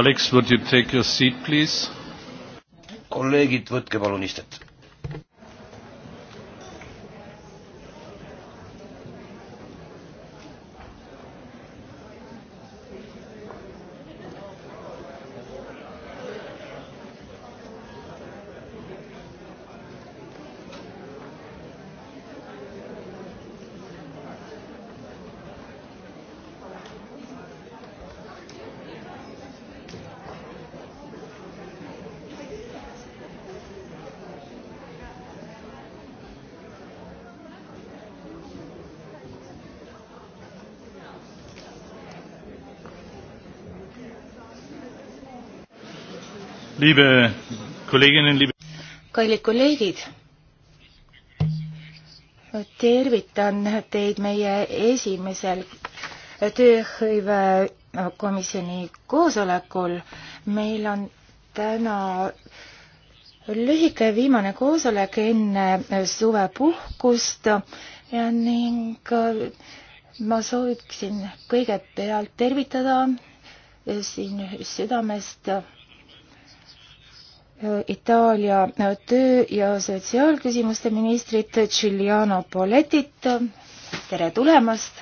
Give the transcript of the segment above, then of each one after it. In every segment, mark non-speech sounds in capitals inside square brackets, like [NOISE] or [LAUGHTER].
kolleegid, võtke palun istet. liebe Kolleginnen, liebe kallid kolleegid, tervitan teid meie esimesel tööhõive komisjoni koosolekul. meil on täna lühike viimane koosolek enne suvepuhkust ja ning ma sooviksin kõigepealt tervitada siin südamest Itaalia töö- ja sotsiaalküsimuste ministrit Giuliano Poletit. tere tulemast!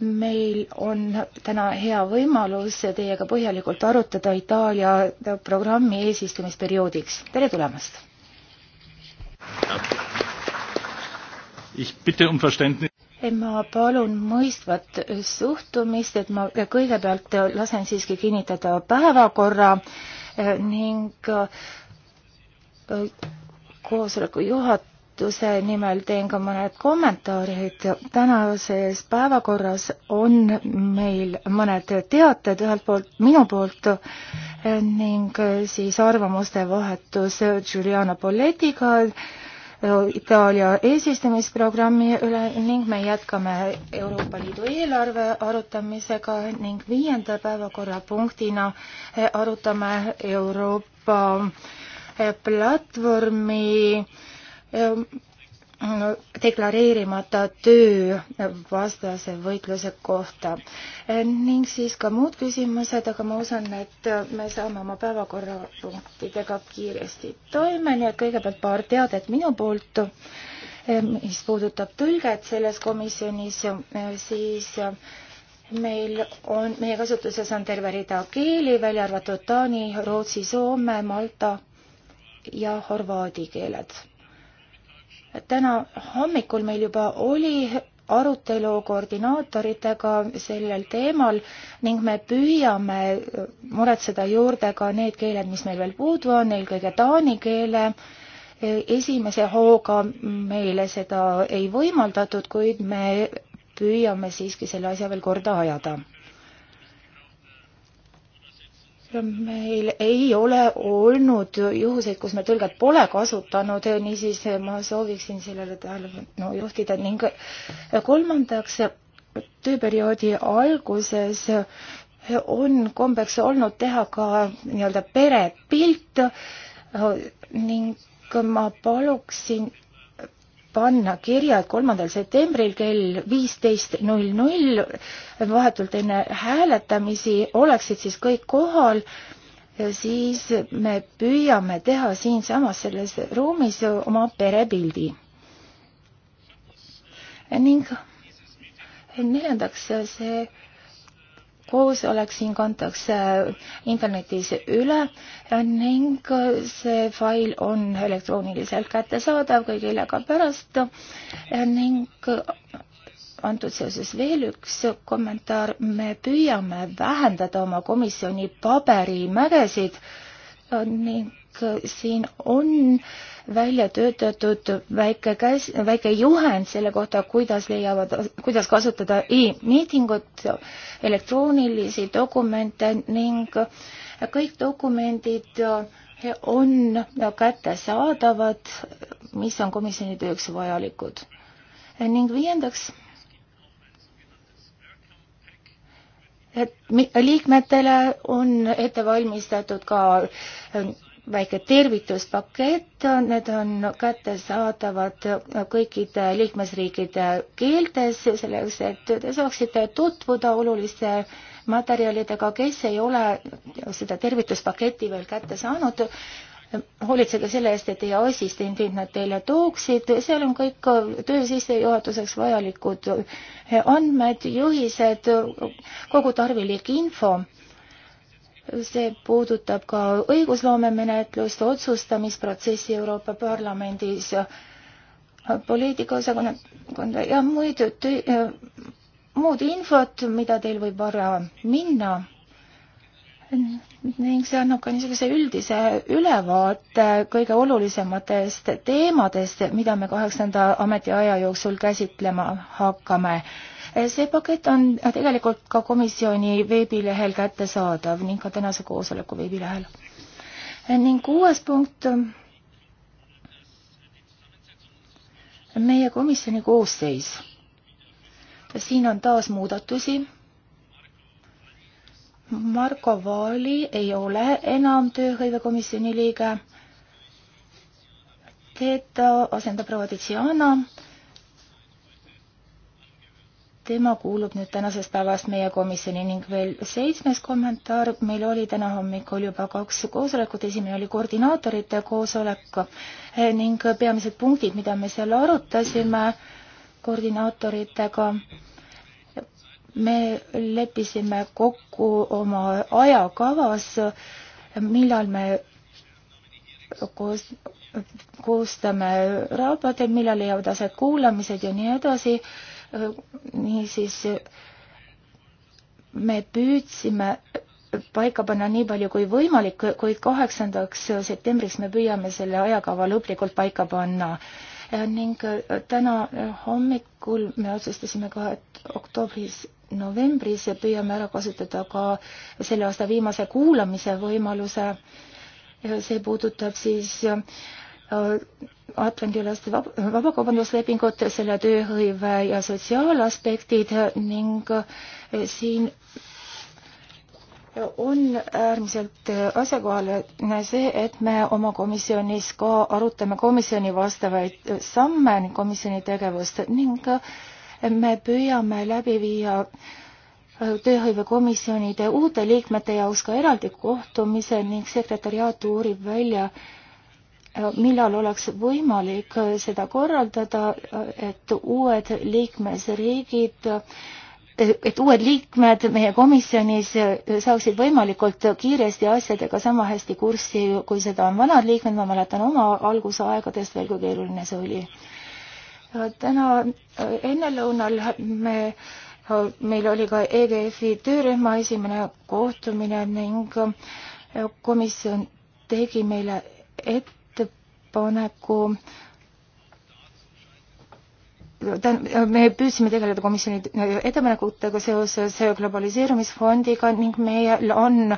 meil on täna hea võimalus teiega põhjalikult arutada Itaalia programmi eesistumisperioodiks. tere tulemast! Um ma palun mõistvat suhtumist, et ma kõigepealt lasen siiski kinnitada päevakorra äh, Eh, ning eh, koosoleku juhatuse nimel teen ka mõned kommentaarid. tänases päevakorras on meil mõned teated ühelt poolt minu poolt eh, ning siis arvamuste vahetus Giuliana Polletiga Itaalia eesistumisprogrammi üle ning me jätkame Euroopa Liidu eelarve arutamisega ning viienda päevakorrapunktina eh, arutame Euroopa eh, platvormi eh, deklareerimata töö vastase võitluse kohta ning siis ka muud küsimused, aga ma usun, et me saame oma päevakorrapunktidega kiiresti toime, nii et kõigepealt paar teadet minu poolt, mis puudutab tõlget selles komisjonis, siis meil on, meie kasutuses on terve rida keeli, välja arvatud taani, rootsi, soome, malta ja horvaadi keeled täna hommikul meil juba oli arutelu koordinaatoritega sellel teemal ning me püüame muretseda juurde ka need keeled, mis meil veel puudu on, eelkõige taani keele. esimese hooga meile seda ei võimaldatud, kuid me püüame siiski selle asja veel korda ajada meil ei ole olnud juhuseid, kus me tõlget pole kasutanud, niisiis ma sooviksin sellele tähelepanu juhtida ning kolmandaks, tööperioodi alguses on kombeks olnud teha ka nii-öelda perepilt ning ma paluksin panna kirjad kolmandal septembril kell viisteist null null vahetult enne hääletamisi oleksid siis kõik kohal, siis me püüame teha siinsamas selles ruumis oma perepildi. ning neljandaks see koosolek siin kantakse äh, internetis üle äh, ning äh, see fail on elektrooniliselt kättesaadav kõigile ka pärast ning antud seoses veel üks kommentaar, me püüame vähendada oma komisjoni paberimägesid ning siin on välja töötatud väike käs-, väike juhend selle kohta, kuidas leiavad, kuidas kasutada e-miitingut, elektroonilisi dokumente ning kõik dokumendid on kättesaadavad, mis on komisjoni tööks vajalikud. ning viiendaks, et liikmetele on ette valmistatud ka väike tervituspakett, need on kättesaadavad kõikide liikmesriikide keeltes, selleks et te saaksite tutvuda oluliste materjalidega, kes ei ole seda tervituspaketti veel kätte saanud, hoolitsege selle eest, et teie assistendid nad teile tooksid, seal on kõik töö sissejuhatuseks vajalikud andmed, juhised, kogu tarvilik info see puudutab ka õigusloomemenetlust, otsustamisprotsessi Euroopa Parlamendis, poliitikaosakonna ja muid, muud infot, mida teil võib vara minna ning see annab ka niisuguse üldise ülevaate kõige olulisematest teemadest, mida me kaheksanda ametiaja jooksul käsitlema hakkame. see pakett on tegelikult ka komisjoni veebilehel kättesaadav ning ka tänase koosoleku veebilehel. ning kuues punkt. meie komisjoni koosseis. siin on taas muudatusi Marko Vaali ei ole enam tööhõivekomisjoni liige. teda asendab proua Tiziana. tema kuulub nüüd tänasest päevast meie komisjoni ning veel seitsmes kommentaar. meil oli täna hommikul juba kaks koosolekut, esimene oli koordinaatorite koosolek ning peamised punktid, mida me seal arutasime koordinaatoritega me leppisime kokku oma ajakavas, millal me koos, koostame raporteid, millal leiavad aset kuulamised ja nii edasi. niisiis me püüdsime paika panna nii palju kui võimalik, kuid kaheksandaks septembriks me püüame selle ajakava lõplikult paika panna. ning täna hommikul me otsustasime ka, et oktoobris novembris ja püüame ära kasutada ka selle aasta viimase kuulamise võimaluse. see puudutab siis äh, Atlandi ülest vabakaubanduslepingut, selle tööhõive ja sotsiaalaspektid ning äh, siin on äärmiselt asjakohane see, et me oma komisjonis ka arutame komisjoni vastavaid samme, komisjoni tegevust ning äh, me püüame läbi viia äh, tööhõivekomisjonide uute liikmete jaoks ka eraldi kohtumise ning sekretäriaat uurib välja, äh, millal oleks võimalik äh, seda korraldada, et uued liikmesriigid et uued liikmed meie komisjonis saaksid võimalikult kiiresti asjadega sama hästi kurssi, kui seda on vanad liikmed, ma mäletan oma algusaegadest veel, kui keeruline see oli täna äh, ennelõunal me, meil oli ka EGF-i töörühma esimene kohtumine ning äh, komisjon tegi meile ettepaneku me püüdsime tegeleda komisjoni äh, ettepanekutega seoses globaliseerumisfondiga ning meil on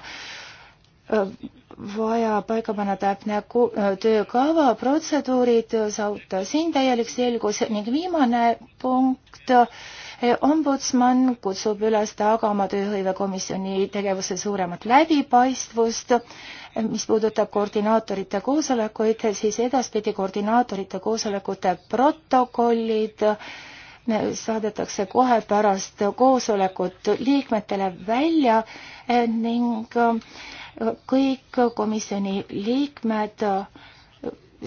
vaja paika panna täpne töökava, protseduurid, saada siin täielik selgus ning viimane punkt, ombudsman kutsub üles tagama tööhõivekomisjoni tegevuse suuremat läbipaistvust, mis puudutab koordinaatorite koosolekuid, siis edaspidi koordinaatorite koosolekute protokollid saadetakse kohe pärast koosolekut liikmetele välja ning kõik komisjoni liikmed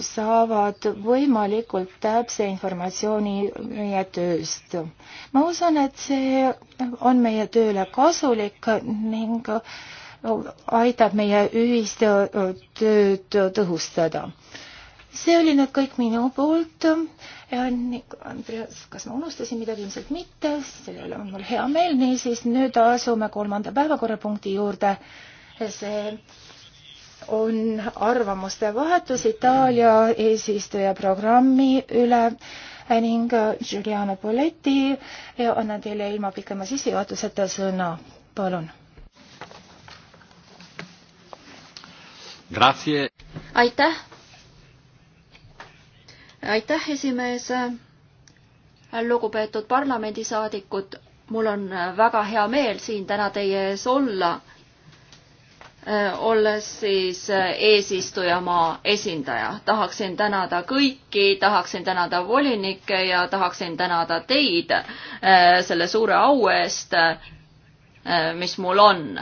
saavad võimalikult täpse informatsiooni meie tööst. ma usun, et see on meie tööle kasulik ning aitab meie ühist tööd tõhustada. see oli nüüd kõik minu poolt. Andreas, kas ma unustasin midagi, ilmselt mitte, selle üle on mul hea meel, niisiis nüüd asume kolmanda päevakorrapunkti juurde see on arvamuste vahetus Itaalia eesistuja programmi üle ning Giuliano Poletti ja annan teile ilma pikema sissejuhatuseta sõna. palun. aitäh. aitäh, esimees. lugupeetud parlamendisaadikud, mul on väga hea meel siin täna teie ees olla Äh, olles siis äh, eesistujamaa esindaja. tahaksin tänada kõiki, tahaksin tänada volinikke ja tahaksin tänada teid äh, selle suure au eest, mis mul on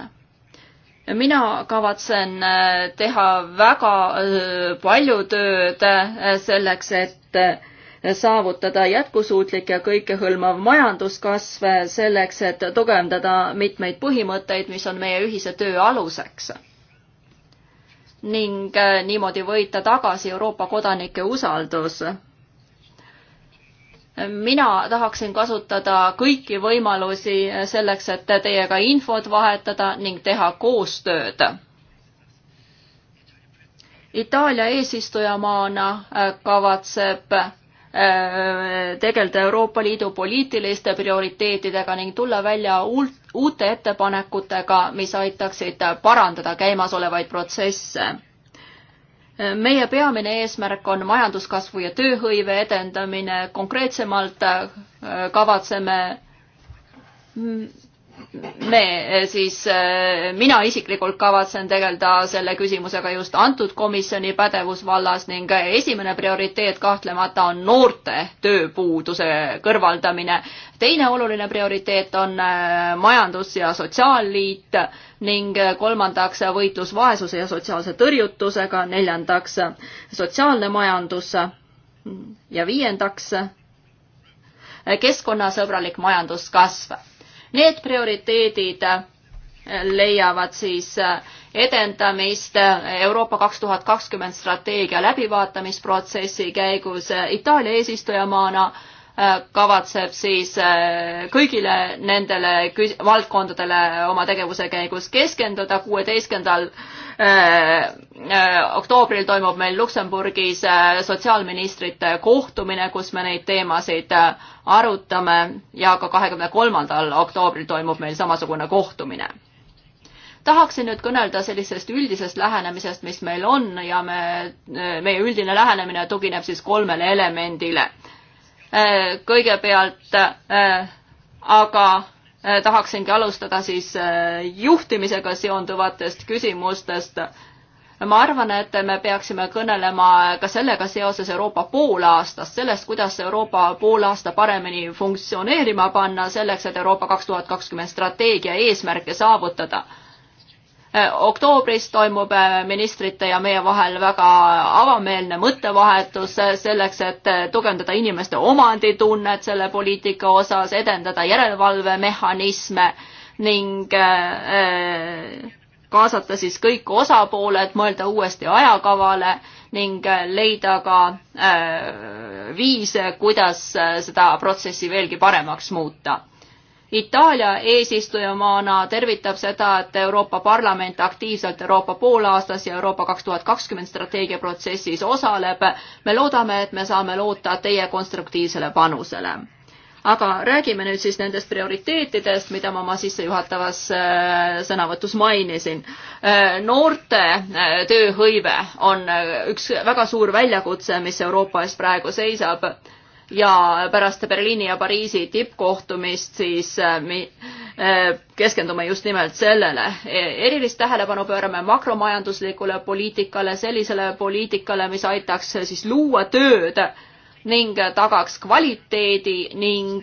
mina kavatsen teha väga palju tööd selleks, et saavutada jätkusuutlik ja kõikehõlmav majanduskasv selleks, et tugevdada mitmeid põhimõtteid, mis on meie ühise töö aluseks. ning äh, niimoodi võita tagasi Euroopa kodanike usaldus mina tahaksin kasutada kõiki võimalusi selleks, et teiega infot vahetada ning teha koostööd. Itaalia eesistujamaana äh, kavatseb Äh, tegeleda Euroopa Liidu poliitiliste prioriteetidega ning tulla välja uute ettepanekutega, mis aitaksid parandada käimasolevaid protsesse. meie peamine eesmärk on majanduskasvu ja tööhõive edendamine, konkreetsemalt äh, kavatseme me eh, siis, eh, mina isiklikult kavatsen tegeleda selle küsimusega just antud komisjoni pädevusvallas ning eh, esimene prioriteet kahtlemata on noorte tööpuuduse kõrvaldamine. teine oluline prioriteet on majandus- ja sotsiaalliit ning kolmandaks võitlus vaesuse ja sotsiaalse tõrjutusega, neljandaks sotsiaalne majandus ja viiendaks keskkonnasõbralik majanduskasv Need prioriteedid äh, leiavad siis äh, edendamist äh, Euroopa kaks tuhat kakskümmend strateegia läbivaatamisprotsessi käigus Itaalia eesistujamaana Äh, kavatseb siis äh, kõigile nendele valdkondadele oma tegevuse käigus keskenduda. kuueteistkümnendal äh, oktoobril toimub meil Luksemburgis sotsiaalministrite kohtumine, kus me neid teemasid arutame ja ka kahekümne kolmandal oktoobril toimub meil samasugune kohtumine tahaksin nüüd kõnelda sellisest üldisest lähenemisest, mis meil on ja me, meie üldine lähenemine tugineb siis kolmele elemendile kõigepealt äh, aga äh, tahaksingi alustada siis äh, juhtimisega seonduvatest küsimustest. ma arvan, et me peaksime kõnelema ka sellega seoses Euroopa poolaastast, sellest, kuidas Euroopa poolaasta paremini funktsioneerima panna, selleks et Euroopa kaks tuhat kakskümmend strateegia eesmärke saavutada oktoobris toimub äh, ministrite ja meie vahel väga avameelne mõttevahetus äh, selleks, et äh, tugevdada inimeste omanditunnet selle poliitika osas, edendada järelevalvemehhanisme ning kaasata siis kõik osapooled, mõelda uuesti ajakavale ning leida ka viise, kuidas seda protsessi veelgi paremaks muuta Itaalia eesistujamaana tervitab seda, et Euroopa Parlament aktiivselt Euroopa poolaastas ja Euroopa kaks tuhat kakskümmend strateegia protsessis osaleb. me loodame, et me saame loota teie konstruktiivsele panusele aga räägime nüüd siis nendest prioriteetidest, mida ma oma sissejuhatavas äh, sõnavõtus mainisin. Äh, noorte äh, tööhõive on üks väga suur väljakutse, mis Euroopa ees praegu seisab ja pärast Berliini ja Pariisi tippkohtumist siis äh, äh, keskendume just nimelt sellele. E-, erilist tähelepanu pöörame makromajanduslikule poliitikale, sellisele poliitikale, mis aitaks äh, siis luua tööd ning tagaks kvaliteedi ning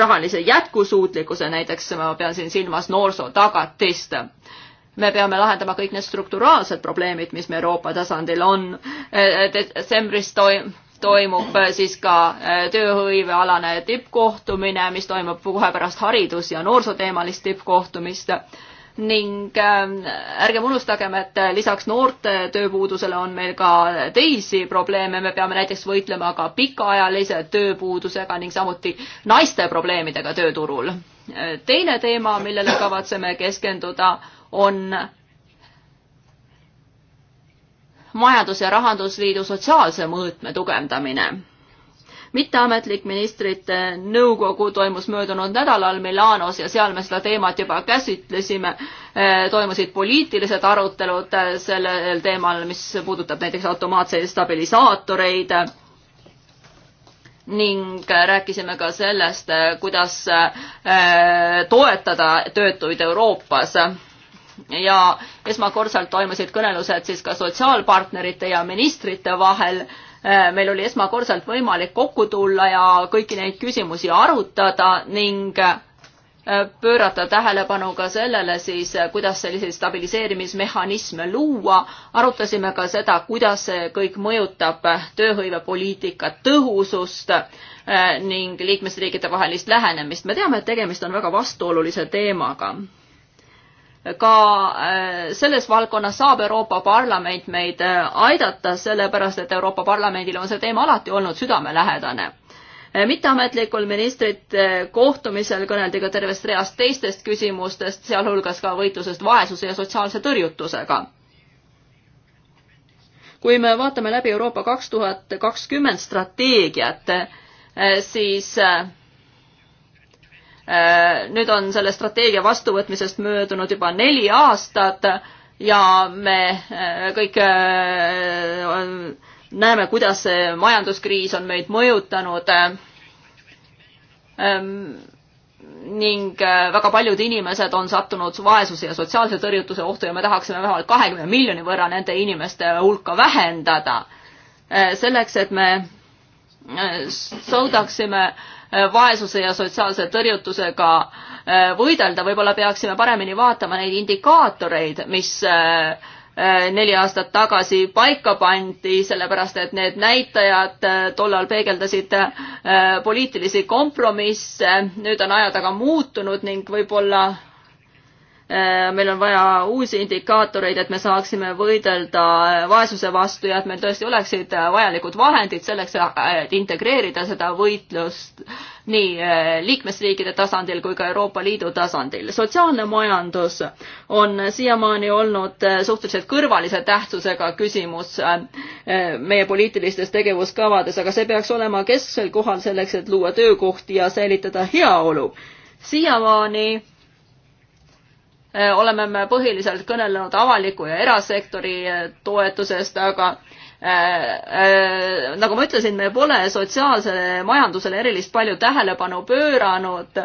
rahalise jätkusuutlikkuse, näiteks ma pean siin silmas noorsootagatist me peame lahendama kõik need strukturaalsed probleemid, mis me Euroopa tasandil on. detsembris toim-, toimub äh, siis ka äh, tööhõivealane tippkohtumine, mis toimub kohe pärast haridus- ja noorsooteemalist tippkohtumist ning ähm, ärgem unustagem, et äh, lisaks noorte tööpuudusele on meil ka teisi probleeme, me peame näiteks võitlema ka pikaajalise tööpuudusega ning samuti naiste probleemidega tööturul. teine teema, millele kavatseme keskenduda, on majandus- ja rahandusliidu sotsiaalse mõõtme tugevdamine. mitteametlik ministrite nõukogu toimus möödunud nädalal Milanos ja seal me seda teemat juba käsitlesime. toimusid poliitilised arutelud sellel teemal, mis puudutab näiteks automaatseid stabilisaatoreid ning rääkisime ka sellest, kuidas eh, toetada töötuid Euroopas ja esmakordselt toimusid kõnelused siis ka sotsiaalpartnerite ja ministrite vahel. Äh, meil oli esmakordselt võimalik kokku tulla ja kõiki neid küsimusi arutada ning äh, pöörata tähelepanu ka sellele siis, äh, kuidas selliseid stabiliseerimismehhanisme luua. arutasime ka seda, kuidas see kõik mõjutab tööhõivepoliitika tõhusust ning liikmesriikide vahelist lähenemist. me teame, et tegemist on väga vastuolulise teemaga ka äh, selles valdkonnas saab Euroopa Parlament meid äh, aidata, sellepärast et Euroopa Parlamendil on see teema alati olnud südamelähedane äh, mitteametlikul ministrite kohtumisel kõneldi ka tervest reast teistest küsimustest, sealhulgas ka võitlusest vaesuse ja sotsiaalse tõrjutusega. kui me vaatame läbi Euroopa kaks tuhat kakskümmend strateegiat, siis Äh, nüüd on selle strateegia vastuvõtmisest möödunud juba neli aastat ja me äh, kõik äh, näeme, kuidas see majanduskriis on meid mõjutanud. ning väga paljud inimesed on sattunud vaesuse ja sotsiaalse tõrjutuse ohtu ja me tahaksime vähemalt kahekümne miljoni võrra nende inimeste hulka vähendada. selleks, et me suudaksime äh, Äh, vaesuse ja sotsiaalse tõrjutusega äh, võidelda, võib-olla peaksime paremini vaatama neid indikaatoreid, mis äh, neli aastat tagasi paika pandi, sellepärast et need näitajad tollal peegeldasid poliitilisi kompromisse, nüüd on ajad aga muutunud ning võib-olla Äh, meil on vaja uusi indikaatoreid, et me saaksime võidelda äh, vaesuse vastu ja et meil tõesti oleksid äh, vajalikud vahendid selleks, et integreerida seda võitlust nii liikmesriikide tasandil kui ka Euroopa Liidu tasandil. sotsiaalne majandus on siiamaani olnud suhteliselt kõrvalise tähtsusega küsimus meie poliitilistes tegevuskavades, aga see peaks olema kesksel kohal selleks, et luua töökohti ja säilitada heaolu. siiamaani Äh, oleme me põhiliselt kõnelenud avaliku ja erasektori äh, toetusest, aga äh, nagu ma ütlesin, me pole sotsiaalsele majandusele erilist palju tähelepanu pööranud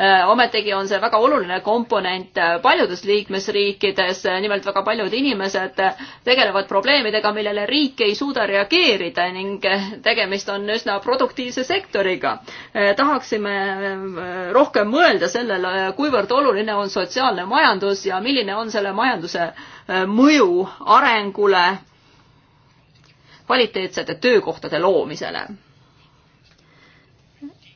Äh, ometigi on see väga oluline komponent äh, paljudes liikmesriikides, äh, nimelt väga paljud inimesed tegelevad probleemidega, millele riik ei suuda reageerida ning tegemist on üsna produktiivse sektoriga. tahaksime rohkem mõelda sellele, kuivõrd oluline on sotsiaalne majandus ja milline on selle majanduse mõju arengule, kvaliteetsete töökohtade loomisele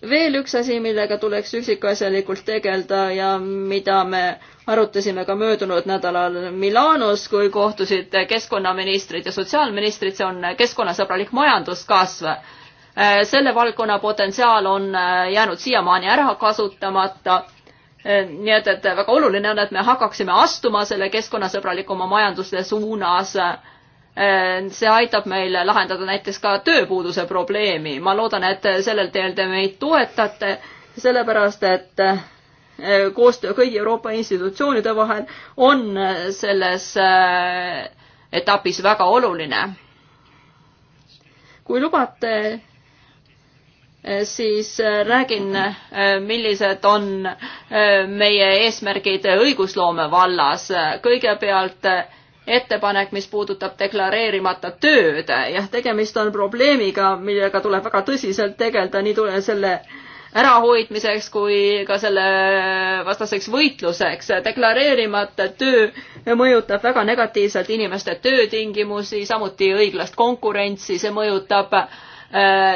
veel üks asi, millega tuleks üksikasjalikult tegeleda ja mida me arutasime ka möödunud nädalal Milanos, kui kohtusid keskkonnaministrid ja sotsiaalministrid, see on keskkonnasõbralik majanduskasv. selle valdkonna potentsiaal on jäänud siiamaani ära kasutamata. nii et, et väga oluline on, et me hakkaksime astuma selle keskkonnasõbralikuma majanduse suunas Äh, see aitab meil lahendada näiteks ka tööpuuduse probleemi. ma loodan, et sellel teel te meid toetate, sellepärast et äh, koostöö kõigi Euroopa institutsioonide vahel on selles äh, etapis väga oluline. kui lubate, siis räägin, millised on meie eesmärgid õigusloome vallas. kõigepealt ettepanek, mis puudutab deklareerimata tööd. jah, tegemist on probleemiga, millega tuleb väga tõsiselt tegeleda, nii tule selle ärahoidmiseks kui ka selle vastaseks võitluseks. deklareerimata töö mõjutab väga negatiivselt inimeste töötingimusi, samuti õiglast konkurentsi, see mõjutab,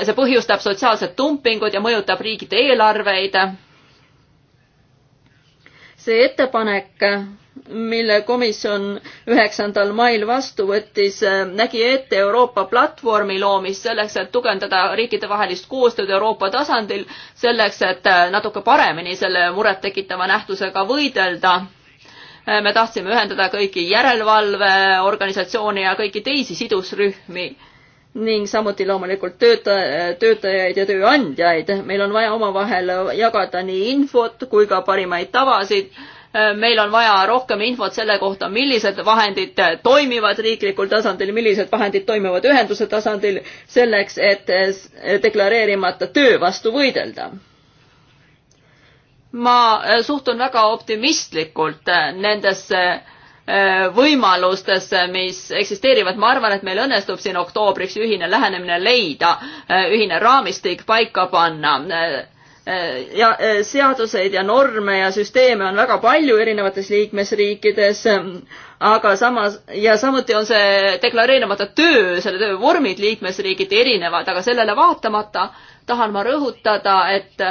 see põhjustab sotsiaalset dumpingut ja mõjutab riigide eelarveid see ettepanek, mille komisjon üheksandal mail vastu võttis, nägi ette Euroopa platvormi loomist selleks, et tugevdada riikidevahelist koostööd Euroopa tasandil, selleks, et natuke paremini selle murettekitava nähtusega võidelda me tahtsime ühendada kõiki järelevalveorganisatsioone ja kõiki teisi sidusrühmi ning samuti loomulikult töötaja, töötajaid ja tööandjaid. meil on vaja omavahel jagada nii infot kui ka parimaid tavasid. meil on vaja rohkem infot selle kohta, millised vahendid toimivad riiklikul tasandil, millised vahendid toimivad ühenduse tasandil, selleks et deklareerimata töö vastu võidelda ma suhtun väga optimistlikult nendesse äh, Äh, võimalustest, mis eksisteerivad, ma arvan, et meil õnnestub siin oktoobriks ühine lähenemine leida, äh, ühine raamistik paika panna äh, ja seaduseid ja norme ja süsteeme on väga palju erinevates liikmesriikides, aga samas ja samuti on see deklareerimata töö, selle töö vormid liikmesriigiti erinevad, aga sellele vaatamata tahan ma rõhutada, et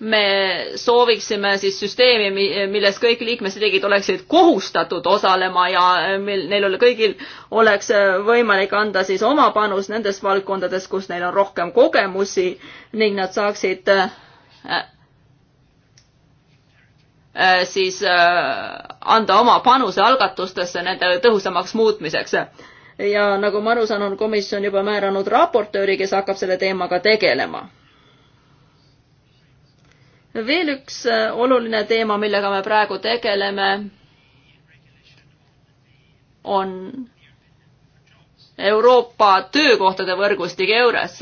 me sooviksime siis süsteemi, milles kõik liikmesriigid oleksid kohustatud osalema ja äh, mil neil ole kõigil oleks äh, võimalik anda siis oma panus nendes valdkondades, kus neil on rohkem kogemusi ning nad saaksid äh, siis anda oma panuse algatustesse nende tõhusamaks muutmiseks. ja nagu ma aru saan, on komisjon juba määranud raportööri, kes hakkab selle teemaga tegelema veel üks äh, oluline teema, millega me praegu tegeleme, on Euroopa töökohtade võrgustik EURES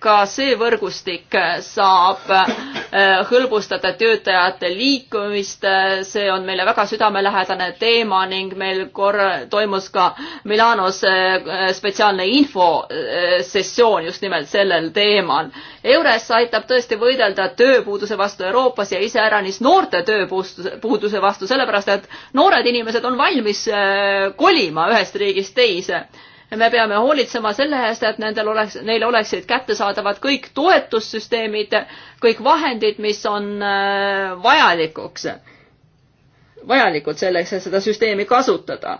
ka see võrgustik saab eh, hõlbustada töötajate liikumist, see on meile väga südamelähedane teema ning meil korra toimus ka Milanos eh, spetsiaalne infosessioon eh, just nimelt sellel teemal. EURES aitab tõesti võidelda tööpuuduse vastu Euroopas ja iseäranis noorte tööpuuduse vastu, sellepärast et noored inimesed on valmis kolima ühest riigist teise me peame hoolitsema selle eest, et nendel oleks, neil oleksid kättesaadavad kõik toetussüsteemid, kõik vahendid, mis on äh, vajalikuks, vajalikud selleks, et seda süsteemi kasutada.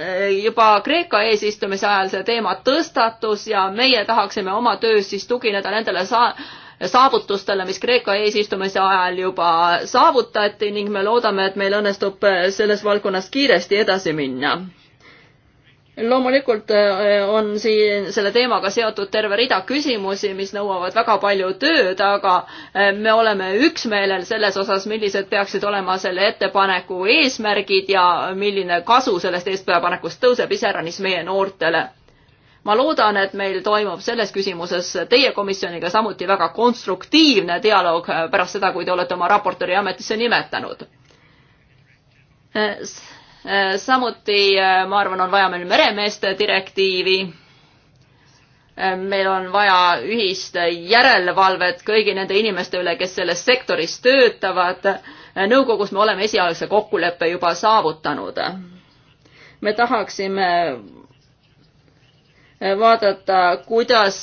Äh, juba Kreeka eesistumise ajal see teema tõstatus ja meie tahaksime oma töös siis tugineda nendele sa-, saavutustele, mis Kreeka eesistumise ajal juba saavutati ning me loodame, et meil õnnestub selles valdkonnas kiiresti edasi minna loomulikult äh, on siin selle teemaga seotud terve rida küsimusi, mis nõuavad väga palju tööd, aga äh, me oleme üksmeelel selles osas, millised peaksid olema selle ettepaneku eesmärgid ja milline kasu sellest eespäevapanekust tõuseb iseäranis meie noortele. ma loodan, et meil toimub selles küsimuses teie komisjoniga samuti väga konstruktiivne dialoog pärast seda, kui te olete oma raportööri ametisse nimetanud äh, Äh, samuti äh, ma arvan, on vaja meil meremeeste direktiivi. Äh, meil on vaja ühist järelevalvet kõigi nende inimeste üle, kes selles sektoris töötavad. nõukogus me oleme esialgse kokkuleppe juba saavutanud. me tahaksime vaadata, kuidas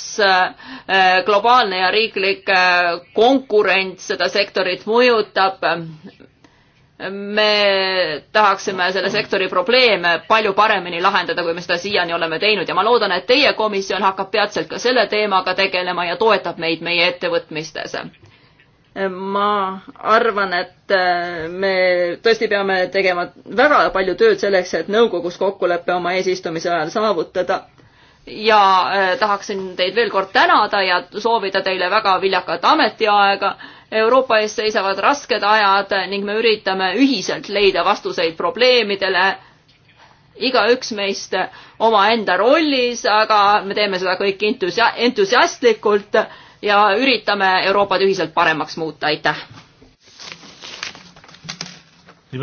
globaalne ja riiklik konkurents seda sektorit mõjutab me tahaksime selle sektori probleeme palju paremini lahendada, kui me seda siiani oleme teinud ja ma loodan, et teie komisjon hakkab peatselt ka selle teemaga tegelema ja toetab meid meie ettevõtmistes. ma arvan, et äh, me tõesti peame tegema väga palju tööd selleks, et nõukogus kokkulepe oma eesistumise ajal saavutada ja äh, tahaksin teid veel kord tänada ja soovida teile väga viljakat ametiaega Euroopa ees seisavad rasked ajad ning me üritame ühiselt leida vastuseid probleemidele, igaüks meist omaenda rollis, aga me teeme seda kõik entusia-, entusiastlikult ja üritame Euroopat ühiselt paremaks muuta, aitäh! Eh,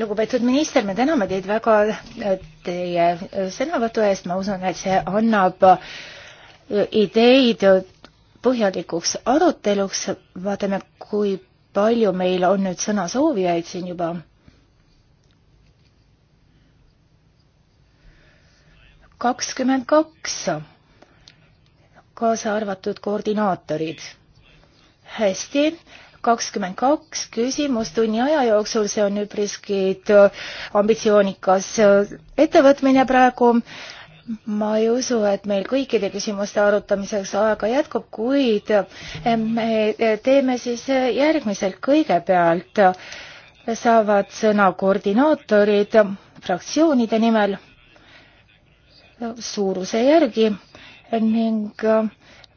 lugupeetud minister, me täname teid väga eh, teie eh, sõnavõtu eest, ma usun, et see annab ideid põhjalikuks aruteluks, vaatame, kui palju meil on nüüd sõnasoovijaid siin juba. kakskümmend kaks, kaasa arvatud koordinaatorid. hästi, kakskümmend kaks küsimust tunni aja jooksul, see on üpriski äh, ambitsioonikas äh, ettevõtmine praegu ma ei usu, et meil kõikide küsimuste arutamiseks aega jätkub, kuid eh, me eh, teeme siis eh, järgmiselt. kõigepealt saavad sõna koordinaatorid fraktsioonide nimel suuruse järgi ning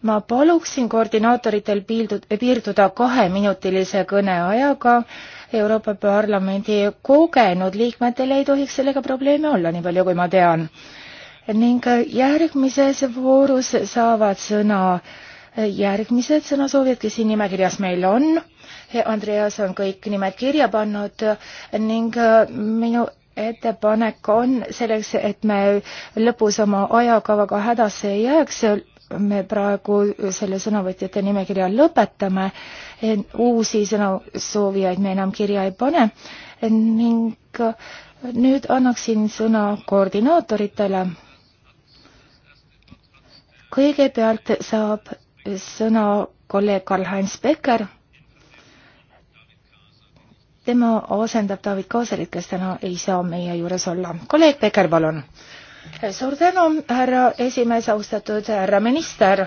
ma paluksin koordinaatoritel piildud, piirduda kaheminutilise kõneajaga. Euroopa Parlamendi kogenud liikmetel ei tohiks sellega probleeme olla, nii palju kui ma tean ning järgmises voorus saavad sõna järgmised sõnasoovijad, kes siin nimekirjas meil on. Andreas on kõik nimed kirja pannud ning äh, minu ettepanek on selleks, et me lõpus oma ajakavaga hädasse ei jääks, me praegu selle sõnavõtjate nimekirja lõpetame, uusi sõnasoovijaid me enam kirja ei pane ning äh, nüüd annaksin sõna koordinaatoritele kõigepealt saab sõna kolleeg Karl-Heinz Becker. tema asendab David Kaaserit, kes täna ei saa meie juures olla. kolleeg Becker, palun. suur tänu, härra esimees, austatud härra minister.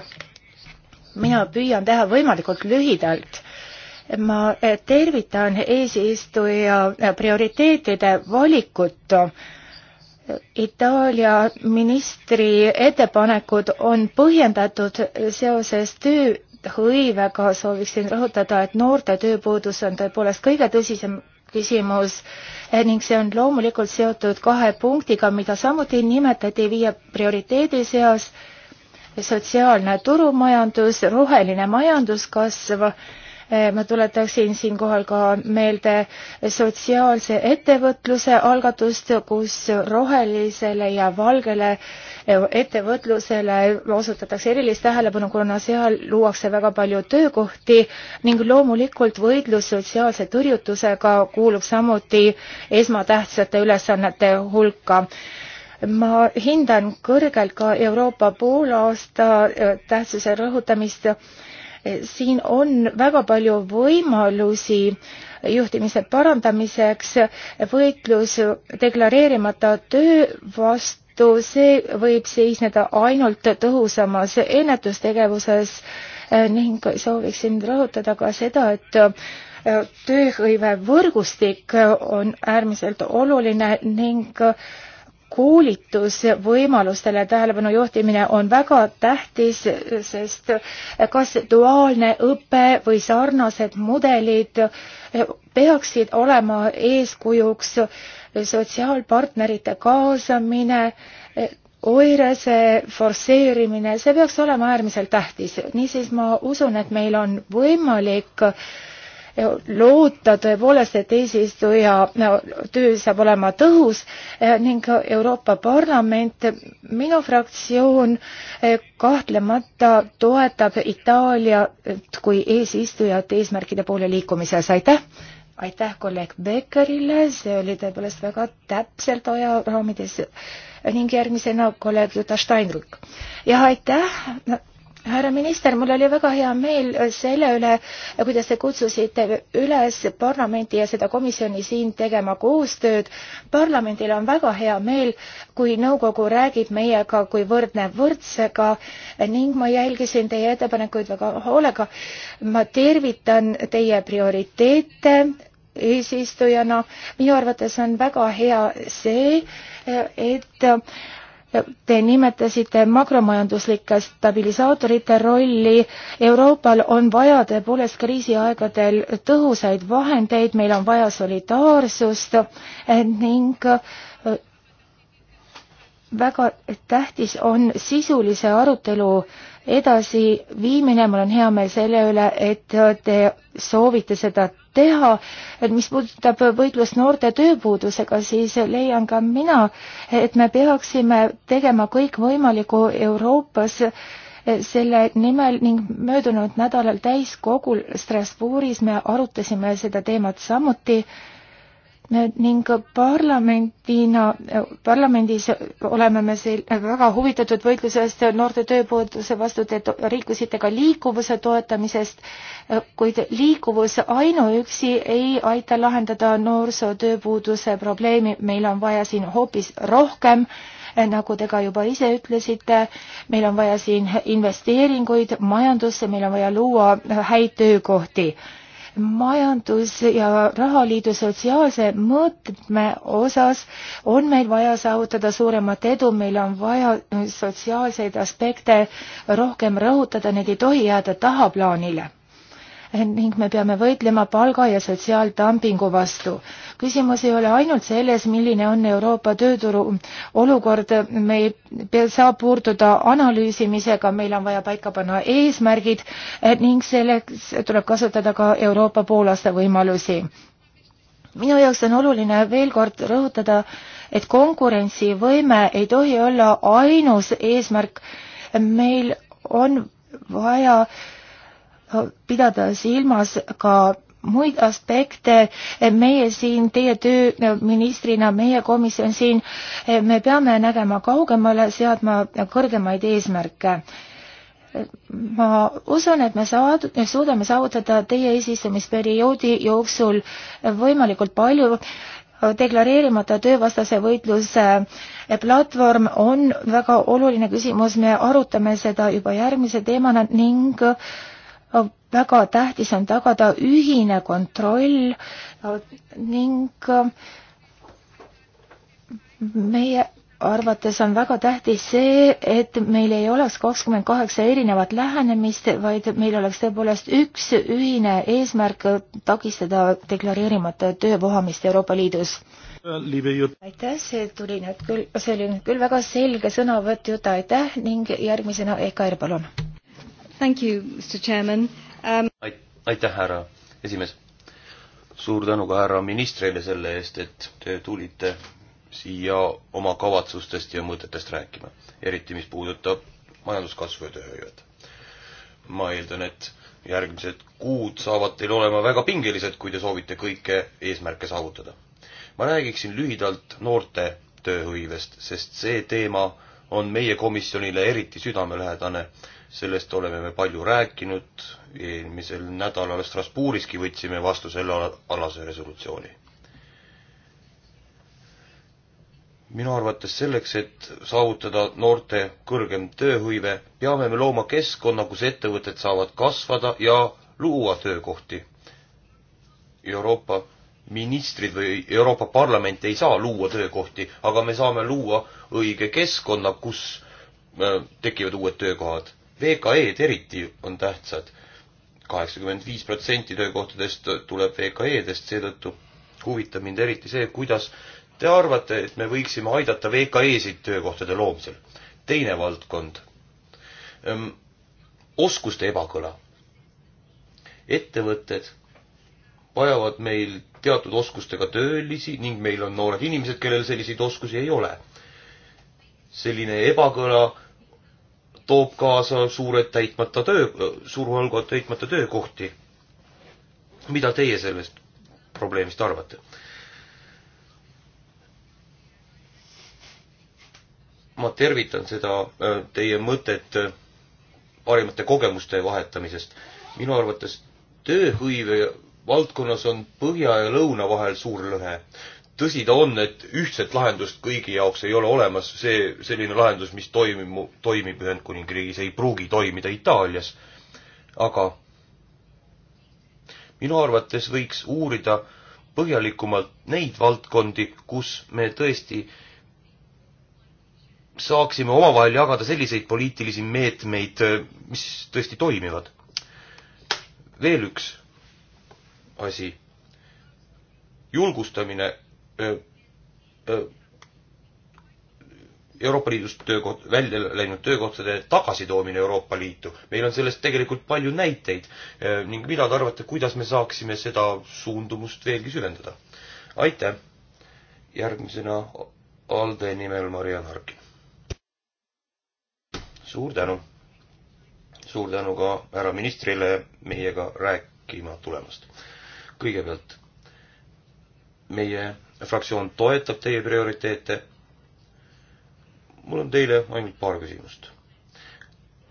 mina püüan teha võimalikult lühidalt ma tervitan eesistuja prioriteetide valikut Itaalia ministri ettepanekud on põhjendatud seoses tööhõivega, sooviksin rõhutada, et noorte tööpuudus on tõepoolest kõige tõsisem küsimus ning see on loomulikult seotud kahe punktiga, mida samuti nimetati viie prioriteedi seas, sotsiaalne turumajandus, roheline majanduskasv Eh, ma tuletaksin siinkohal ka meelde sotsiaalse ettevõtluse algatust, kus rohelisele ja valgele eh, ettevõtlusele osutatakse erilist tähelepanu, kuna seal luuakse väga palju töökohti ning loomulikult võitlus sotsiaalse tõrjutusega kuulub samuti esmatähtsate ülesannete hulka ma hindan kõrgelt ka Euroopa poolaasta eh, tähtsuse rõhutamist siin on väga palju võimalusi juhtimise parandamiseks, võitlus deklareerimata töö vastu, see võib seisneda ainult tõhusamas ennetustegevuses ning sooviksin rõhutada ka seda, et äh, tööhõive võrgustik on äärmiselt oluline ning äh, koolitusvõimalustele tähelepanu juhtimine on väga tähtis, sest kas duaalne õpe või sarnased mudelid peaksid olema eeskujuks sotsiaalpartnerite kaasamine, oirese forsseerimine, see peaks olema äärmiselt tähtis. niisiis ma usun, et meil on võimalik loota tõepoolest, et eesistuja töö saab olema tõhus eh, ning Euroopa Parlament, minu fraktsioon eh, kahtlemata toetab Itaaliat kui eesistujat eesmärkide poole liikumises, aitäh! aitäh kolleeg Beckerile, see oli tõepoolest väga täpselt ajaraamides ning järgmisena kolleeg Jutta Steinrück. jah, aitäh no,, härra minister, mul oli väga hea meel selle üle, kuidas te kutsusite üles parlamenti ja seda komisjoni siin tegema koostööd. parlamendil on väga hea meel, kui nõukogu räägib meiega kui võrdne võrdsega ning ma jälgisin teie ettepanekuid väga hoolega. ma tervitan teie prioriteete eesistujana. minu arvates on väga hea see, et Te nimetasite makromajanduslike stabilisaatorite rolli. Euroopal on vaja tõepoolest kriisiaegadel tõhusaid vahendeid, meil on vaja solidaarsust ning äh, väga tähtis on sisulise arutelu edasiviimine, mul on hea meel selle üle, et te soovite seda teha, et mis puudutab võitlust noorte tööpuudusega, siis leian ka mina, et me peaksime tegema kõik võimaliku Euroopas selle nimel ning möödunud nädalal täiskogul Strasbourgis me arutasime seda teemat samuti ning parlamendina, parlamendis oleme me siin väga huvitatud võitlusest noorte tööpuuduse vastu, te liikusite ka liikuvuse toetamisest, kuid liikuvus ainuüksi ei aita lahendada noorsootööpuuduse probleemi, meil on vaja siin hoopis rohkem, nagu te ka juba ise ütlesite, meil on vaja siin investeeringuid majandusse, meil on vaja luua häid töökohti majandus- ja rahaliidu sotsiaalse mõõtme osas on meil vaja saavutada suuremat edu, meil on vaja äh, sotsiaalseid aspekte rohkem rõhutada, need ei tohi jääda tahaplaanile ning me peame võitlema palga ja sotsiaaldumpingu vastu. küsimus ei ole ainult selles, milline on Euroopa tööturu olukord, me ei saa puurduda analüüsimisega, meil on vaja paika panna eesmärgid eh, ning selleks tuleb kasutada ka Euroopa poolaasta võimalusi. minu jaoks on oluline veel kord rõhutada, et konkurentsivõime ei tohi olla ainus eesmärk, meil on vaja äh, pidada silmas ka muid aspekte, eh, meie siin, teie töö eh, ministrina, meie komisjon siin, eh, me peame nägema kaugemale, seadma kõrgemaid eesmärke. ma usun, et me saad-, suudame saavutada teie eesistumisperioodi jooksul võimalikult palju deklareerimata töövastase võitluse platvorm on väga oluline küsimus, me arutame seda juba järgmise teemana ning äh, väga tähtis on tagada ühine kontroll ning äh, meie arvates on väga tähtis see, et meil ei oleks kakskümmend kaheksa erinevat lähenemist, vaid meil oleks tõepoolest üks ühine eesmärk takistada deklareerimata töö vohamist Euroopa Liidus. aitäh, see tuli nüüd küll, see oli nüüd küll väga selge sõnavõtt, Juta, aitäh ning järgmisena EKR, palun. Thank you, Mr Chairman um.... aitäh, härra esimees. suur tänu ka härra ministrile selle eest, et te tulite siia oma kavatsustest ja mõtetest rääkima, eriti mis puudutab majanduskasvu ja tööhõivet. ma eeldan, et järgmised kuud saavad teil olema väga pingelised, kui te soovite kõike eesmärke saavutada. ma räägiksin lühidalt noorte tööhõivest, sest see teema on meie komisjonile eriti südamelähedane. sellest oleme me palju rääkinud eelmisel nädalal Strasbourgiski võtsime vastu selle alase resolutsiooni. minu arvates selleks, et saavutada noorte kõrgem tööhõive, peame me looma keskkonna, kus ettevõtted saavad kasvada ja luua töökohti. Euroopa ministrid või Euroopa Parlament ei saa luua töökohti, aga me saame luua õige keskkonna, kus äh, tekivad uued töökohad. VKE-d eriti on tähtsad kaheksakümmend viis protsenti töökohtadest tuleb VKE-dest, seetõttu huvitab mind eriti see, kuidas te arvate, et me võiksime aidata VKE-sid töökohtade loomisel? teine valdkond, ehm, oskuste ebakõla. ettevõtted vajavad meil teatud oskustega töölisi ning meil on noored inimesed, kellel selliseid oskusi ei ole. selline ebakõla toob kaasa suured täitmata töö, suur hulga täitmata töökohti. mida teie sellest probleemist arvate? ma tervitan seda äh, teie mõtet äh, parimate kogemuste vahetamisest. minu arvates tööhõive valdkonnas on põhja ja lõuna vahel suur lõhe tõsi ta on, et ühtset lahendust kõigi jaoks ei ole olemas, see selline lahendus, mis toimib, toimib Ühendkuningriigis, ei pruugi toimida Itaalias, aga minu arvates võiks uurida põhjalikumalt neid valdkondi, kus me tõesti saaksime omavahel jagada selliseid poliitilisi meetmeid, mis tõesti toimivad. veel üks asi. julgustamine Euroopa Liidust töökoht, välja läinud töökohtade tagasitoomine Euroopa Liitu. meil on sellest tegelikult palju näiteid ning mida te arvate, kuidas me saaksime seda suundumust veelgi süvendada? aitäh! järgmisena ALDE nimel Mariann Harkin. suur tänu! suur tänu ka härra ministrile meiega rääkima tulemast. kõigepealt meie fraktsioon toetab teie prioriteete. mul on teile ainult paar küsimust.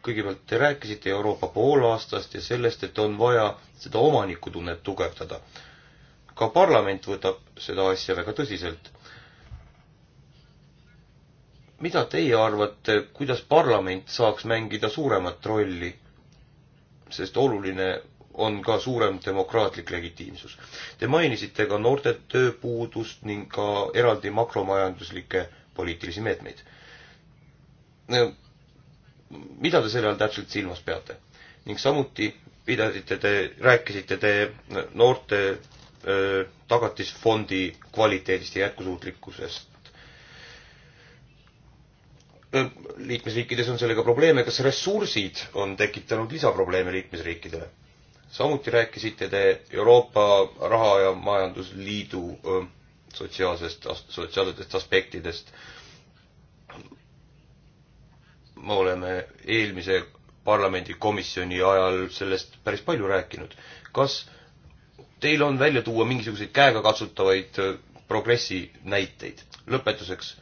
kõigepealt te rääkisite Euroopa poolaastast ja sellest, et on vaja seda omanikutunnet tugevdada. ka parlament võtab seda asja väga tõsiselt. mida teie arvate, kuidas parlament saaks mängida suuremat rolli? sest oluline on ka suurem demokraatlik legitiimsus. Te mainisite ka noorte tööpuudust ning ka eraldi makromajanduslikke poliitilisi meetmeid. mida te selle all täpselt silmas peate? ning samuti pidasite te, rääkisite te noorte öö, tagatisfondi kvaliteedist ja jätkusuutlikkusest. liikmesriikides on sellega probleeme, kas ressursid on tekitanud lisaprobleeme liikmesriikidele? samuti rääkisite te Euroopa Raha- ja Majandusliidu sotsiaalsest, sotsiaalsetest aspektidest. me oleme eelmise parlamendikomisjoni ajal sellest päris palju rääkinud. kas teil on välja tuua mingisuguseid käegakatsutavaid progressi näiteid? lõpetuseks.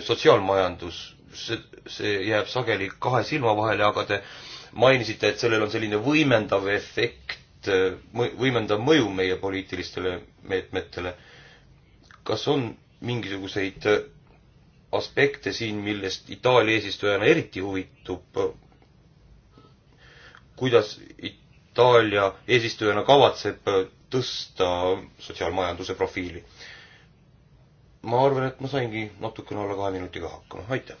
sotsiaalmajandus see, see jääb sageli kahe silma vahele, aga te mainisite, et sellel on selline võimendav efekt, võimendav mõju meie poliitilistele meetmetele. kas on mingisuguseid aspekte siin, millest Itaalia eesistujana eriti huvitub? kuidas Itaalia eesistujana kavatseb tõsta sotsiaalmajanduse profiili? ma arvan, et ma saingi natukene alla kahe minutiga hakkama, aitäh!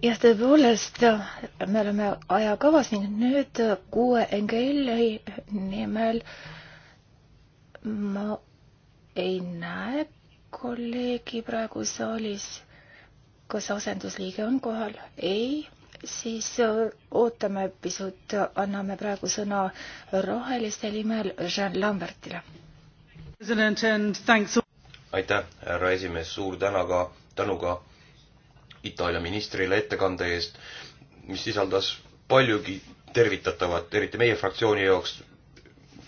jah, tõepoolest, me oleme ajakavas ning nüüd kuue NGL-i nimel ma ei näe kolleegi praegu saalis. kas asendusliige on kohal? ei, siis äh, ootame pisut, anname praegu sõna roheliste nimel Jean Lambertile. aitäh, härra esimees, suur täna ka, tänu ka Itaalia ministrile ettekande eest, mis sisaldas paljugi tervitatavat, eriti meie fraktsiooni jaoks,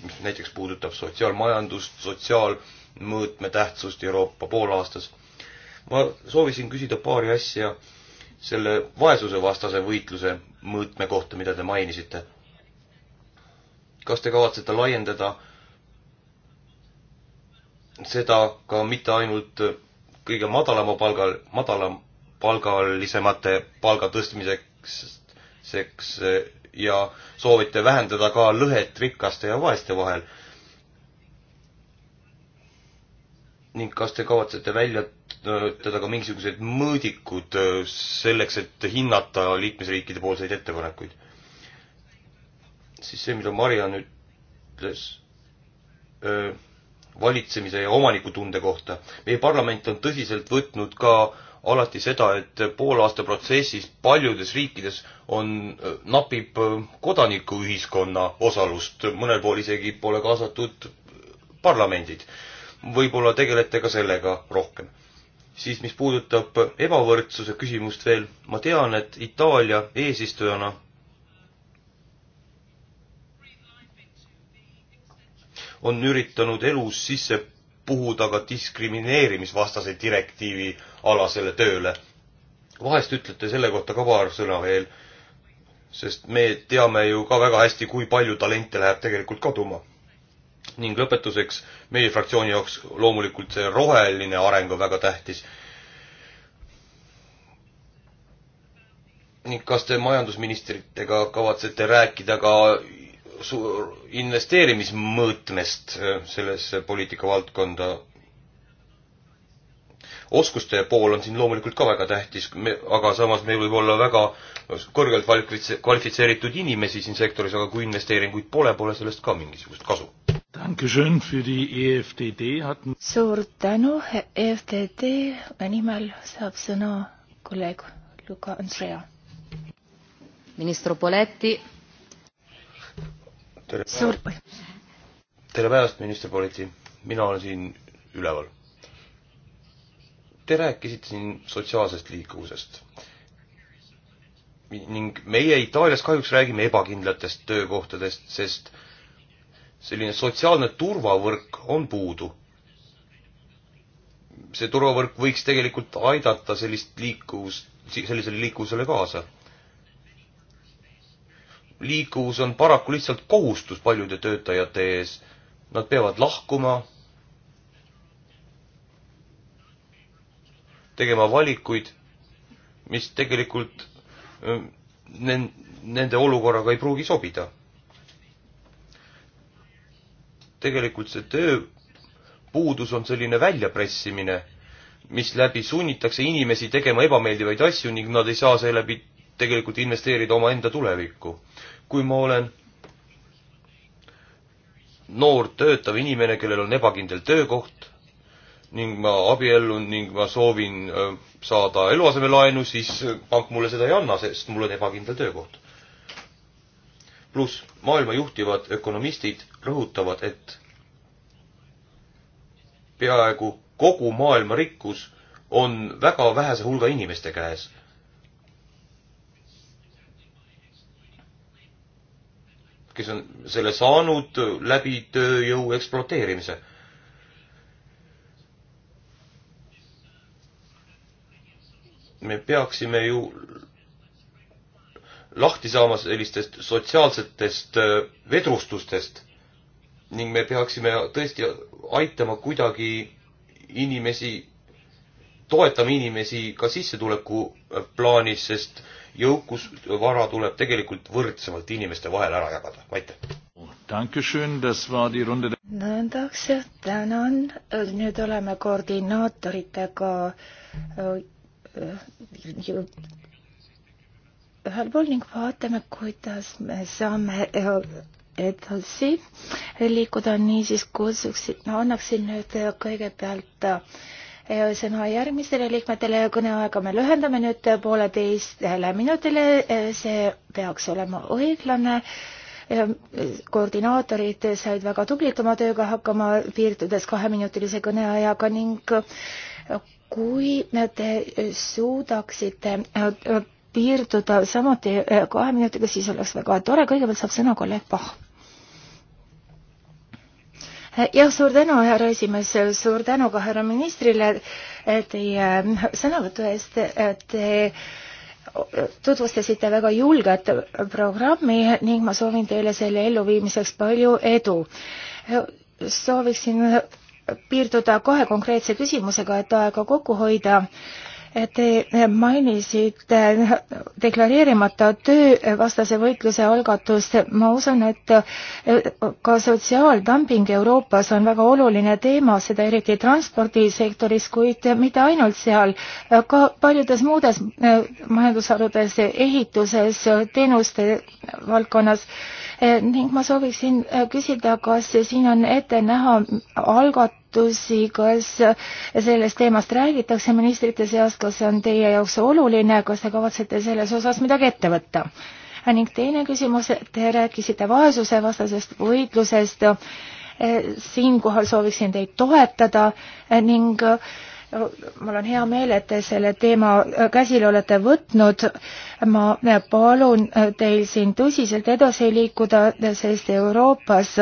mis näiteks puudutab sotsiaalmajandust, sotsiaalmõõtme tähtsust Euroopa poolaastas. ma soovisin küsida paari asja selle vaesusevastase võitluse mõõtme kohta, mida te mainisite. kas te kavatsete laiendada seda ka mitte ainult kõige madalama palgal, madalam, kõrgepalgalisemate palga tõstmiseks seks, ja soovite vähendada ka lõhet rikaste ja vaeste vahel. ning kas te kavatsete välja töötada ka mingisugused mõõdikud selleks, et hinnata liikmesriikide poolseid ettepanekuid? siis see, mida Mariann ütles valitsemise ja omanikutunde kohta. meie parlament on tõsiselt võtnud ka alati seda, et poolaasta protsessis paljudes riikides on, napib kodanikuühiskonna osalust, mõnel pool isegi pole kaasatud parlamendid. võib-olla tegelete ka sellega rohkem. siis, mis puudutab ebavõrdsuse küsimust veel, ma tean, et Itaalia eesistujana on üritanud elus sisse puhuda ka diskrimineerimisvastase direktiivi alasele tööle. vahest ütlete selle kohta ka paar sõna veel, sest me teame ju ka väga hästi, kui palju talente läheb tegelikult kaduma. ning lõpetuseks, meie fraktsiooni jaoks loomulikult see roheline areng on väga tähtis ning kas te majandusministritega kavatsete rääkida ka suur investeerimismõõtmest äh, sellesse poliitikavaldkonda. oskuste pool on siin loomulikult ka väga tähtis, aga samas meil võib olla väga kõrgelt kvalifitseeritud inimesi siin sektoris, aga kui investeeringuid pole, pole sellest ka mingisugust kasu. E suur tänu, EFTD nimel saab sõna kolleeg Luka Andrea. minister Poletti tere suur päev. tere päevast, minister Politsi. mina olen siin üleval. Te rääkisite siin sotsiaalsest liikuvusest. ning meie Itaalias kahjuks räägime ebakindlatest töökohtadest, sest selline sotsiaalne turvavõrk on puudu. see turvavõrk võiks tegelikult aidata sellist liikuvust, sellisele liikuvusele kaasa liikuvus on paraku lihtsalt kohustus paljude töötajate ees. Nad peavad lahkuma, tegema valikuid, mis tegelikult nende olukorraga ei pruugi sobida. tegelikult see tööpuudus on selline väljapressimine, mis läbi sunnitakse inimesi tegema ebameeldivaid asju ning nad ei saa seeläbi tegelikult investeerida omaenda tulevikku kui ma olen noor töötav inimene, kellel on ebakindel töökoht ning ma abiellun ning ma soovin äh, saada eluasemelaenu, siis pank mulle seda ei anna, sest mul on ebakindel töökoht. pluss maailma juhtivad ökonomistid rõhutavad, et peaaegu kogu maailma rikkus on väga vähese hulga inimeste käes kes on selle saanud läbi tööjõu ekspluateerimise. me peaksime ju lahti saama sellistest sotsiaalsetest äh, vedrustustest ning me peaksime tõesti aitama kuidagi inimesi, toetama inimesi ka sissetuleku äh, plaanis, sest äh, jõukusvara tuleb tegelikult võrdsemalt inimeste vahel ära jagada, aitäh. nõndaks jah, tänan, nüüd oleme koordinaatoritega äh, ühel pool ning vaatame, kuidas me saame äh, edasi liikuda, niisiis kutsuksin no,, annaksin nüüd äh, kõigepealt äh, sõna järgmistele liikmetele ja kõneaega me lühendame nüüd pooleteistele minutile, see peaks olema õiglane. koordinaatorid said väga tublilt oma tööga hakkama, piirdudes kaheminutilise kõneajaga ning kui te suudaksite piirduda samuti kahe minutiga, siis oleks väga tore, kõigepealt saab sõna kolleeg Pahv jah, suur tänu, härra esimees, suur tänu ka härra ministrile eh, teie eh, sõnavõtu eest, eh, te tutvustasite väga julget programmi ning ma soovin teile selle elluviimiseks palju edu. sooviksin piirduda kahe konkreetse küsimusega, et aega kokku hoida Te mainisite deklareerimata töö vastase võitluse algatust. ma usun, et ka sotsiaaldumping Euroopas on väga oluline teema, seda eriti transpordisektoris, kuid mitte ainult seal, ka paljudes muudes majandusharudes, ehituses, teenuste valdkonnas ning ma sooviksin küsida, kas siin on ette näha algat-, algatusi, kas sellest teemast räägitakse ministrite seas, kas see on teie jaoks oluline, kas te kavatsete selles osas midagi ette võtta? ning teine küsimus, te rääkisite vaesusevastasest võitlusest, e, siinkohal sooviksin teid toetada e, ning e, mul on hea meel, et te selle teema käsile olete võtnud. ma palun teil siin tõsiselt edasi liikuda, sest Euroopas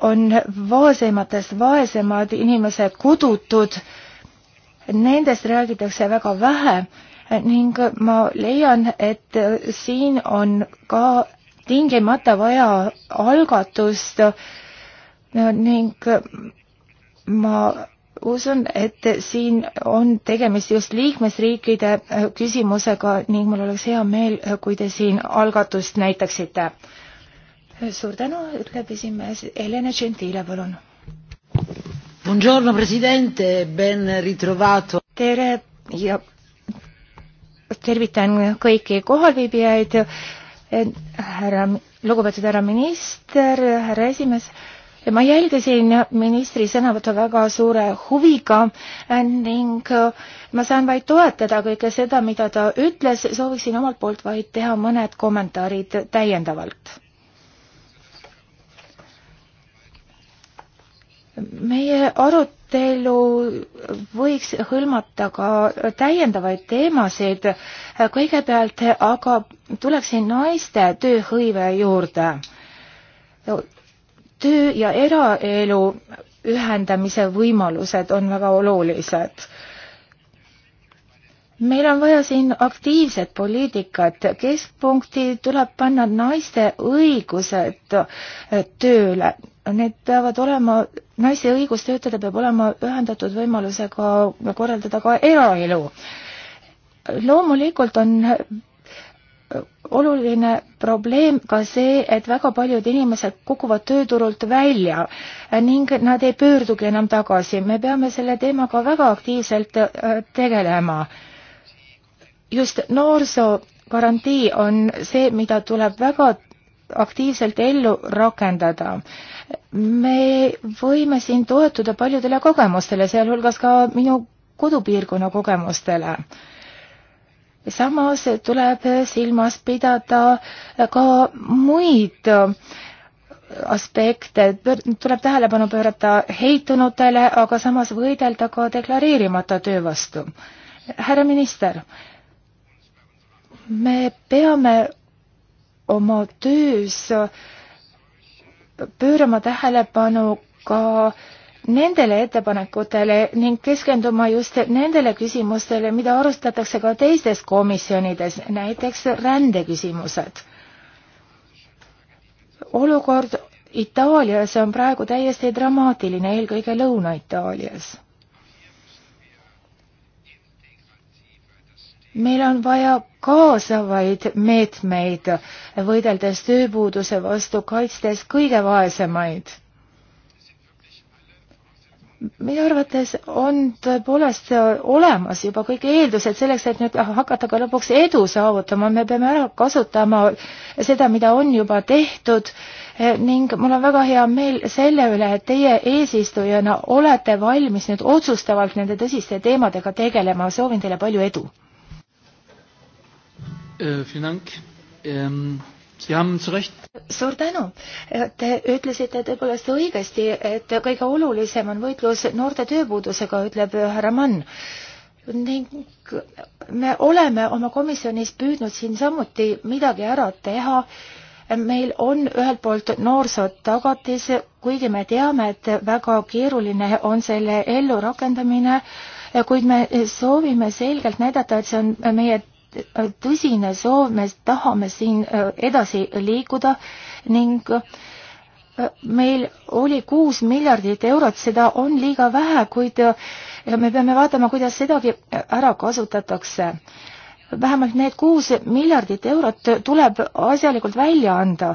on vaesematest vaesemad inimesed kodutud, nendest räägitakse väga vähe ning ma leian, et siin on ka tingimata vaja algatust ning ma usun, et siin on tegemist just liikmesriikide küsimusega ning mul oleks hea meel, kui te siin algatust näitaksite suur tänu, ütleb esimees Helena Gentile, palun. Buongiorno presidente, ben ritrovato. tere ja tervitan kõiki kohalviibijaid, härra, lugupeetud härra minister, härra esimees ja ma jälgisin ministri sõnavõttu väga suure huviga ning ma saan vaid toetada kõike seda, mida ta ütles, sooviksin omalt poolt vaid teha mõned kommentaarid täiendavalt. meie arutelu võiks hõlmata ka täiendavaid teemasid, kõigepealt aga tuleksin naiste tööhõive juurde. töö ja eraelu ühendamise võimalused on väga olulised. meil on vaja siin aktiivset poliitikat, keskpunkti tuleb panna naiste õigused tööle need peavad olema, naise õigus töötada peab olema ühendatud võimalusega korraldada ka eraelu. loomulikult on oluline probleem ka see, et väga paljud inimesed kukuvad tööturult välja ning nad ei pöördugi enam tagasi. me peame selle teemaga väga aktiivselt äh, tegelema. just noorsoogarantii on see, mida tuleb väga aktiivselt ellu rakendada me võime siin toetuda paljudele kogemustele, sealhulgas ka minu kodupiirkonna kogemustele. samas tuleb silmas pidada ka muid aspekte, tuleb tähelepanu pöörata heitunutele, aga samas võidelda ka deklareerimata töö vastu. härra minister, me peame oma töös äh, pöörama tähelepanu ka nendele ettepanekutele ning keskenduma just nendele küsimustele, mida arustatakse ka teistes komisjonides, näiteks rändeküsimused. olukord Itaalias on praegu täiesti dramaatiline, eelkõige Lõuna-Itaalias meil on vaja kaasavaid meetmeid, võideldes tööpuuduse vastu, kaitstes kõige vaesemaid. minu arvates on tõepoolest olemas juba kõik eeldused selleks, et nüüd hakata ka lõpuks edu saavutama, me peame ära kasutama seda, mida on juba tehtud ning mul on väga hea meel selle üle, et teie eesistujana olete valmis nüüd otsustavalt nende tõsiste teemadega tegelema, soovin teile palju edu! Äh, ähm, suur tänu. Äh, te ütlesite tõepoolest õigesti, et kõige olulisem on võitlus noorte tööpuudusega, ütleb härra Mann. ning me oleme oma komisjonis püüdnud siin samuti midagi ära teha. meil on ühelt poolt noorsootagatis, kuigi me teame, et väga keeruline on selle ellurakendamine, kuid me soovime selgelt näidata, et see on meie tõsine soov, me tahame siin äh, edasi liikuda ning äh, meil oli kuus miljardit eurot, seda on liiga vähe, kuid äh, me peame vaatama, kuidas sedagi ära kasutatakse. vähemalt need kuus miljardit eurot tuleb asjalikult välja anda.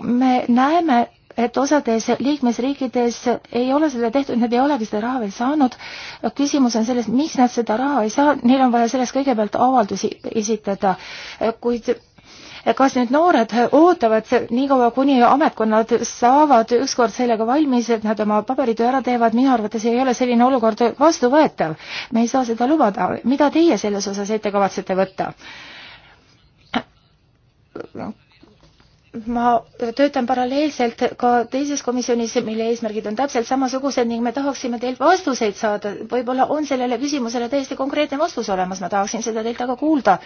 me näeme, et osades liikmesriikides ei ole seda tehtud, nad ei olegi seda raha veel saanud. küsimus on selles, miks nad seda raha ei saa, neil on vaja selleks kõigepealt avaldusi esitada, kuid kas nüüd noored ootavad niikaua, kuni ametkonnad saavad ükskord sellega valmis, et nad oma paberitöö ära teevad, minu arvates ei ole selline olukord vastuvõetav. me ei saa seda lubada. mida teie selles osas ette kavatsete võtta? ma töötan paralleelselt ka teises komisjonis, mille eesmärgid on täpselt samasugused ning me tahaksime teilt vastuseid saada. võib-olla on sellele küsimusele täiesti konkreetne vastus olemas, ma tahaksin seda teilt aga kuulda.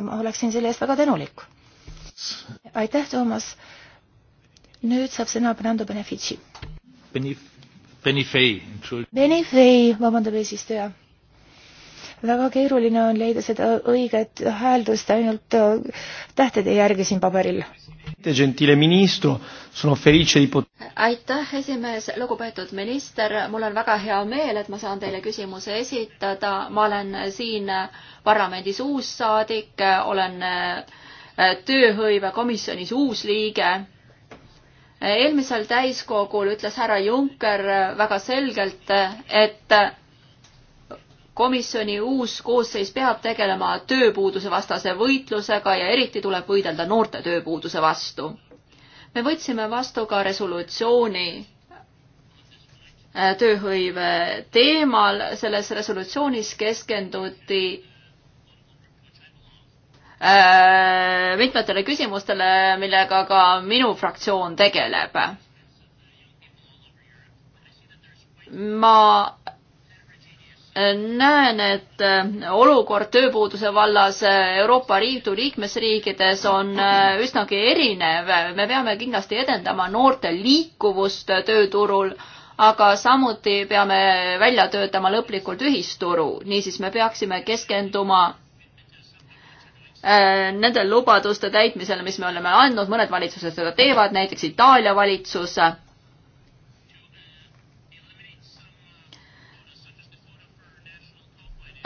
ma oleksin selle eest väga tänulik. aitäh, Toomas. nüüd saab sõna Fernando Benefici. Benif-, Benifei. Benifei, vabandab eesistuja väga keeruline on leida seda õiget hääldust ainult äh, tähtede järgi siin paberil. aitäh, esimees, lugupeetud minister, mul on väga hea meel, et ma saan teile küsimuse esitada, ma olen siin parlamendis uus saadik, olen äh, tööhõivekomisjonis uus liige eelmisel täiskogul ütles härra Juncker väga selgelt, et komisjoni uus koosseis peab tegelema tööpuuduse vastase võitlusega ja eriti tuleb võidelda noorte tööpuuduse vastu. me võtsime vastu ka resolutsiooni äh, tööhõive teemal, selles resolutsioonis keskenduti äh, mitmetele küsimustele, millega ka minu fraktsioon tegeleb. ma näen, et äh, olukord tööpuuduse vallas äh, Euroopa Liidu liikmesriikides on äh, üsnagi erinev. me peame kindlasti edendama noorte liikuvust tööturul, aga samuti peame välja töötama lõplikult ühisturu, niisiis me peaksime keskenduma nende lubaduste täitmisele, mis me oleme andnud, mõned valitsused seda teevad, näiteks Itaalia valitsus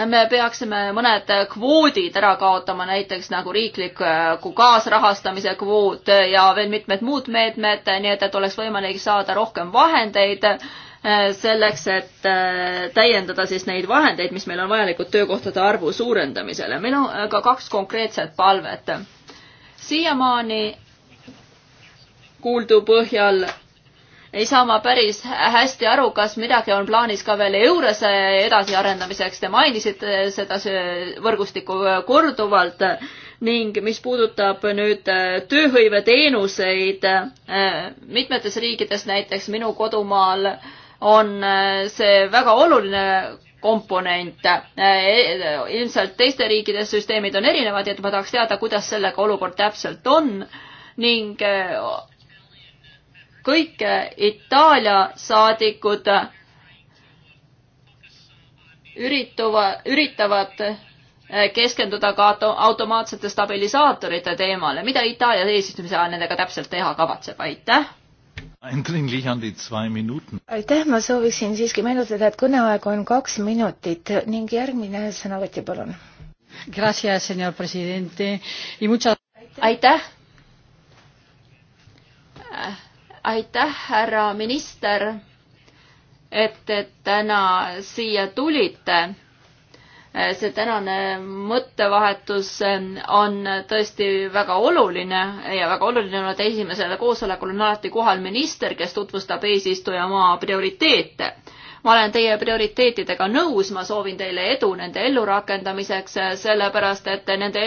me peaksime mõned kvoodid ära kaotama, näiteks nagu riikliku äh, kaasrahastamise kvoot ja veel mitmed muud meetmed, nii et, et oleks võimalik saada rohkem vahendeid äh, selleks, et äh, täiendada siis neid vahendeid, mis meil on vajalikud töökohtade arvu suurendamisele. meil on ka kaks konkreetset palvet. siiamaani kuuldu põhjal ei saa ma päris hästi aru, kas midagi on plaanis ka veel Eurose edasiarendamiseks, te mainisite seda võrgustikku korduvalt ning mis puudutab nüüd tööhõiveteenuseid eh, mitmetes riikides, näiteks minu kodumaal, on eh, see väga oluline komponent. Eh, ilmselt teiste riikide süsteemid on erinevad, et ma tahaks teada, kuidas sellega olukord täpselt on ning kõik eh, Itaalia saadikud eh, ürituva, üritavad eh, keskenduda ka auto, automaatsete stabilisaatorite teemale, mida Itaalia eesistumise ajal nendega täpselt teha kavatseb, aitäh! aitäh, ma sooviksin siiski meenutada, et kõneaeg on kaks minutit ning järgmine sõnavõtja, palun. aitäh! aitäh, härra minister, et te täna siia tulite. see tänane mõttevahetus on tõesti väga oluline ja väga oluline on, et esimesel koosolekul on alati kohal minister, kes tutvustab eesistujamaa prioriteete ma olen teie prioriteetidega nõus, ma soovin teile edu nende ellurakendamiseks, sellepärast et nende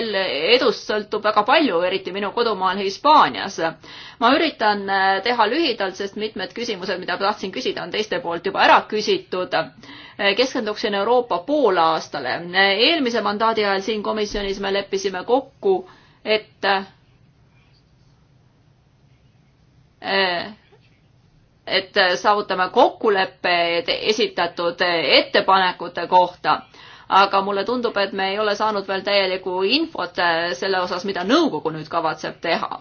edust sõltub väga palju, eriti minu kodumaal Hispaanias. ma üritan äh, teha lühidalt, sest mitmed küsimused, mida tahtsin küsida, on teiste poolt juba ära küsitud. Äh, keskenduksin Euroopa poolaastale. Äh, eelmise mandaadi ajal siin komisjonis me leppisime kokku, et et saavutame kokkuleppe esitatud ettepanekute kohta. aga mulle tundub, et me ei ole saanud veel täielikku infot selle osas, mida nõukogu nüüd kavatseb teha.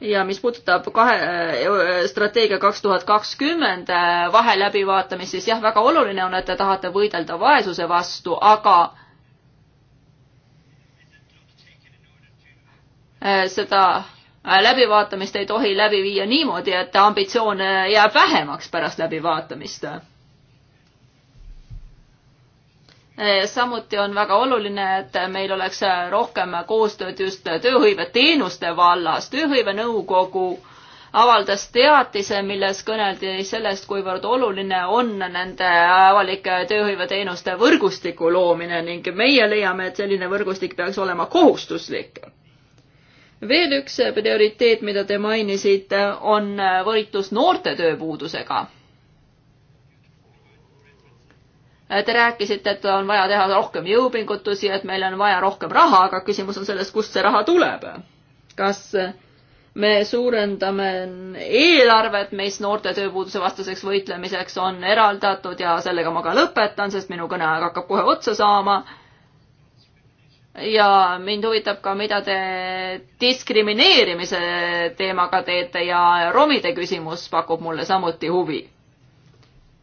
ja mis puudutab kahe, äh, strateegia kaks tuhat kakskümmend äh, vahe läbivaatamist, siis jah, väga oluline on, et te tahate võidelda vaesuse vastu, aga äh, seda Äh, läbivaatamist ei tohi läbi viia niimoodi, et ambitsioone äh, jääb vähemaks pärast läbivaatamist. Äh, samuti on väga oluline, et meil oleks rohkem koostööd just tööhõiveteenuste vallas. tööhõivenõukogu avaldas teatise, milles kõneldi sellest, kuivõrd oluline on nende avalike tööhõiveteenuste võrgustiku loomine ning meie leiame, et selline võrgustik peaks olema kohustuslik veel üks prioriteet, mida te mainisite, on võitlus noorte tööpuudusega. Te rääkisite, et on vaja teha rohkem jõupingutusi, et meil on vaja rohkem raha, aga küsimus on selles, kust see raha tuleb. kas me suurendame eelarvet, mis noorte tööpuuduse vastaseks võitlemiseks on eraldatud ja sellega ma ka lõpetan, sest minu kõneaeg hakkab kohe otsa saama ja mind huvitab ka, mida te diskrimineerimise teemaga teete ja romide küsimus pakub mulle samuti huvi.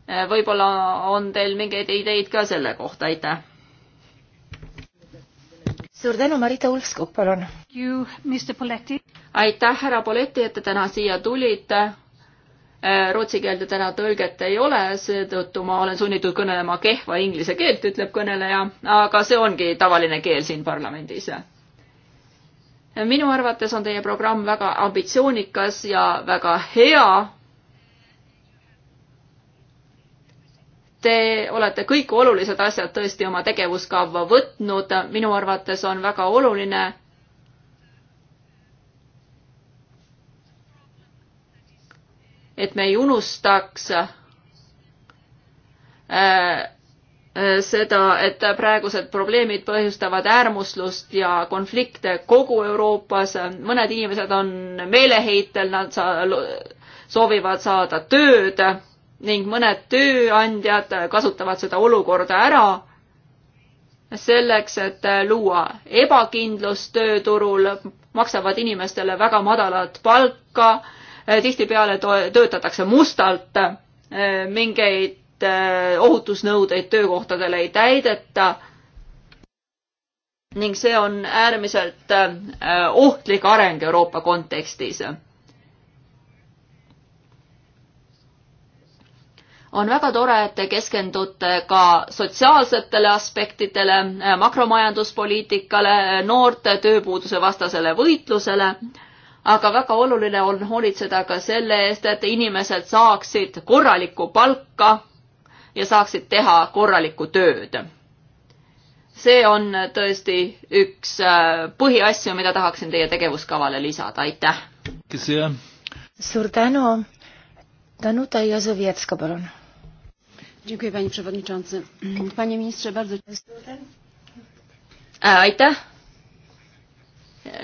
Äh, võib-olla on teil mingeid ideid ka selle kohta, aitäh. suur tänu, Marita Ulfskog, palun. aitäh, härra Poletti, et te täna siia tulite Äh, rootsi keelde täna tõlget ei ole, seetõttu ma olen sunnitud kõnelema kehva inglise keelt, ütleb kõneleja, aga see ongi tavaline keel siin parlamendis. minu arvates on teie programm väga ambitsioonikas ja väga hea. Te olete kõik olulised asjad tõesti oma tegevuskavva võtnud, minu arvates on väga oluline et me ei unustaks äh, äh, seda, et praegused probleemid põhjustavad äärmuslust ja konflikte kogu Euroopas. mõned inimesed on meeleheitel, nad sa-, soovivad saada tööd ning mõned tööandjad kasutavad seda olukorda ära selleks, et luua ebakindlust tööturul, maksavad inimestele väga madalat palka Eh, tihtipeale töötatakse mustalt, eh, mingeid eh, ohutusnõudeid töökohtadel ei täideta ning see on äärmiselt ohtlik areng Euroopa kontekstis. on väga tore, et te keskendute ka sotsiaalsetele aspektidele, makromajanduspoliitikale, noorte tööpuuduse vastasele võitlusele aga väga oluline on hoolitseda ka selle eest, et inimesed saaksid korralikku palka ja saaksid teha korralikku tööd. see on tõesti üks äh, põhiasju, mida tahaksin teie tegevuskavale lisada, aitäh! suur tänu! Danuta Jazowiecka, palun! Dziękuję panie przewodniczący. Panie ministrze, bardzo äh, aitäh!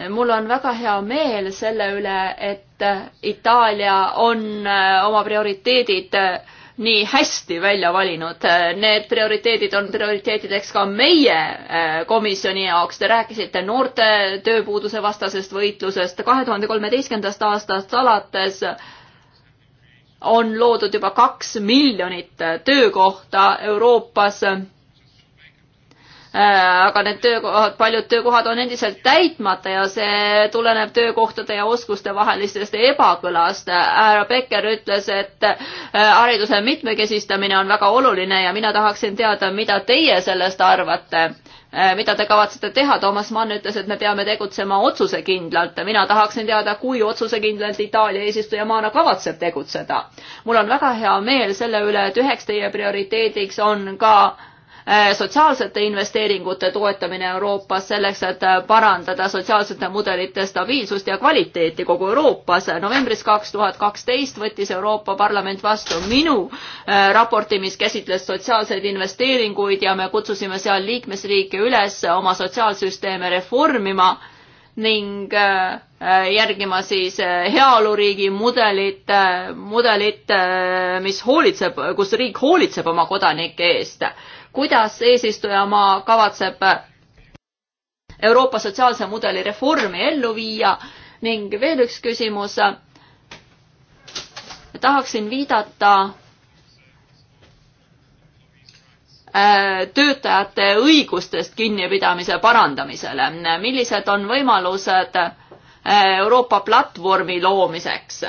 mul on väga hea meel selle üle, et Itaalia on äh, oma prioriteedid äh, nii hästi välja valinud. Need prioriteedid on prioriteedideks ka meie äh, komisjoni jaoks. Te rääkisite noorte tööpuuduse vastasest võitlusest. kahe tuhande kolmeteistkümnendast aastast alates on loodud juba kaks miljonit töökohta Euroopas Äh, aga need töökohad, paljud töökohad on endiselt täitmata ja see tuleneb töökohtade ja oskuste vahelistest ebakõlast. härra Becker ütles, et äh, hariduse mitmekesistamine on väga oluline ja mina tahaksin teada, mida teie sellest arvate äh, mida te kavatsete teha, Toomas Mann ütles, et me peame tegutsema otsusekindlalt. mina tahaksin teada, kui otsusekindlalt Itaalia eesistujamaana kavatseb tegutseda. mul on väga hea meel selle üle, et üheks teie prioriteediks on ka äh, Äh, sotsiaalsete investeeringute toetamine Euroopas selleks, et äh, parandada sotsiaalsete mudelite stabiilsust ja kvaliteeti kogu Euroopas. novembris kaks tuhat kaksteist võttis Euroopa Parlament vastu minu äh, raporti, mis käsitles sotsiaalseid investeeringuid ja me kutsusime seal liikmesriike üles oma sotsiaalsüsteeme reformima ning järgima siis heaoluriigi mudelit, mudelit, mis hoolitseb, kus riik hoolitseb oma kodanike eest kuidas eesistujamaa kavatseb Euroopa sotsiaalse mudeli reformi ellu viia ning veel üks küsimus. tahaksin viidata äh, töötajate õigustest kinnipidamise parandamisele. millised on võimalused äh, Euroopa platvormi loomiseks?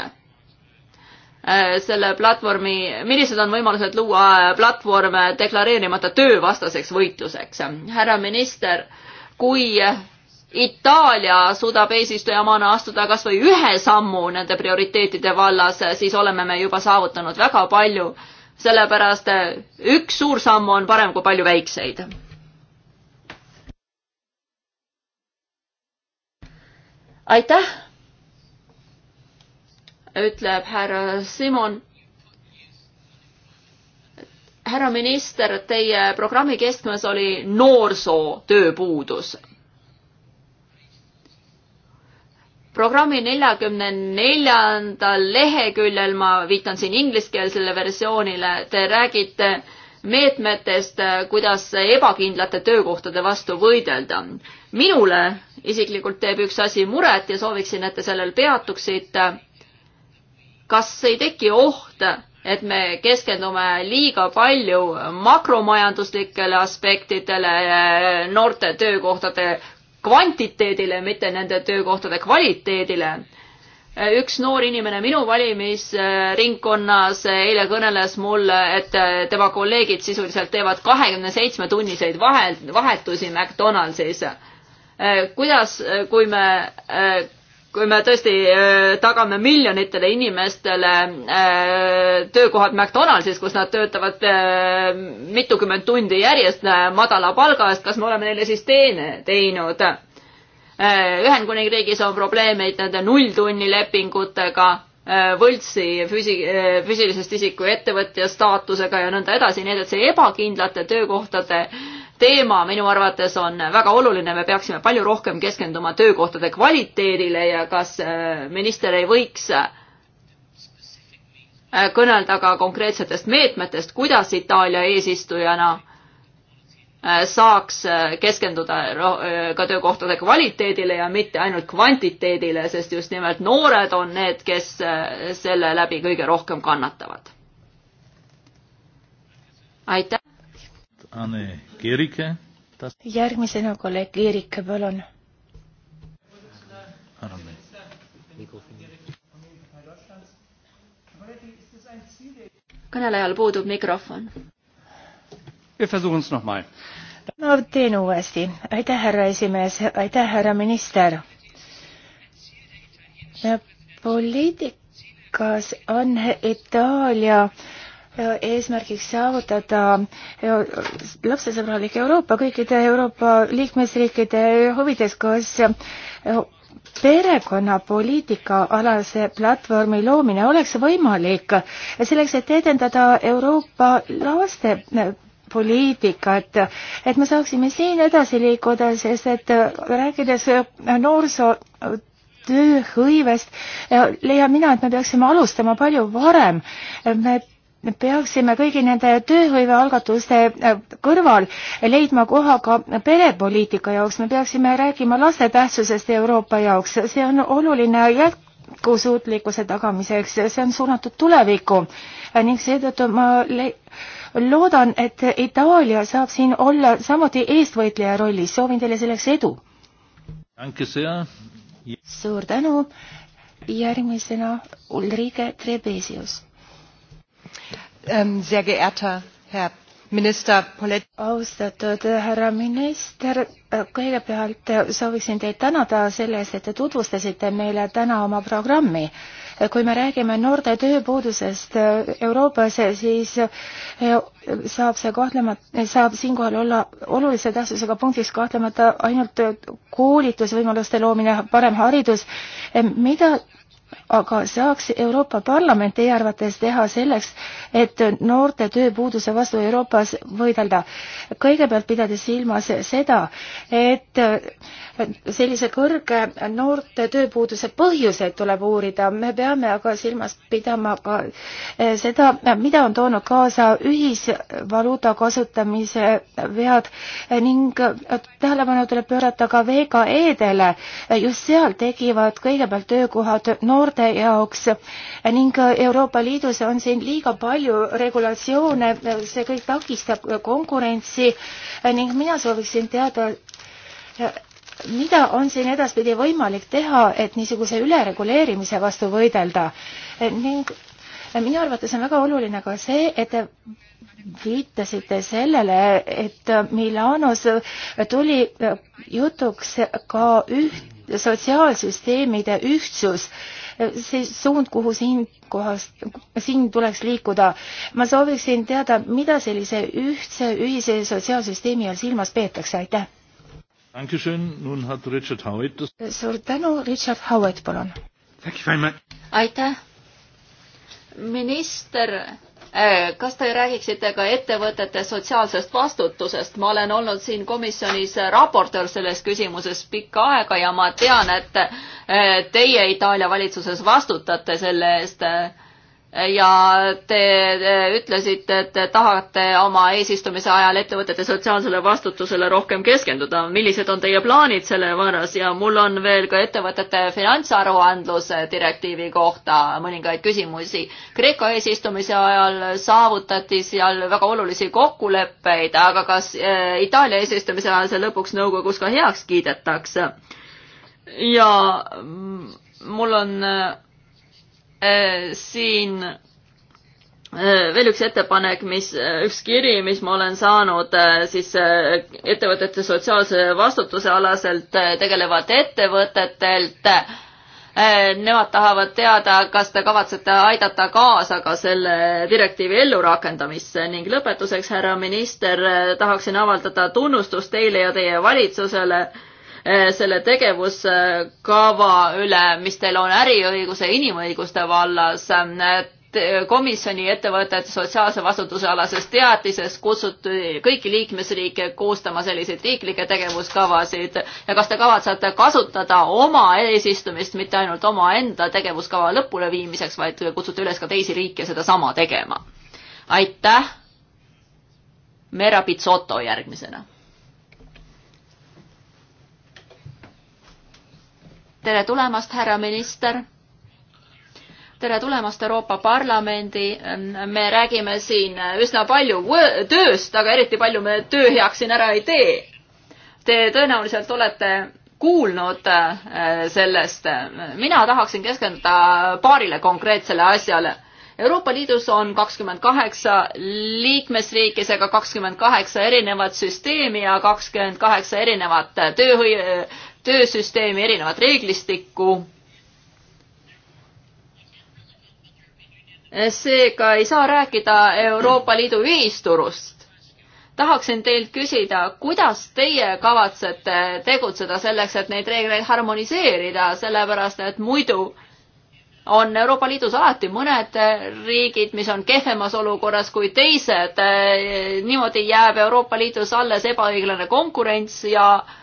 Äh, selle platvormi, millised on võimalused luua platvorme deklareerimata töövastaseks võitluseks? härra minister, kui Itaalia suudab eesistujamaana astuda kas või ühe sammu nende prioriteetide vallas, siis oleme me juba saavutanud väga palju, sellepärast äh, üks suur samm on parem kui palju väikseid. aitäh ütleb härra Simon. härra minister, teie programmi keskmes oli noorsootööpuudus. programmi neljakümne neljandal leheküljel, ma viitan siin ingliskeelsele versioonile, te räägite meetmetest, kuidas ebakindlate töökohtade vastu võidelda. minule isiklikult teeb üks asi muret ja sooviksin, et te sellel peatuksite kas ei teki oht, et me keskendume liiga palju makromajanduslikele aspektidele, noorte töökohtade kvantiteedile, mitte nende töökohtade kvaliteedile. üks noor inimene minu valimisringkonnas eile kõneles mulle, et tema kolleegid sisuliselt teevad kahekümne seitsme tunniseid vahel, vahetusi McDonaldsis. kuidas, kui me kui me tõesti äh, tagame miljonitele inimestele äh, töökohad McDonaldsis, kus nad töötavad äh, mitukümmend tundi järjest madala palga eest, kas me oleme neile siis teene teinud? Ühendkuningriigis on probleemeid nende nulltunnilepingutega, võltsi füsi-, füüsilisest isiku ettevõtja staatusega ja nõnda edasi, nii et see ebakindlate töökohtade äh, teema minu arvates on väga oluline, me peaksime palju rohkem keskenduma töökohtade kvaliteedile ja kas äh, minister ei võiks äh, kõnelda ka konkreetsetest meetmetest, kuidas Itaalia eesistujana äh, saaks keskenduda ka töökohtade kvaliteedile ja mitte ainult kvantiteedile, sest just nimelt noored on need, kes selle läbi kõige rohkem kannatavad. aitäh. Anne Kirike. järgmisena kolleeg Kirike, palun. kõnelejal puudub mikrofon. no teen uuesti. aitäh, härra esimees, aitäh, härra minister. poliitikas on Itaalia äh, Äh, eesmärgiks saavutada äh, lapsesõbralik Euroopa kõikide Euroopa liikmesriikide huvides, kas äh, perekonnapoliitika alase platvormi loomine oleks võimalik selleks, et edendada Euroopa laste poliitikat, et me saaksime siin edasi liikuda, sest et rääkides noorsoo tööhõivest leian mina, et me peaksime alustama palju varem. me me peaksime kõigi nende tööhõivealgatuste äh, kõrval leidma koha ka perepoliitika jaoks, me peaksime rääkima laste tähtsusest Euroopa jaoks, see on oluline jätkusuutlikkuse tagamiseks, see on suunatud tulevikku äh, ning seetõttu ma loodan, et Itaalia saab siin olla samuti eestvõitleja rollis, soovin teile selleks edu. suur tänu, järgmisena Ulrike Trebesius Ähm, sehr geehrter Herr minister Polet-. austatud äh, härra minister, äh, kõigepealt äh, sooviksin teid tänada selle eest, et te tutvustasite meile täna oma programmi. kui me räägime noorte tööpuudusest Euroopas, siis saab see kahtlemata, saab siinkohal olla olulise tähtsusega punktiks kahtlemata ainult koolitusvõimaluste loomine, parem haridus. mida aga saaks Euroopa Parlament teie arvates teha selleks, et noorte tööpuuduse vastu Euroopas võidelda? kõigepealt pidades silmas seda, et sellise kõrge noorte tööpuuduse põhjuseid tuleb uurida, me peame aga silmas pidama ka seda, mida on toonud kaasa ühisvaluuta kasutamise vead ning tähelepanu tuleb pöörata ka VKE-dele. just seal tekivad kõigepealt töökohad noorte noorte jaoks ning äh, Euroopa Liidus on siin liiga palju regulatsioone, see kõik takistab äh, konkurentsi ning mina sooviksin teada, äh, mida on siin edaspidi võimalik teha, et niisuguse ülereguleerimise vastu võidelda ning minu arvates on väga oluline ka see, et te viitasite sellele, et Milanos tuli jutuks ka üht, sotsiaalsüsteemide ühtsus see suund, kuhu siinkohas, siin tuleks liikuda. ma sooviksin teada, mida sellise ühtse ühise sotsiaalsüsteemi all silmas peetakse, aitäh! suur tänu, Richard Howard, palun! aitäh! minister Äh, kas te räägiksite ka ettevõtete sotsiaalsest vastutusest? ma olen olnud siin komisjonis raportöör selles küsimuses pikka aega ja ma tean, et äh, teie Itaalia valitsuses vastutate selle eest ja te ütlesite, et te tahate oma eesistumise ajal ettevõtete sotsiaalsele vastutusele rohkem keskenduda. millised on teie plaanid selle võrras ja mul on veel ka ettevõtete finantsaruandluse direktiivi kohta mõningaid küsimusi. Kreeka eesistumise ajal saavutati seal väga olulisi kokkuleppeid, aga kas eh, Itaalia eesistumise ajal see lõpuks nõukogus ka heaks kiidetakse? ja mul on eh, Äh, siin äh, veel üks ettepanek, mis, äh, üks kiri, mis ma olen saanud siis ettevõtete sotsiaalse vastutuse alaselt tegelevalt ettevõtetelt. Nemad tahavad teada, kas te kavatsete aidata kaasa ka selle direktiivi ellurakendamisse ning lõpetuseks, härra minister, tahaksin avaldada tunnustust teile ja teie valitsusele Eh, selle tegevuskava üle, mis teil on äriõiguse ja inimõiguste vallas eh, komisjoni ettevõtete sotsiaalse vastutuse alases teatises kutsuti kõiki liikmesriike koostama selliseid riiklikke tegevuskavasid ja kas te kavatsete kasutada oma eesistumist mitte ainult omaenda tegevuskava lõpuleviimiseks, vaid kutsute üles ka teisi riike sedasama tegema? aitäh. Mera Pitsoto järgmisena tere tulemast, härra minister! tere tulemast Euroopa Parlamendi, me räägime siin üsna palju tööst, aga eriti palju me töö heaks siin ära ei tee. Te tõenäoliselt olete kuulnud äh, sellest, mina tahaksin keskenduda paarile konkreetsele asjale Euroopa Liidus on kakskümmend kaheksa liikmesriiki, seega kakskümmend kaheksa erinevat süsteemi ja kakskümmend kaheksa erinevat tööhõi-, töösüsteemi, erinevat reeglistikku. seega ei saa rääkida Euroopa Liidu ühisturust. tahaksin teilt küsida, kuidas teie kavatsete tegutseda selleks, et neid reegleid harmoniseerida, sellepärast et muidu on Euroopa Liidus alati mõned riigid, mis on kehvemas olukorras kui teised. niimoodi jääb Euroopa Liidus alles ebaõiglane konkurents ja äh,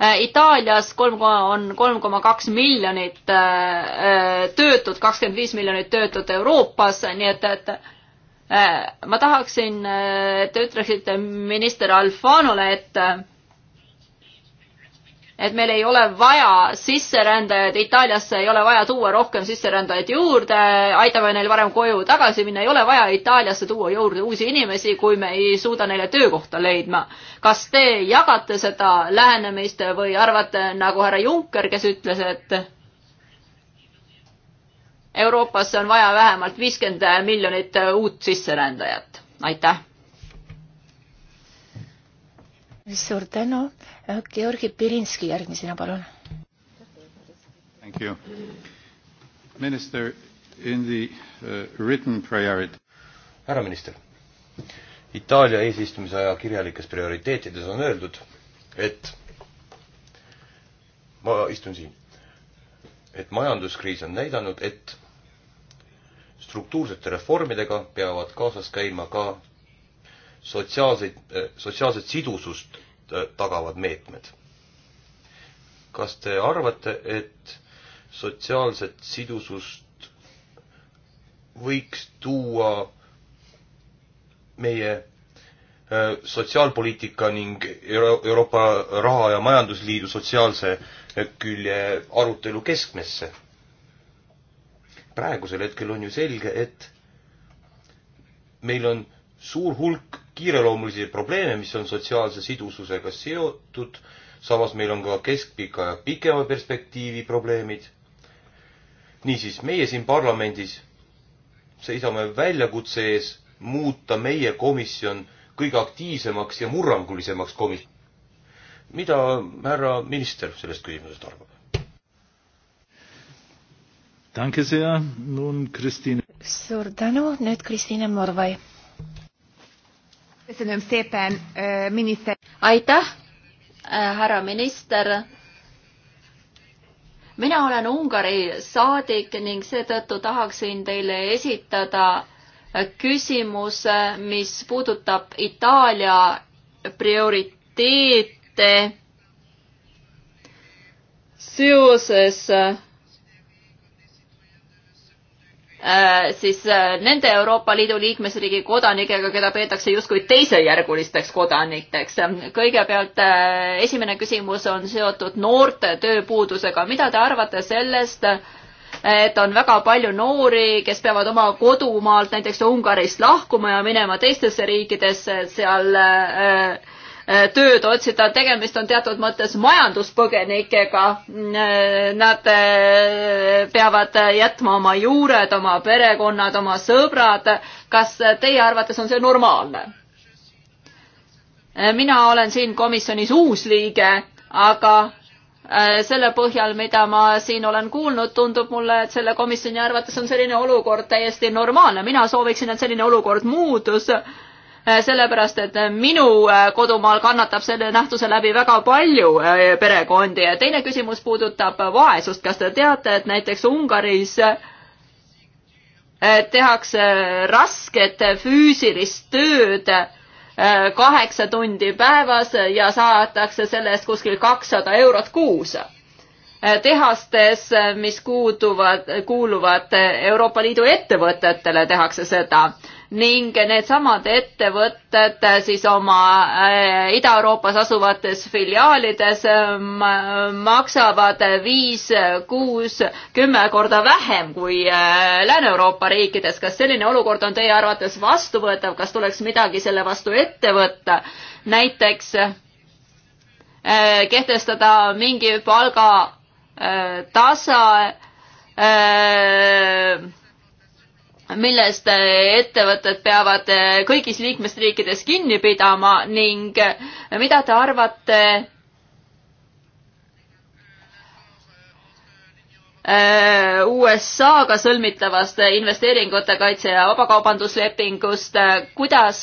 Äh, Itaalias kolm, on kolm koma kaks miljonit äh, äh, töötut, kakskümmend viis miljonit töötut Euroopas, nii et, et ma tahaksin, et te ütleksite minister Alfanole, et et meil ei ole vaja sisserändajaid, Itaaliasse ei ole vaja tuua rohkem sisserändajaid juurde, aitame neil varem koju tagasi minna, ei ole vaja Itaaliasse tuua juurde uusi inimesi, kui me ei suuda neile töökohta leidma. kas te jagate seda lähenemist või arvate nagu härra Juncker, kes ütles, et Euroopasse on vaja vähemalt viiskümmend miljonit uut sisserändajat? aitäh suur tänu, Georgi Pirinski järgmisena, palun. Thank you. Minister, in the uh, written priority. härra minister, Itaalia eesistumise aja kirjalikes prioriteetides on öeldud, et ma istun siin, et majanduskriis on näidanud, et struktuursete reformidega peavad kaasas käima ka sotsiaalseid, sotsiaalset sidusust äh, tagavad meetmed. kas te arvate, et sotsiaalset sidusust võiks tuua meie äh, sotsiaalpoliitika ning Euro Euroopa Raha- ja Majandusliidu sotsiaalse äh, külje arutelu keskmesse. praegusel hetkel on ju selge, et meil on suur hulk kiireloomulisi probleeme, mis on sotsiaalse sidususega seotud, samas meil on ka keskpika ja pikema perspektiivi probleemid. niisiis, meie siin parlamendis seisame väljakutse ees muuta meie komisjon kõige aktiivsemaks ja murrangulisemaks komis-. mida härra minister sellest küsimusest arvab? suur tänu, nüüd Kristiine Morvai aitäh, härra minister. mina olen Ungari saadik ning seetõttu tahaksin teile esitada küsimuse, mis puudutab Itaalia prioriteete seoses Äh, siis äh, nende Euroopa Liidu liikmesriigi kodanikega, keda peetakse justkui teisejärgulisteks kodanikeks. kõigepealt äh, esimene küsimus on seotud noorte tööpuudusega. mida te arvate sellest, et on väga palju noori, kes peavad oma kodumaalt, näiteks Ungarist lahkuma ja minema teistesse riikidesse, seal äh, Äh, tööd otsida, tegemist on teatud mõttes majanduspõgenikega. Mm, äh, nad äh, peavad jätma oma juured, oma perekonnad, oma sõbrad. kas teie arvates on see normaalne? mina olen siin komisjonis uus liige, aga selle põhjal, mida ma siin olen kuulnud, tundub mulle, et selle komisjoni arvates on selline olukord täiesti normaalne. mina sooviksin, et selline olukord muutus Äh, sellepärast et äh, minu äh, kodumaal kannatab selle nähtuse läbi väga palju perekondi ja teine küsimus puudutab vaesust. kas te teate, et näiteks Ungaris tehakse rasket füüsilist tööd kaheksa tundi päevas ja saadakse selle eest kuskil kakssada eurot kuus. tehastes, mis kuuduvad, kuuluvad Euroopa Liidu ettevõtetele, tehakse seda ning needsamad ettevõtted siis oma äh, Ida-Euroopas asuvates filiaalides ähm, maksavad viis, kuus, kümme korda vähem kui äh, Lääne-Euroopa riikides. kas selline olukord on teie arvates vastuvõetav, kas tuleks midagi selle vastu ette võtta? näiteks äh, kehtestada mingi palgatasa millest äh, ettevõtted peavad äh, kõigis liikmesriikides kinni pidama ning äh, mida te arvate USA-ga sõlmitavast investeeringute kaitse ja vabakaubanduslepingust, kuidas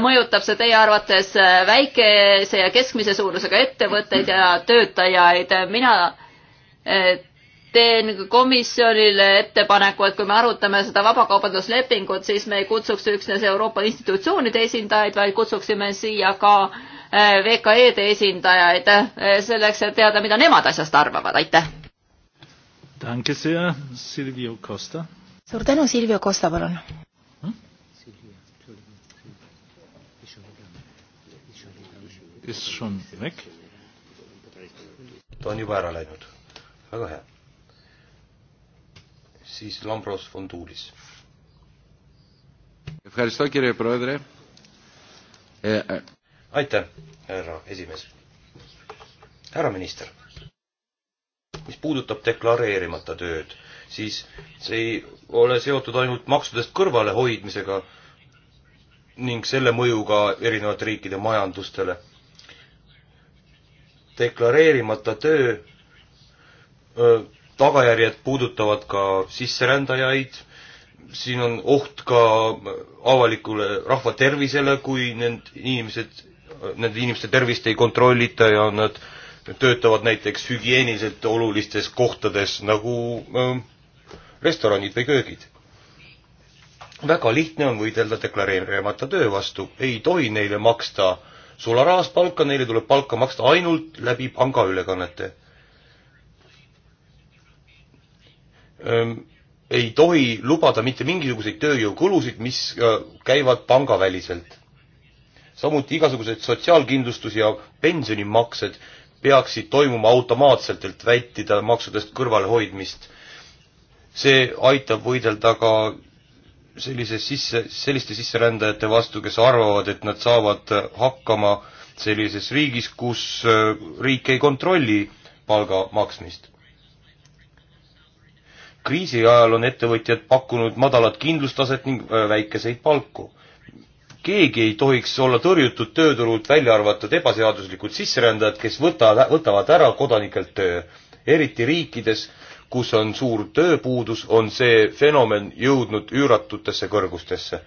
mõjutab see teie arvates väikese ja keskmise suurusega ettevõtteid ja töötajaid? mina teen komisjonile ettepaneku, et kui me arutame seda vabakaubanduslepingut, siis me ei kutsuks üksnes Euroopa institutsioonide esindajaid, vaid kutsuksime siia ka äh, VKE-de esindajaid äh, selleks, et teada, mida nemad asjast arvavad, aitäh. suur tänu, Silvio Costa, palun. kes hm? on, ta on juba ära läinud väga hea siis Lambros Fonduulis. aitäh, härra esimees. härra minister, mis puudutab deklareerimata tööd, siis see ei ole seotud ainult maksudest kõrvalehoidmisega ning selle mõjuga erinevate riikide majandustele. deklareerimata töö öö, tagajärjed puudutavad ka sisserändajaid, siin on oht ka avalikule rahva tervisele, kui need inimesed, nende inimeste tervist ei kontrollita ja nad töötavad näiteks hügieeniliselt olulistes kohtades nagu äh, restoranid või köögid. väga lihtne on võidelda deklareerimata töö vastu, ei tohi neile maksta sularahas palka, neile tuleb palka maksta ainult läbi pangaülekannete ei tohi lubada mitte mingisuguseid tööjõukulusid, mis käivad pangaväliselt. samuti igasugused sotsiaalkindlustus- ja pensionimaksed peaksid toimuma automaatselt, et vältida maksudest kõrvalehoidmist. see aitab võidelda ka sellise sisse, selliste sisserändajate vastu, kes arvavad, et nad saavad hakkama sellises riigis, kus riik ei kontrolli palga maksmist kriisi ajal on ettevõtjad pakkunud madalat kindlustaset ning väikeseid palku. keegi ei tohiks olla tõrjutud tööturult, välja arvatud ebaseaduslikud sisserändajad, kes võtavad, võtavad ära kodanikelt töö. eriti riikides, kus on suur tööpuudus, on see fenomen jõudnud üüratutesse kõrgustesse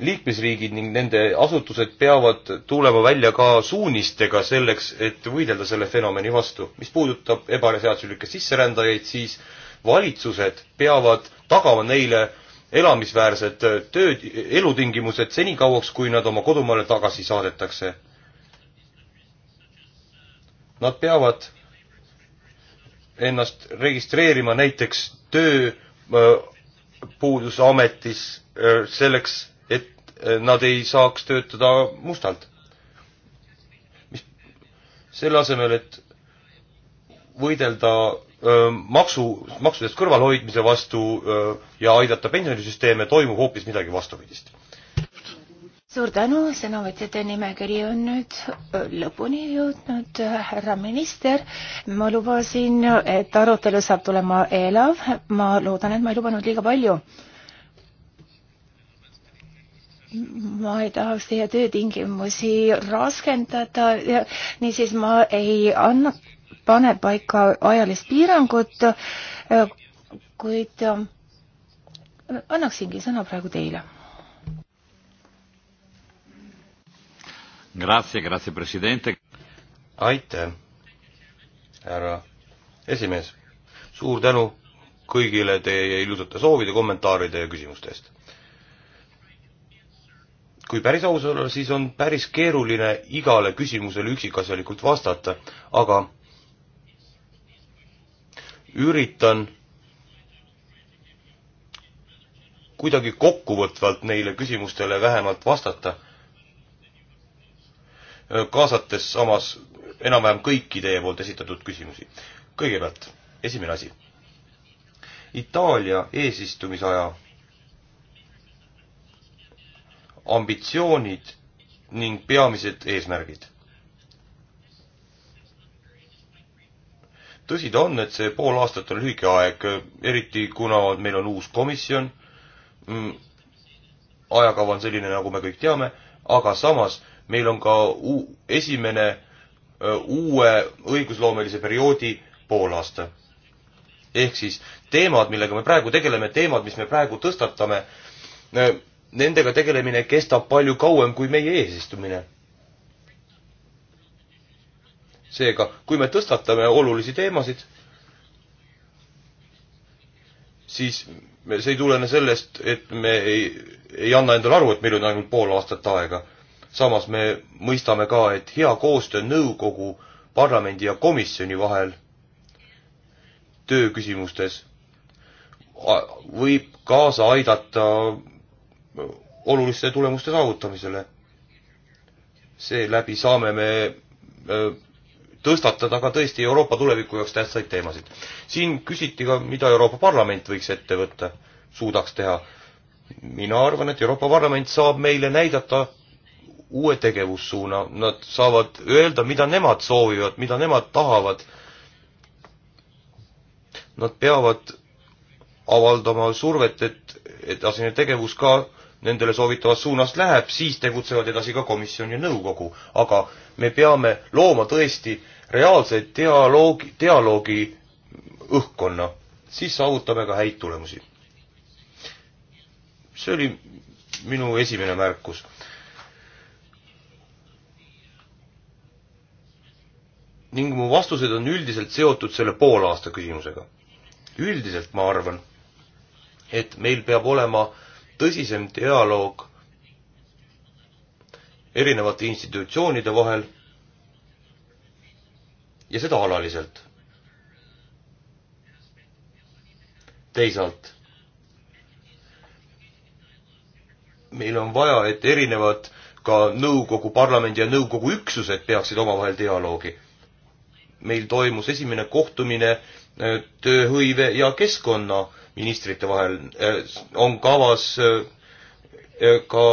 liikmesriigid ning nende asutused peavad tulema välja ka suunistega selleks, et võidelda selle fenomeni vastu. mis puudutab ebaseaduslikke sisserändajaid, siis valitsused peavad tagama neile elamisväärsed tööd, elutingimused senikauaks, kui nad oma kodumaale tagasi saadetakse. Nad peavad ennast registreerima näiteks tööpuudusametis äh, selleks, Eh, nad ei saaks töötada mustalt. mis, selle asemel, et võidelda öö, maksu, maksudest kõrvalhoidmise vastu öö, ja aidata pensionisüsteeme, toimub hoopis midagi vastupidist. suur tänu, sõnavõtjate nimekiri on nüüd lõpuni jõudnud, härra minister. ma lubasin, et arutelu saab tulema elav, ma loodan, et ma ei lubanud liiga palju ma ei tahaks teie töötingimusi raskendada, niisiis ma ei anna, pane paika ajalist piirangut, e, kuid e, annaksingi sõna praegu teile. aitäh, härra esimees. suur tänu kõigile teie ilusate soovide, kommentaaride ja küsimuste eest kui päris aus olla, siis on päris keeruline igale küsimusele üksikasjalikult vastata, aga üritan kuidagi kokkuvõtvalt neile küsimustele vähemalt vastata, kaasates samas enam-vähem kõiki teie poolt esitatud küsimusi. kõigepealt, esimene asi. Itaalia eesistumisaja ambitsioonid ning peamised eesmärgid. tõsi ta on, et see pool aastat on lühike aeg, eriti kuna meil on uus komisjon, mm, ajakava on selline, nagu me kõik teame, aga samas meil on ka esimene uue õigusloomelise perioodi poolaasta. ehk siis teemad, millega me praegu tegeleme, teemad, mis me praegu tõstatame, nendega tegelemine kestab palju kauem kui meie eesistumine. seega, kui me tõstatame olulisi teemasid, siis me, see ei tulene sellest, et me ei, ei anna endale aru, et meil on ainult pool aastat aega. samas me mõistame ka, et hea koostöö nõukogu, parlamendi ja komisjoni vahel tööküsimustes võib kaasa aidata oluliste tulemuste saavutamisele. seeläbi saame me äh, tõstatada ka tõesti Euroopa tuleviku jaoks tähtsaid teemasid. siin küsiti ka, mida Euroopa Parlament võiks ette võtta, suudaks teha. mina arvan, et Euroopa Parlament saab meile näidata uue tegevussuuna, nad saavad öelda, mida nemad soovivad, mida nemad tahavad. Nad peavad avaldama survet, et edasine tegevus ka nendele soovitavast suunast läheb, siis tegutsevad edasi ka komisjon ja nõukogu. aga me peame looma tõesti reaalse dialoogi, dialoogi õhkkonna, siis saavutame ka häid tulemusi. see oli minu esimene märkus. ning mu vastused on üldiselt seotud selle poolaasta küsimusega. üldiselt ma arvan, et meil peab olema tõsisem dialoog erinevate institutsioonide vahel ja seda alaliselt. teisalt, meil on vaja, et erinevad ka nõukogu, parlamendi ja nõukogu üksused peaksid omavahel dialoogi. meil toimus esimene kohtumine äh, tööhõive ja keskkonna ministrite vahel, äh, on kavas äh, äh, ka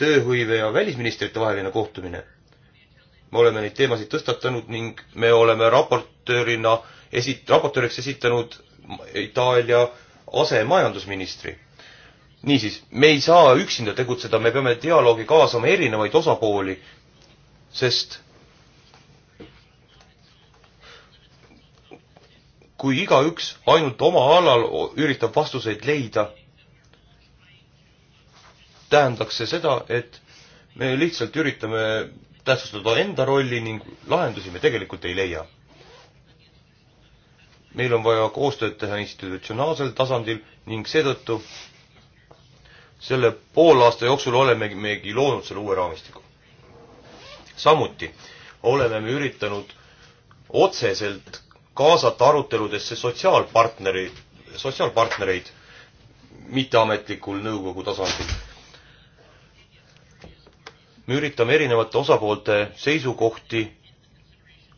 tööhõive ja välisministrite vaheline kohtumine. me oleme neid teemasid tõstatanud ning me oleme raportöörina esit-, raportööriks esitanud Itaalia asemajandusministri. niisiis, me ei saa üksinda tegutseda, me peame dialoogi kaasama erinevaid osapooli, sest kui igaüks ainult oma alal üritab vastuseid leida, tähendaks see seda, et me lihtsalt üritame tähtsustada enda rolli ning lahendusi me tegelikult ei leia. meil on vaja koostööd teha institutsionaalsel tasandil ning seetõttu selle poole aasta jooksul olemegi megi loonud selle uue raamistiku. samuti oleme me üritanud otseselt kaasata aruteludesse sotsiaalpartnereid, sotsiaalpartnereid mitteametlikul nõukogu tasandil. me üritame erinevate osapoolte seisukohti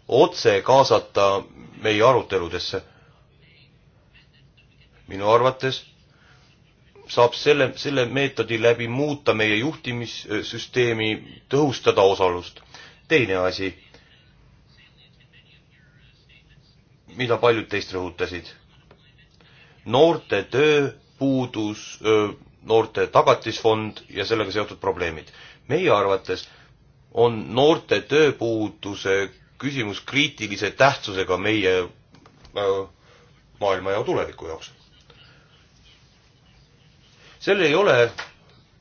otse kaasata meie aruteludesse. minu arvates saab selle, selle meetodi läbi muuta meie juhtimissüsteemi, tõhustada osalust. teine asi mida paljud teist rõhutasid. noorte tööpuudus, noorte tagatisfond ja sellega seotud probleemid. meie arvates on noorte tööpuuduse küsimus kriitilise tähtsusega meie maailma ja tuleviku jaoks. seal ei ole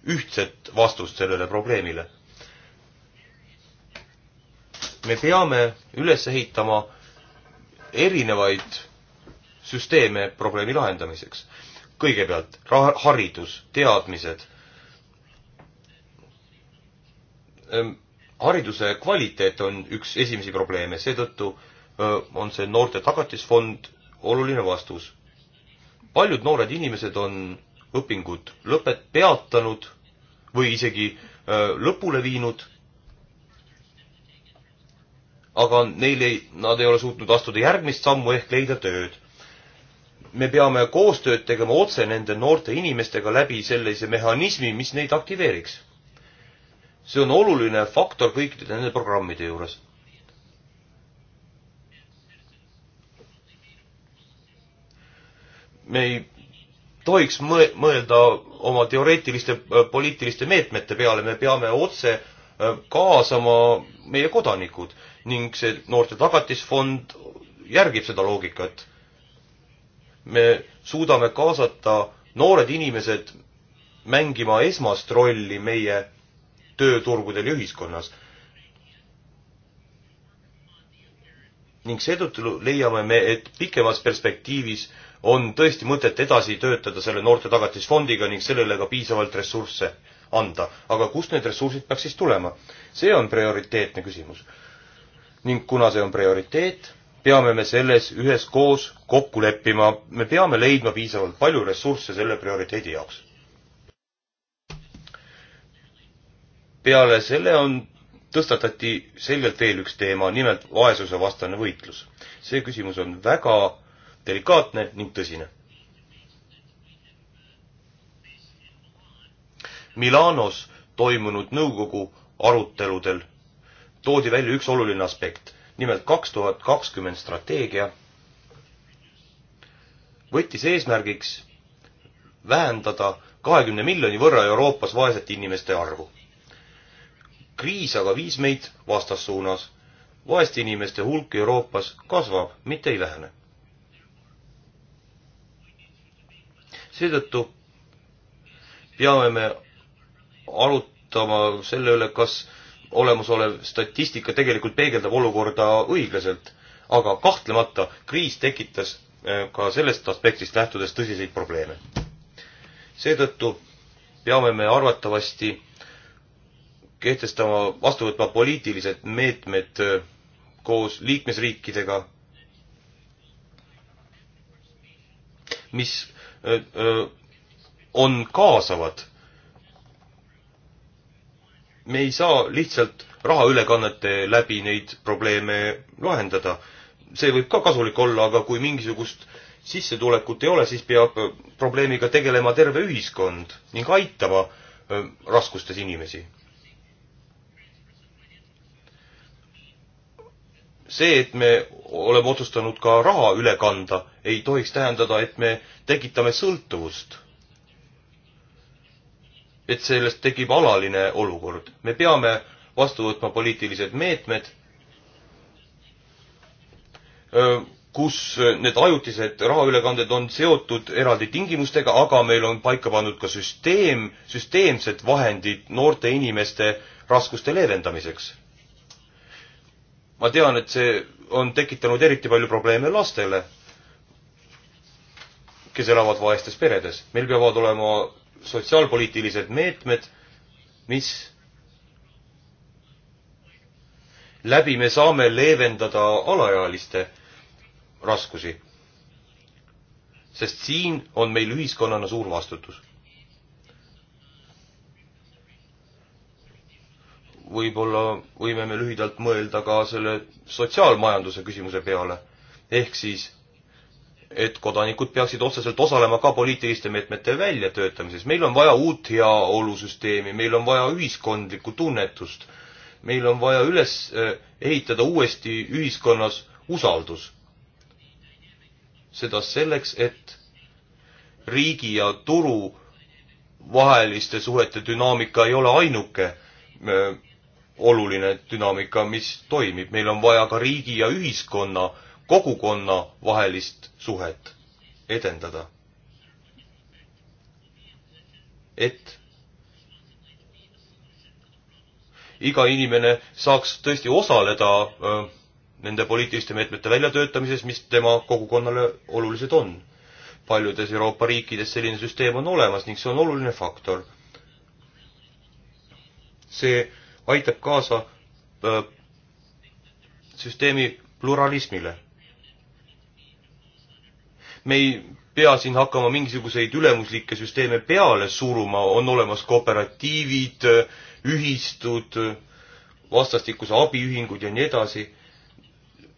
ühtset vastust sellele probleemile. me peame üles ehitama erinevaid süsteeme probleemi lahendamiseks. kõigepealt ra-, haridus, teadmised, ehm, hariduse kvaliteet on üks esimesi probleeme, seetõttu on see noorte tagatisfond oluline vastus. paljud noored inimesed on õpingud lõpet-, peatanud või isegi lõpule viinud aga neil ei, nad ei ole suutnud astuda järgmist sammu ehk leida tööd. me peame koostööd tegema otse nende noorte inimestega läbi sellise mehhanismi, mis neid aktiveeriks. see on oluline faktor kõikide nende programmide juures. me ei tohiks mõe-, mõelda oma teoreetiliste poliitiliste meetmete peale, me peame otse äh, kaasama meie kodanikud ning see noorte tagatisfond järgib seda loogikat. me suudame kaasata noored inimesed mängima esmast rolli meie tööturgudel ja ühiskonnas. ning seetõttu leiame me, et pikemas perspektiivis on tõesti mõtet edasi töötada selle noorte tagatisfondiga ning sellele ka piisavalt ressursse anda. aga kust need ressursid peaks siis tulema? see on prioriteetne küsimus ning kuna see on prioriteet, peame me selles üheskoos kokku leppima, me peame leidma piisavalt palju ressursse selle prioriteedi jaoks. peale selle on, tõstatati selgelt veel üks teema, nimelt vaesusevastane võitlus. see küsimus on väga delikaatne ning tõsine. Milanos toimunud nõukogu aruteludel toodi välja üks oluline aspekt. nimelt kaks tuhat kakskümmend strateegia võttis eesmärgiks vähendada kahekümne miljoni võrra Euroopas vaesete inimeste arvu. kriis aga viis meid vastassuunas. vaeste inimeste hulk Euroopas kasvab, mitte ei vähene. seetõttu peame me arutama selle üle, kas olemasolev statistika tegelikult peegeldab olukorda õiglaselt, aga kahtlemata kriis tekitas eh, ka sellest aspektist lähtudes tõsiseid probleeme. seetõttu peame me arvatavasti kehtestama, vastu võtma poliitilised meetmed eh, koos liikmesriikidega, mis eh, on kaasavad me ei saa lihtsalt rahaülekannete läbi neid probleeme lahendada. see võib ka kasulik olla, aga kui mingisugust sissetulekut ei ole, siis peab äh, probleemiga tegelema terve ühiskond ning aitama äh, raskustes inimesi. see, et me oleme otsustanud ka raha üle kanda, ei tohiks tähendada, et me tekitame sõltuvust et sellest tekib alaline olukord. me peame vastu võtma poliitilised meetmed, kus need ajutised rahaülekanded on seotud eraldi tingimustega, aga meil on paika pandud ka süsteem, süsteemsed vahendid noorte inimeste raskuste leevendamiseks. ma tean, et see on tekitanud eriti palju probleeme lastele, kes elavad vaestes peredes. meil peavad olema sotsiaalpoliitilised meetmed, mis läbi me saame leevendada alaealiste raskusi. sest siin on meil ühiskonnana suur vastutus. võib-olla võime me lühidalt mõelda ka selle sotsiaalmajanduse küsimuse peale, ehk siis et kodanikud peaksid otseselt osalema ka poliitiliste meetmete väljatöötamises. meil on vaja uut heaolusüsteemi, meil on vaja ühiskondlikku tunnetust, meil on vaja üles eh, ehitada uuesti ühiskonnas usaldus. seda selleks, et riigi ja turu vaheliste suhete dünaamika ei ole ainuke eh, oluline dünaamika, mis toimib, meil on vaja ka riigi ja ühiskonna äh, kogukonna vahelist suhet edendada. et iga inimene saaks tõesti osaleda öö, äh, nende poliitiliste meetmete väljatöötamises, mis tema kogukonnale olulised on. paljudes Euroopa riikides selline süsteem on olemas ning see on oluline faktor. see aitab kaasa öö, äh, süsteemi pluralismile me ei pea siin hakkama mingisuguseid ülemuslikke süsteeme peale suruma, on olemas kooperatiivid, ühistud, vastastikuse abiühingud ja nii edasi.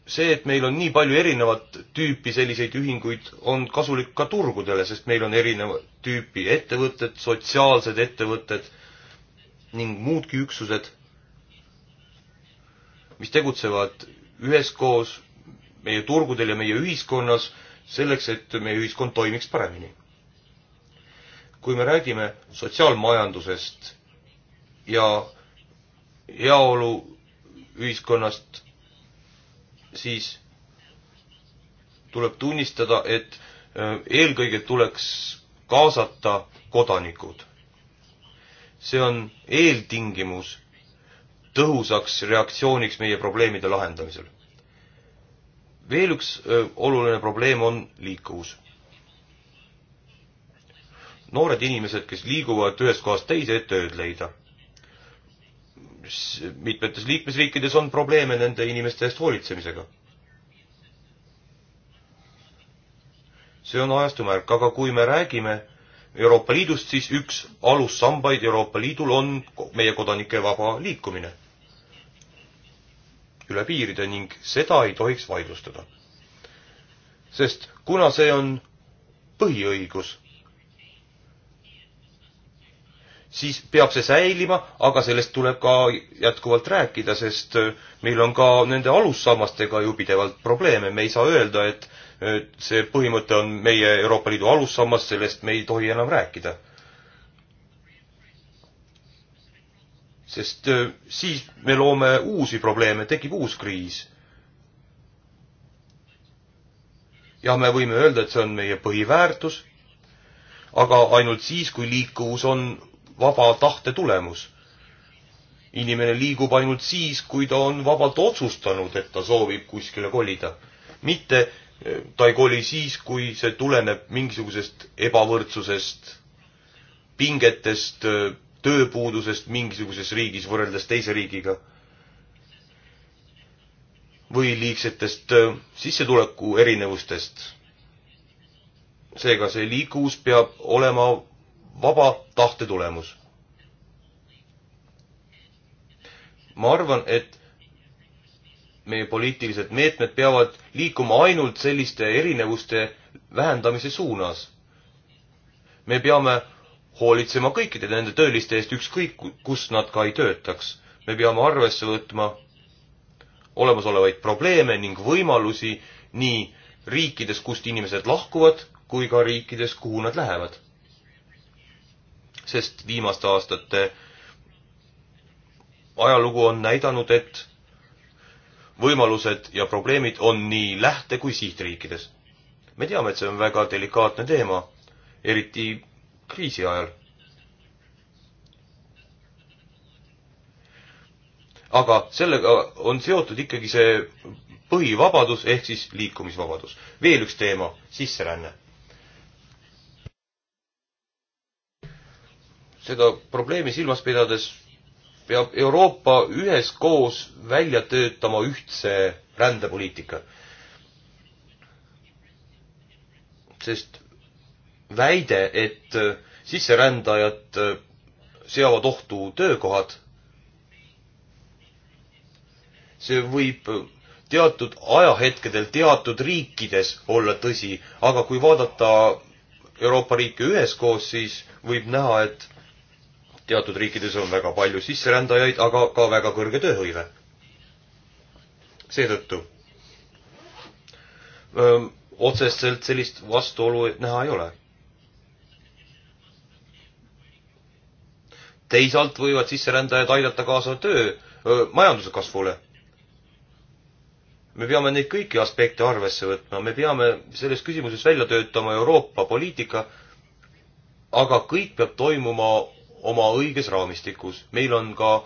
see, et meil on nii palju erinevat tüüpi selliseid ühinguid, on kasulik ka turgudele, sest meil on erinevat tüüpi ettevõtted, sotsiaalsed ettevõtted ning muudki üksused, mis tegutsevad üheskoos meie turgudel ja meie ühiskonnas selleks, et meie ühiskond toimiks paremini. kui me räägime sotsiaalmajandusest ja heaolu ühiskonnast, siis tuleb tunnistada, et äh, eelkõige tuleks kaasata kodanikud. see on eeltingimus tõhusaks reaktsiooniks meie probleemide lahendamisel veel üks oluline probleem on liikuvus. noored inimesed, kes liiguvad ühest kohast teise, et tööd leida. mitmetes liikmesriikides on probleeme nende inimeste eest hoolitsemisega. see on ajastu märk, aga kui me räägime Euroopa Liidust, siis üks alussambaid Euroopa Liidul on meie kodanike vaba liikumine üle piiride ning seda ei tohiks vaidlustada. sest kuna see on põhiõigus, siis peab see säilima, aga sellest tuleb ka jätkuvalt rääkida, sest äh, meil on ka nende alussammastega ju pidevalt probleeme, me ei saa öelda, et äh, see põhimõte on meie Euroopa Liidu alussammas, sellest me ei tohi enam rääkida sest siis me loome uusi probleeme, tekib uus kriis. jah, me võime öelda, et see on meie põhiväärtus, aga ainult siis, kui liikuvus on vaba tahte tulemus. inimene liigub ainult siis, kui ta on vabalt otsustanud, et ta soovib kuskile kolida. mitte ta ei koli siis, kui see tuleneb mingisugusest ebavõrdsusest, pingetest, tööpuudusest mingisuguses riigis võrreldes teise riigiga või liigsetest äh, sissetuleku erinevustest. seega see liikuvus peab olema vaba tahte tulemus. ma arvan, et meie poliitilised meetmed peavad liikuma ainult selliste erinevuste vähendamise suunas. me peame hoolitsema kõikide nende tööliste eest, ükskõik kus nad ka ei töötaks. me peame arvesse võtma olemasolevaid probleeme ning võimalusi nii riikides, kust inimesed lahkuvad, kui ka riikides, kuhu nad lähevad. sest viimaste aastate ajalugu on näidanud, et võimalused ja probleemid on nii lähte- kui sihtriikides. me teame, et see on väga delikaatne teema, eriti kriisi ajal. aga sellega on seotud ikkagi see põhivabadus ehk siis liikumisvabadus. veel üks teema, sisseränne. seda probleemi silmas pidades peab Euroopa üheskoos välja töötama ühtse rändepoliitika. sest väide, et äh, sisserändajad äh, seavad ohtu töökohad. see võib äh, teatud ajahetkedel teatud riikides olla tõsi, aga kui vaadata Euroopa riike üheskoos, siis võib näha, et teatud riikides on väga palju sisserändajaid, aga ka väga kõrge tööhõive. seetõttu otseselt sellist vastuolu näha ei ole teisalt võivad sisserändajad aidata kaasa töö, majanduse kasvule. me peame neid kõiki aspekte arvesse võtma, me peame selles küsimuses välja töötama Euroopa poliitika, aga kõik peab toimuma oma õiges raamistikus. meil on ka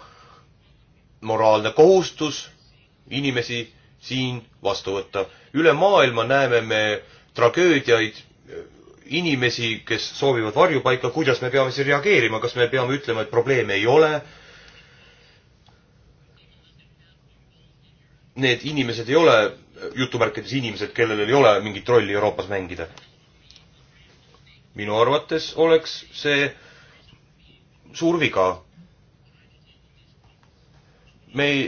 moraalne kohustus inimesi siin vastu võtta. üle maailma näeme me tragöödiaid inimesi, kes soovivad varjupaika, kuidas me peame siis reageerima, kas me peame ütlema, et probleeme ei ole? Need inimesed ei ole jutumärkides inimesed, kellel ei ole mingit rolli Euroopas mängida. minu arvates oleks see suur viga. me ei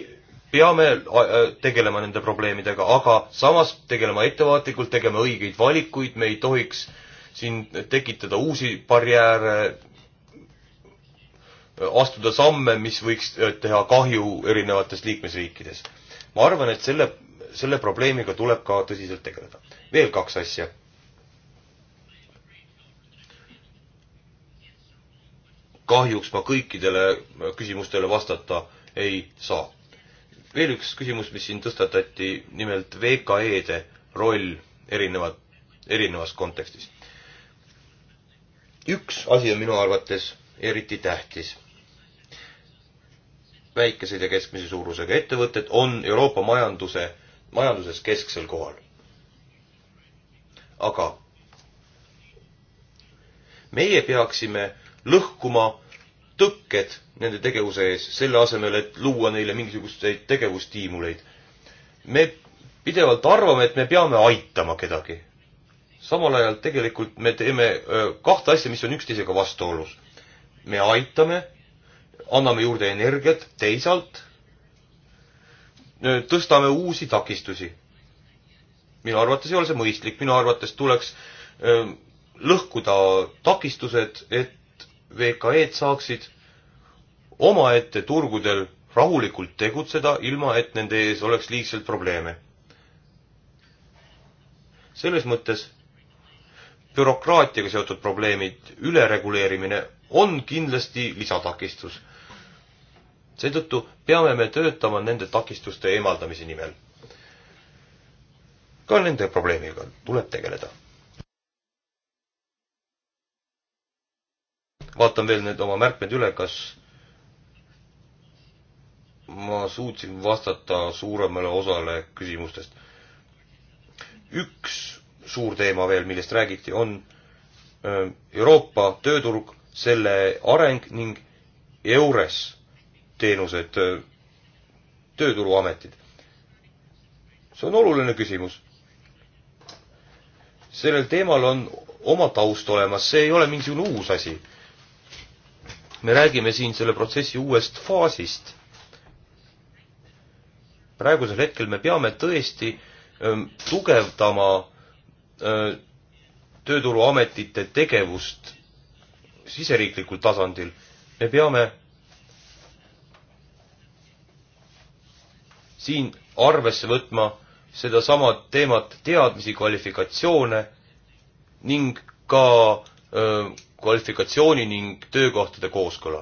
peame äh, äh, tegelema nende probleemidega, aga samas tegelema ettevaatlikult, tegema õigeid valikuid, me ei tohiks äh, siin tekitada uusi barjääre, astuda samme, mis võiks teha kahju erinevates liikmesriikides. ma arvan, et selle, selle probleemiga tuleb ka tõsiselt tegeleda. veel kaks asja. kahjuks ma kõikidele küsimustele vastata ei saa. veel üks küsimus, mis siin tõstatati, nimelt VKE-de roll erinevat, erinevas kontekstis üks asi on minu arvates eriti tähtis. väikesed ja keskmise suurusega ettevõtted on Euroopa majanduse, majanduses kesksel kohal. aga meie peaksime lõhkuma tõkked nende tegevuse ees, selle asemel, et luua neile mingisuguseid tegevustiimuleid. me pidevalt arvame, et me peame aitama kedagi samal ajal tegelikult me teeme kahte asja, mis on üksteisega vastuolus. me aitame, anname juurde energiat, teisalt tõstame uusi takistusi. minu arvates ei ole see mõistlik, minu arvates tuleks lõhkuda takistused, et VKE-d saaksid omaette turgudel rahulikult tegutseda, ilma et nende ees oleks liigselt probleeme. selles mõttes bürokraatiaga seotud probleemid, ülereguleerimine on kindlasti lisatakistus. seetõttu peame me töötama nende takistuste eemaldamise nimel. ka nende probleemiga tuleb tegeleda. vaatan veel nüüd oma märkmed üle, kas ma suutsin vastata suuremale osale küsimustest. üks suur teema veel, millest räägiti, on Euroopa tööturg, selle areng ning EURES teenused, tööturuametid. see on oluline küsimus. sellel teemal on oma taust olemas, see ei ole mingisugune uus asi. me räägime siin selle protsessi uuest faasist. praegusel hetkel me peame tõesti öö, tugevdama Äh, tööturuametite tegevust siseriiklikul tasandil, me peame siin arvesse võtma sedasama teemat teadmisi, kvalifikatsioone ning ka öö, äh, kvalifikatsiooni ning töökohtade kooskõla.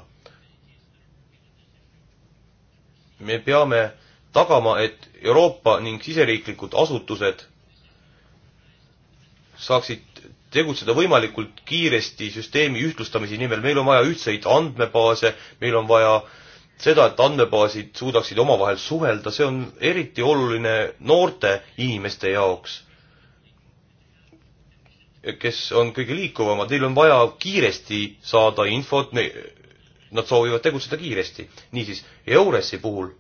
me peame tagama, et Euroopa ning siseriiklikud asutused saaksid tegutseda võimalikult kiiresti süsteemi ühtlustamise nimel, meil on vaja ühtseid andmebaase, meil on vaja seda, et andmebaasid suudaksid omavahel suhelda, see on eriti oluline noorte inimeste jaoks, kes on kõige liikuvamad, neil on vaja kiiresti saada infot, nad soovivad tegutseda kiiresti. niisiis, EURES-i puhul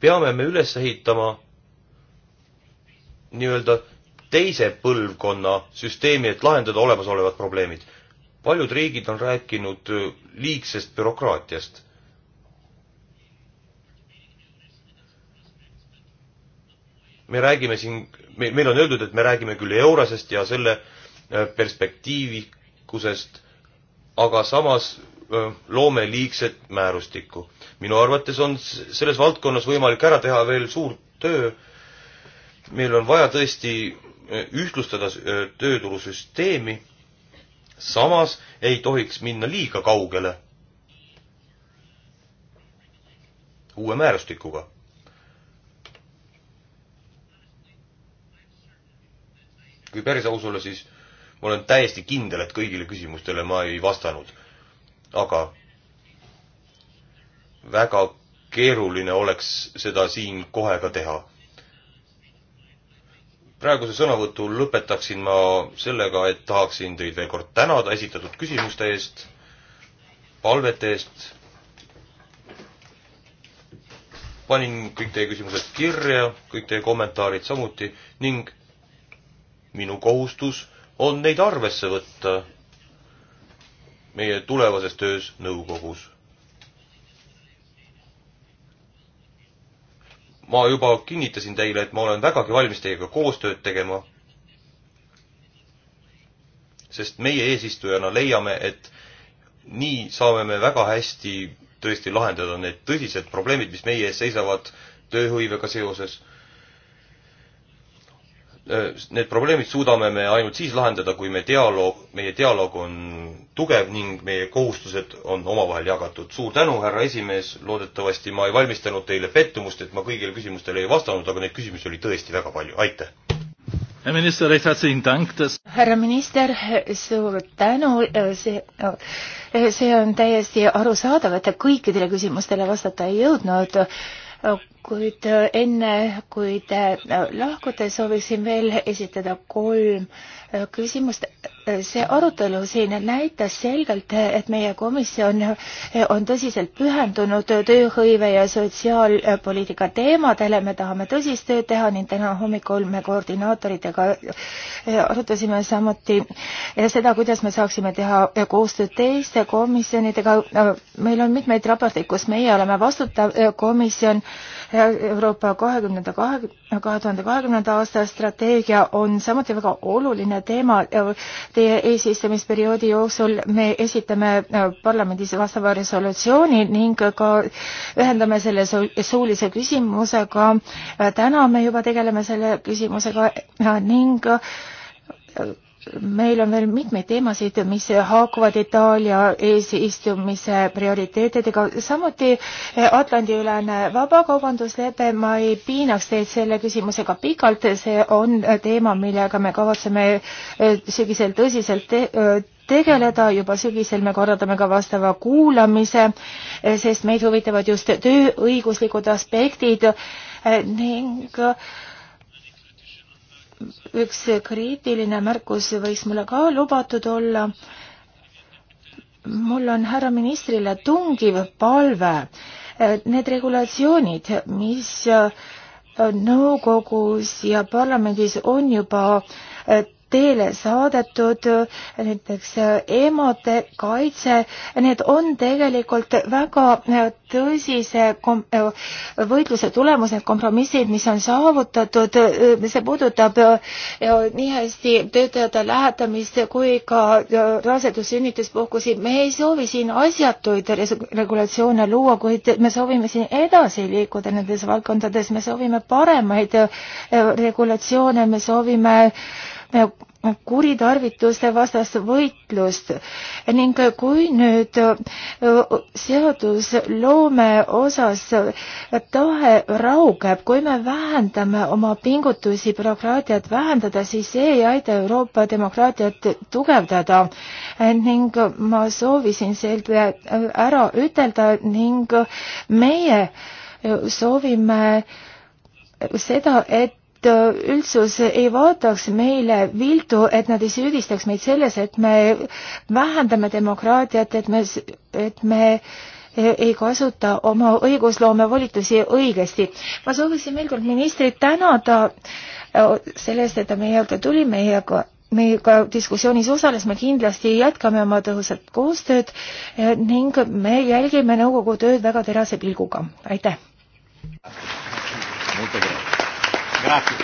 peame me üles ehitama nii-öelda teise põlvkonna süsteemi, et lahendada olemasolevad probleemid. paljud riigid on rääkinud äh, liigsest bürokraatiast. me räägime siin, me, meil on öeldud, et me räägime küll eurosest ja selle äh, perspektiivikusest, aga samas äh, loome liigset määrustikku. minu arvates on selles valdkonnas võimalik ära teha veel suur töö meil on vaja tõesti eh, ühtlustada eh, tööturusüsteemi, samas ei tohiks minna liiga kaugele uue määrustikuga. kui päris aus olla, siis ma olen täiesti kindel, et kõigile küsimustele ma ei vastanud. aga väga keeruline oleks seda siin kohe ka teha praeguse sõnavõtu lõpetaksin ma sellega, et tahaksin teid veel kord tänada esitatud küsimuste eest, palvete eest. panin kõik teie küsimused kirja, kõik teie kommentaarid samuti ning minu kohustus on neid arvesse võtta meie tulevases töös nõukogus ma juba kinnitasin teile, et ma olen vägagi valmis teiega koostööd tegema. sest meie eesistujana leiame, et nii saame me väga hästi tõesti lahendada need tõsised probleemid, mis meie ees seisavad tööhõivega seoses Äh, need probleemid suudame me ainult siis lahendada, kui me dialoog, meie dialoog on tugev ning meie kohustused on omavahel jagatud. suur tänu, härra esimees, loodetavasti ma ei valmistanud teile pettumust, et ma kõigile küsimustele ei vastanud, aga neid küsimusi oli tõesti väga palju, aitäh! härra minister, suur tänu, see, see on täiesti arusaadav, et te kõikidele küsimustele vastata ei jõudnud no, kuid enne, kui te lahkute, sooviksin veel esitada kolm küsimust see arutelu siin näitas selgelt, et meie komisjon on tõsiselt pühendunud tööhõive ja sotsiaalpoliitika teemadele, me tahame tõsist tööd teha ning täna hommikul me koordinaatoritega arutasime samuti seda, kuidas me saaksime teha koostööd teiste komisjonidega. meil on mitmeid raporteid, kus meie oleme vastutav komisjon Euroopa kahekümnenda, kahe tuhande kahekümnenda aasta strateegia on samuti väga oluline teema. Teie eesistumisperioodi jooksul me esitame äh, parlamendis vastava resolutsiooni ning ka ühendame selle suulise küsimusega. Äh, täna me juba tegeleme selle küsimusega äh, ning meil on veel mitmeid teemasid, mis haakuvad Itaalia eesistumise prioriteetidega, samuti eh, Atlandi-ülene vabakaubanduslepe, ma ei piinaks teid selle küsimusega pikalt, see on eh, teema, millega me kavatseme eh, sügisel tõsiselt te tegeleda, juba sügisel me korraldame ka vastava kuulamise, sest meid huvitavad just tööõiguslikud aspektid ning äh, üks kriitiline märkus võiks mulle ka lubatud olla. mul on härra ministrile tungiv palve. Need regulatsioonid, mis nõukogus ja parlamendis on juba teele saadetud, näiteks äh, emade kaitse, need on tegelikult väga äh, tõsise äh, võitluse tulemus, need kompromissid, mis on saavutatud, see puudutab nii hästi töötajate lähetamist kui ka rasedus-sünnituspuhkusi, me ei soovi siin asjatuid regulatsioone luua, kuid me soovime siin edasi liikuda nendes valdkondades, me soovime paremaid regulatsioone, me soovime kuritarvituste vastast võitlust ning kui nüüd äh, seadusloome osas tahe raugeb, kui me vähendame oma pingutusi bürokraatiat vähendada, siis see ei aita Euroopa demokraatiat tugevdada ning ma soovisin selle ära ütelda ning meie soovime seda, et et äh, üldsus ei vaataks meile viltu, et nad ei süüdistaks meid selles, et me vähendame demokraatiat, et me, et me äh, ei kasuta oma õigusloome volitusi õigesti. ma sooviksin veel kord ministrit tänada äh, selle eest, et ta meie juurde tuli, meiega meiega diskussioonis osales, me kindlasti jätkame oma tõhusat koostööd ning me jälgime nõukogu tööd väga terase pilguga. aitäh! Grazie.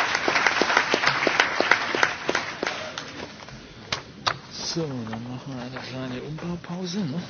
So, dann machen wir eine kleine Umbaupause. Ne?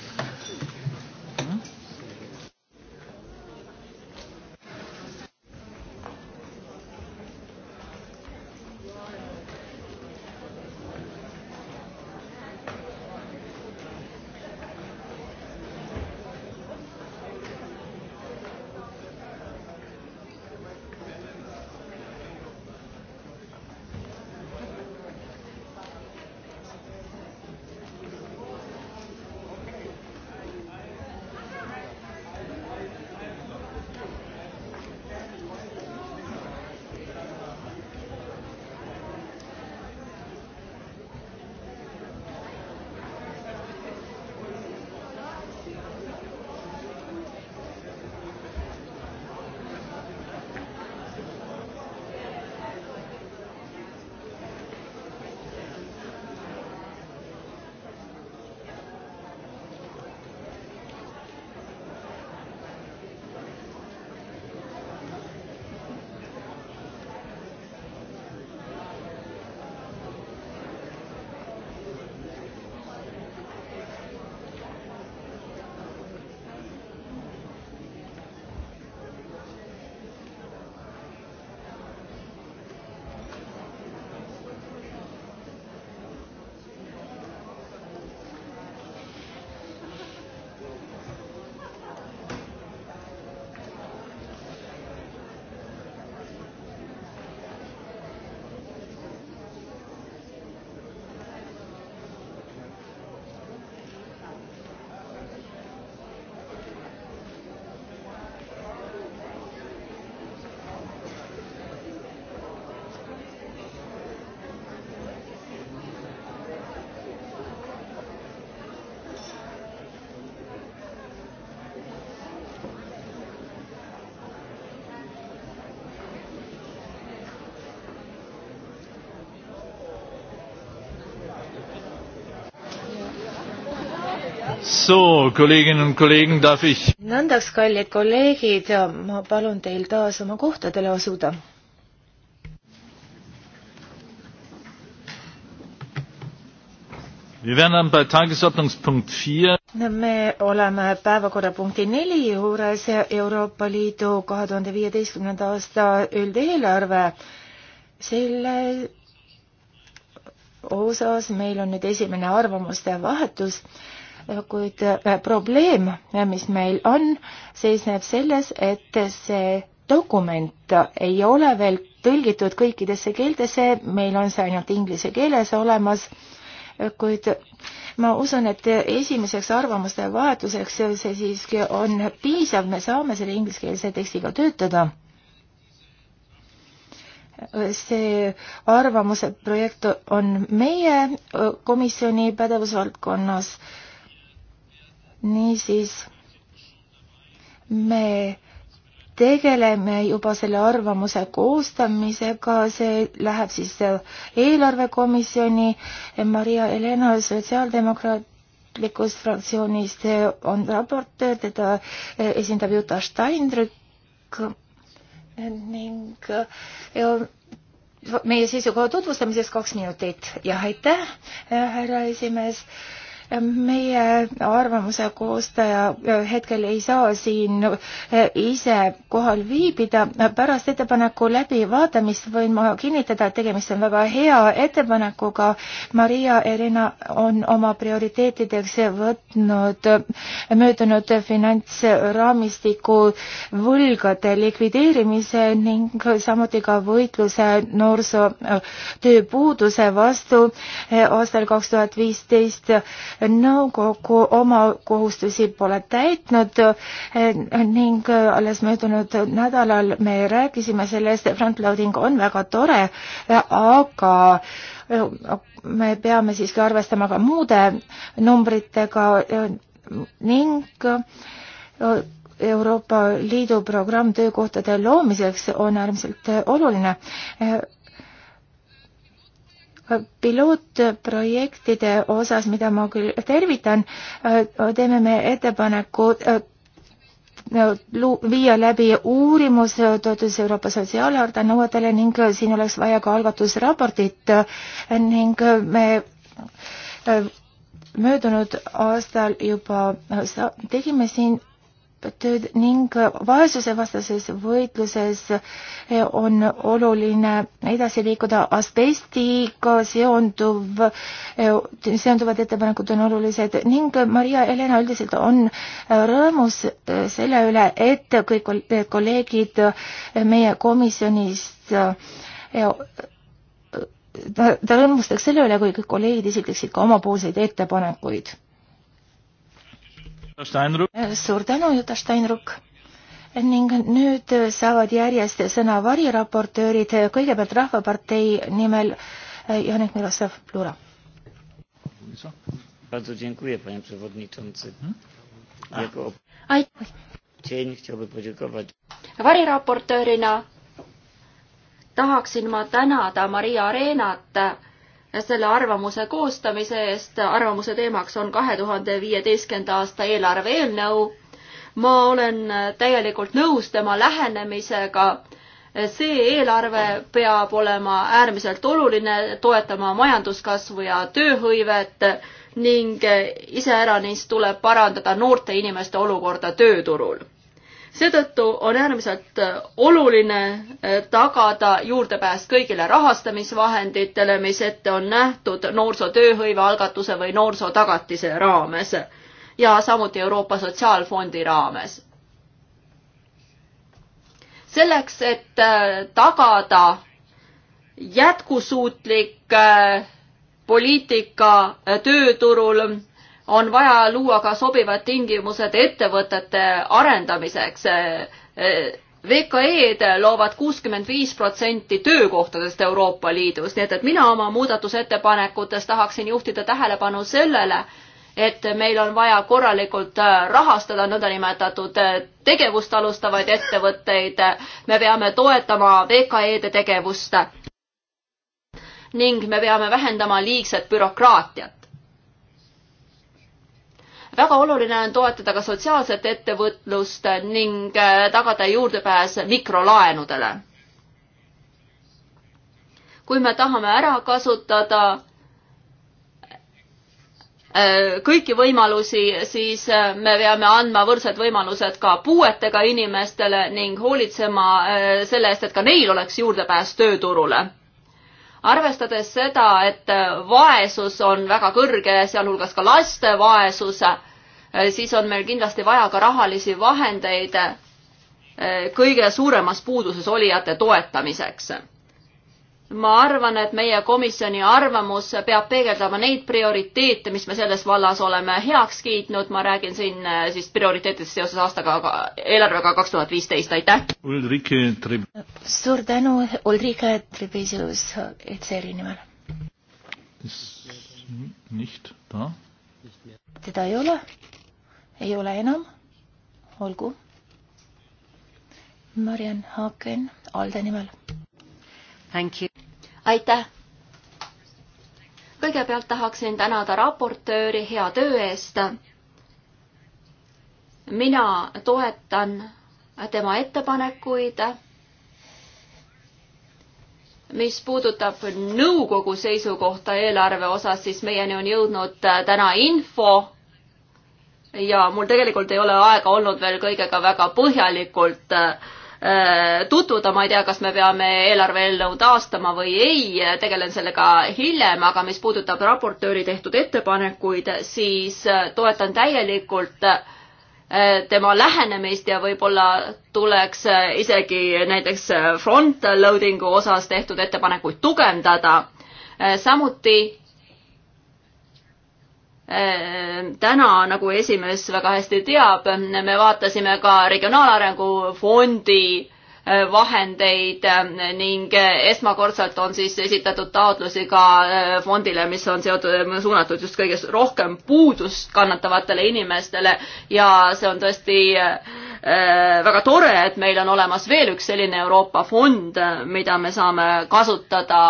So, Kolleginnen und Kollegen, darf ich... nõndaks, kallid kolleegid, ma palun teil taas oma kohtadele asuda. me oleme päevakorrapunkti neli juures Euroopa Liidu kahe tuhande viieteistkümnenda aasta üldeelarve. selle osas meil on nüüd esimene arvamuste vahetus kuid äh, probleem, äh, mis meil on, seisneb selles, et see dokument ei ole veel tõlgitud kõikidesse keeltesse, meil on see ainult inglise keeles olemas, kuid ma usun, et esimeseks arvamuste vahetuseks see siiski on piisav, me saame selle ingliskeelse tekstiga töötada. see arvamuse projekt on meie komisjoni pädevusvaldkonnas äh, niisiis me tegeleme juba selle arvamuse koostamisega, see läheb siis eelarvekomisjoni, Maria Helena sotsiaaldemokraatlikust fraktsioonist on raportöör, teda esindab Juta Steinrück ning ja, meie seisukoha tutvustamiseks kaks minutit. jah, aitäh, härra esimees meie arvamuse koostaja äh, hetkel ei saa siin äh, ise kohal viibida. pärast ettepaneku läbivaatamist võin ma kinnitada, et tegemist on väga hea ettepanekuga. Maria Erina on oma prioriteetideks võtnud äh, möödunud finantsraamistiku võlgade likvideerimise ning samuti ka võitluse noorsootööpuuduse vastu aastal kaks tuhat viisteist nõukogu oma kohustusi pole täitnud eh, ning eh, alles möödunud nädalal me rääkisime sellest, frontloading on väga tore, aga eh, me peame siiski arvestama ka muude numbritega ning Euroopa Liidu programm töökohtade loomiseks on äärmiselt oluline pilootprojektide osas, mida ma küll tervitan, äh, teeme me ettepaneku äh, viia läbi uurimus äh, toetus Euroopa sotsiaalharta nõuetele ning siin oleks vaja ka algatusraportit ning me möödunud aastal juba tegime siin tööd ning vaesusevastases võitluses eh, on oluline edasi liikuda. asbestiga seonduv, eh, seonduvad ettepanekud on olulised ning Maria Helena üldiselt on eh, rõõmus selle üle, et kõik kolleegid meie komisjonist ta, ta rõõmustaks selle üle, kui kõik kolleegid esitaksid ka omapoolseid ettepanekuid Eh, suur tänu, Juta Steinruck ning nüüd saavad järjest sõna variraportöörid, kõigepealt Rahvapartei nimel eh, Janek Miroslav Plura. aitäh! variraportöörina tahaksin ma tänada Maria Reenat selle arvamuse koostamise eest. arvamuse teemaks on kahe tuhande viieteistkümnenda aasta eelarve eelnõu. ma olen täielikult nõus tema lähenemisega. see eelarve peab olema äärmiselt oluline, toetama majanduskasvu ja tööhõivet ning iseäranis tuleb parandada noorte inimeste olukorda tööturul seetõttu on äärmiselt äh, oluline äh, tagada juurdepääs kõigile rahastamisvahenditele, mis ette on nähtud noorsootööhõive algatuse või noorsootagatise raames ja samuti Euroopa Sotsiaalfondi raames. selleks, et äh, tagada jätkusuutlik poliitika tööturul on vaja luua ka sobivad tingimused ettevõtete arendamiseks. VKE-d loovad kuuskümmend viis protsenti töökohtadest Euroopa Liidus, nii et, et mina oma muudatusettepanekutes tahaksin juhtida tähelepanu sellele, et meil on vaja korralikult äh, rahastada nõndanimetatud äh, tegevust alustavaid ettevõtteid, me peame toetama VKE-de tegevust ning me peame vähendama liigset bürokraatiat väga oluline on toetada ka sotsiaalset ettevõtlust ning äh, tagada juurdepääs mikrolaenudele. kui me tahame ära kasutada äh, kõiki võimalusi, siis äh, me peame andma võrdsed võimalused ka puuetega inimestele ning hoolitsema selle eest, et ka neil oleks juurdepääs tööturule arvestades seda, et vaesus on väga kõrge, sealhulgas ka laste vaesus, eh, siis on meil kindlasti vaja ka rahalisi vahendeid eh, kõige suuremas puuduses olijate toetamiseks ma arvan, et meie komisjoni arvamus peab peegeldama neid prioriteete, mis me selles vallas oleme heaks kiitnud, ma räägin siin äh, siis prioriteetidest seoses aastaga, eelarvega kaks tuhat viisteist, aitäh! suur tänu, Ulrike Trebesius, ECR-i nimel. teda ei ole? ei ole enam? olgu. Mariann Haaken, ALDE nimel aitäh! kõigepealt tahaksin tänada raportööri hea töö eest. mina toetan tema ettepanekuid, mis puudutab nõukogu seisukohta eelarve osas, siis meieni on jõudnud täna info ja mul tegelikult ei ole aega olnud veel kõigega väga põhjalikult äh, Äh, tutvuda, ma ei tea, kas me peame eelarve eelnõu taastama või ei, tegelen sellega hiljem, aga mis puudutab raportööri tehtud ettepanekuid, siis äh, toetan täielikult äh, tema lähenemist ja võib-olla tuleks isegi näiteks front loading'u osas tehtud ettepanekuid tugevdada. samuti Äh, täna, nagu esimees väga hästi teab, me vaatasime ka Regionaalarengu Fondi äh, vahendeid äh, ning esmakordselt on siis esitatud taotlusi ka fondile, mis on seotud, suunatud just kõige rohkem puudust kannatavatele inimestele ja see on tõesti väga tore, et meil on olemas veel üks selline Euroopa fond, mida me saame kasutada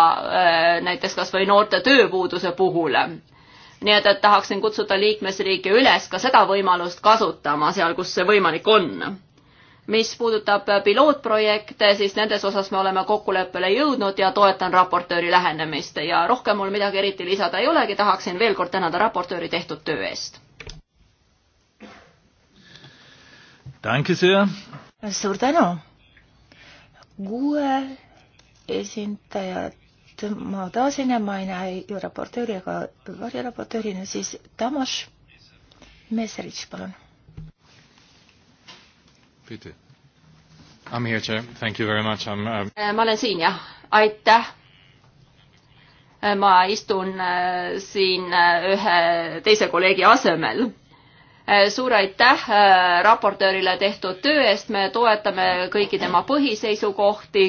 näiteks kas või noorte tööpuuduse puhul nii et, et tahaksin kutsuda liikmesriike üles ka seda võimalust kasutama seal, kus see võimalik on. mis puudutab pilootprojekte, siis nendes osas me oleme kokkuleppele jõudnud ja toetan raportööri lähenemist ja rohkem mul midagi eriti lisada ei olegi, tahaksin veel kord tänada raportööri tehtud töö eest. suur tänu. kuue esindajad et ma taas enam ma ei näe raportööri ega variraportöörina, siis Tamas Meserits, palun. I'm here, Chair. Thank you very much. I'm, um... ma olen siin, jah. aitäh. Äh, ma istun äh, siin ühe teise kolleegi asemel suur aitäh raportöörile tehtud töö eest, me toetame kõiki tema põhiseisukohti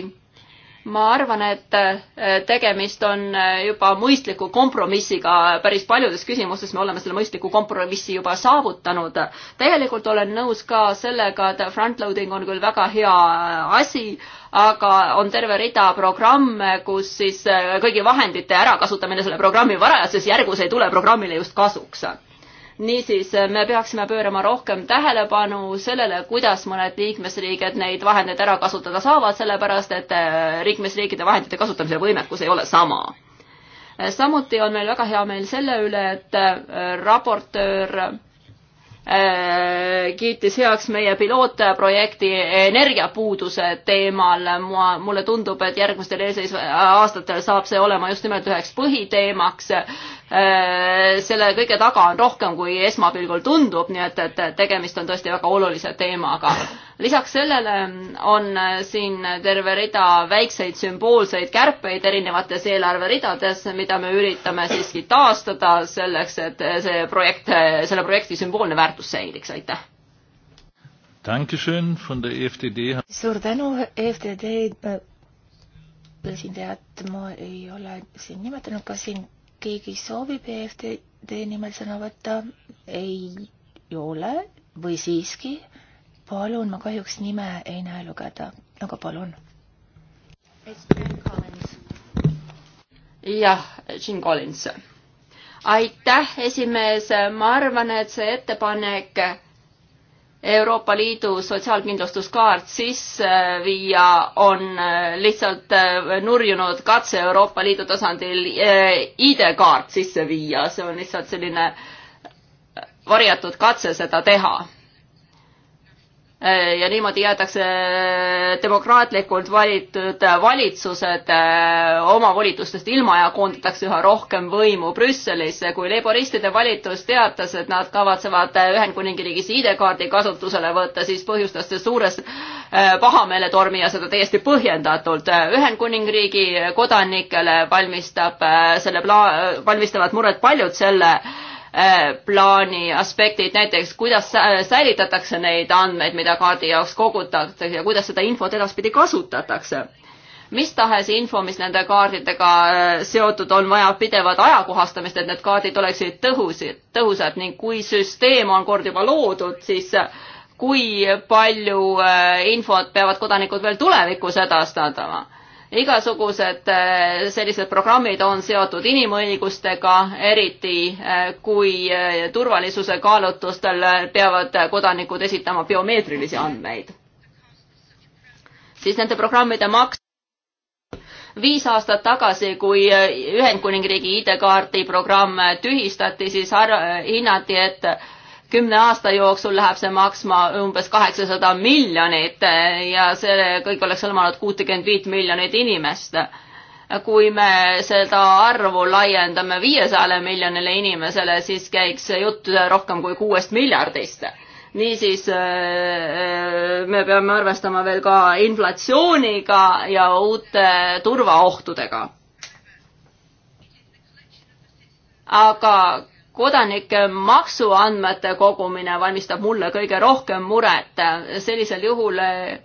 ma arvan, et eh, tegemist on eh, juba mõistliku kompromissiga päris paljudes küsimustes, me oleme selle mõistliku kompromissi juba saavutanud. täielikult olen nõus ka sellega, et frontloading on küll väga hea eh, asi, aga on terve rida programme, kus siis kõigi vahendite ärakasutamine selle programmi varajases järgus ei tule programmile just kasuks niisiis me peaksime pöörama rohkem tähelepanu sellele, kuidas mõned liikmesriigid neid vahendeid ära kasutada saavad, sellepärast et äh, liikmesriikide vahendite kasutamise võimekus ei ole sama äh, samuti on meil väga hea meel selle üle, et äh, raportöör kiitis heaks meie pilootprojekti energiapuuduse teemal. ma, mulle tundub, et järgmistel eelseisvatel aastatel saab see olema just nimelt üheks põhiteemaks. Äh, selle kõige taga on rohkem, kui esmapilgul tundub, nii et, et tegemist on tõesti väga olulise teemaga. lisaks sellele on äh, siin terve rida väikseid sümboolseid kärpeid erinevates eelarveridades, mida me üritame siiski taastada selleks, et see projekt, selle projekti sümboolne väärtus säiliks, aitäh. Dankeschön von der EFTD. suur tänu, EFTD äh, esindajat ma ei ole siin nimetanud, kas siin keegi soovib EFTD nimel sõna võtta? ei ole või siiski? palun, ma kahjuks nime ei näe lugeda, aga palun. jah, Jim Collins. aitäh, esimees, ma arvan, et see ettepanek Euroopa Liidu sotsiaalkindlustuskaart sisse viia on äh, lihtsalt äh, nurjunud katse Euroopa Liidu tasandil äh, ID-kaart sisse viia, see on lihtsalt selline varjatud katse seda teha Äh, ja niimoodi jäetakse äh, demokraatlikult valitud äh, valitsused oma volitustest ilma ja koondatakse üha rohkem võimu Brüsselisse. kui laboristide valitsus teatas, et nad kavatsevad Ühendkuningriigis ID-kaardi kasutusele võtta, siis põhjustas see suures pahameeletormi ja seda täiesti põhjendatult. Ühendkuningriigi kodanikele valmistab selle pla-, valmistavad muret paljud selle Äh, plaani aspektid, näiteks kuidas säilitatakse neid andmeid, mida kaardi jaoks kogutakse ja kuidas seda infot edaspidi kasutatakse. mis tahes info, mis nende kaardidega äh, seotud on, vajab pidevat ajakohastamist, et need kaardid oleksid tõhusid, tõhusad ning kui süsteem on kord juba loodud, siis äh, kui palju infot peavad kodanikud veel tulevikus edastama igasugused eh, sellised programmid on seotud inimõigustega, eriti eh, kui eh, turvalisuse kaalutlustel peavad kodanikud esitama biomeetrilisi andmeid. siis nende programmide maks viis aastat tagasi, kui Ühendkuningriigi ID-kaardi programm tühistati, siis hinnati, et kümne aasta jooksul läheb see maksma umbes kaheksasada miljonit eh, ja see kõik oleks hõlmanud kuutekümmet viit miljonit inimest. kui me seda arvu laiendame viiesajale miljonile inimesele, siis käiks jutt rohkem kui kuuest miljardist. niisiis eh, eh, me peame arvestama veel ka inflatsiooniga ja uute turvaohtudega aga kodanike maksuandmete kogumine valmistab mulle kõige rohkem muret. sellisel juhul äh,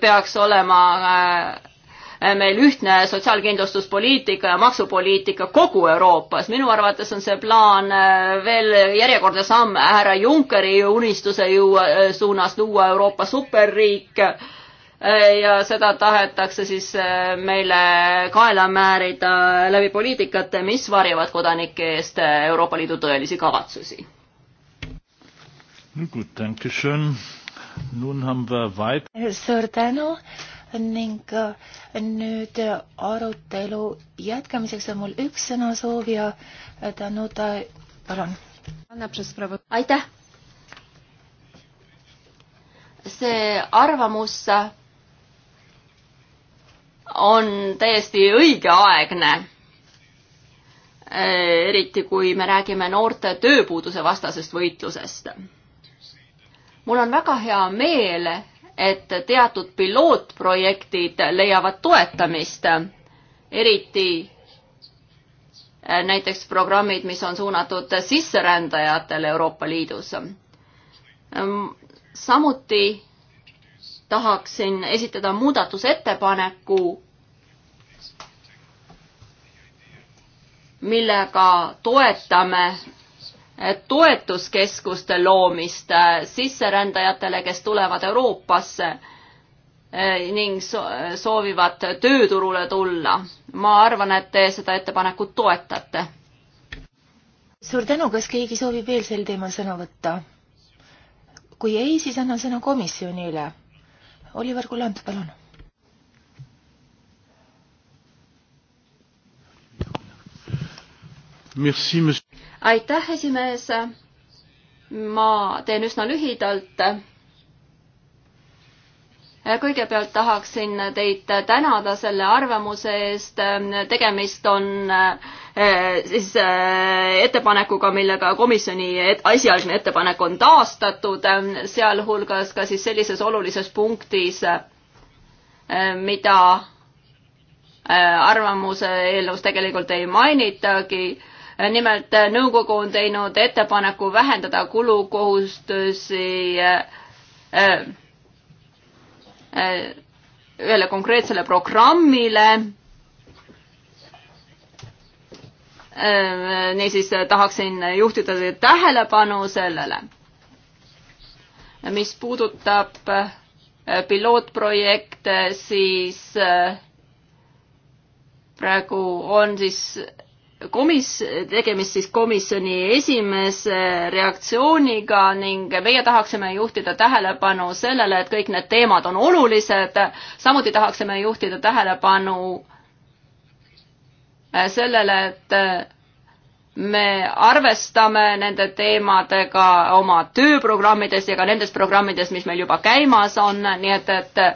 peaks olema äh, meil ühtne sotsiaalkindlustuspoliitika ja maksupoliitika kogu Euroopas. minu arvates on see plaan äh, veel järjekordne samm härra Junckeri unistuse ju suunas luua Euroopa superriik ja seda tahetakse siis eh, meile kaela määrida läbi poliitikate, mis varjavad kodanike eest eh, Euroopa Liidu tõelisi kavatsusi. suur tänu ning eh, nüüd arutelu jätkamiseks on mul üks sõnasoov ja Danuta, palun. aitäh. see arvamus on täiesti õigeaegne. eriti kui me räägime noorte tööpuuduse vastasest võitlusest. mul on väga hea meel, et teatud pilootprojektid leiavad toetamist, eriti näiteks programmid, mis on suunatud sisserändajatele Euroopa Liidus. samuti tahaksin esitada muudatusettepaneku, millega toetame toetuskeskuste loomist sisserändajatele, kes tulevad Euroopasse e, ning soovivad tööturule tulla. ma arvan, et te seda ettepanekut toetate. suur tänu, kas keegi soovib veel sel teemal sõna võtta? kui ei, siis annan sõna komisjonile Oliver Kuland, palun. aitäh, esimees. ma teen üsna lühidalt kõigepealt tahaksin teid tänada selle arvamuse eest. tegemist on eh, siis eh, ettepanekuga, millega komisjoni esialgne ettepanek on taastatud, sealhulgas ka siis sellises olulises punktis, eh, mida arvamuse eelnõus tegelikult ei mainitagi nimelt nõukogu on teinud ettepaneku vähendada kulukohustusi äh, Äh, ühele konkreetsele programmile. Äh, niisiis äh, tahaksin juhtida tähelepanu sellele, mis puudutab pilootprojekte, siis praegu on siis komis-, tegemist siis komisjoni esimese reaktsiooniga ning meie tahaksime juhtida tähelepanu sellele, et kõik need teemad on olulised, samuti tahaksime juhtida tähelepanu äh, sellele, et äh, me arvestame nende teemadega oma tööprogrammides ja ka nendes programmides, mis meil juba käimas on, nii et, et äh,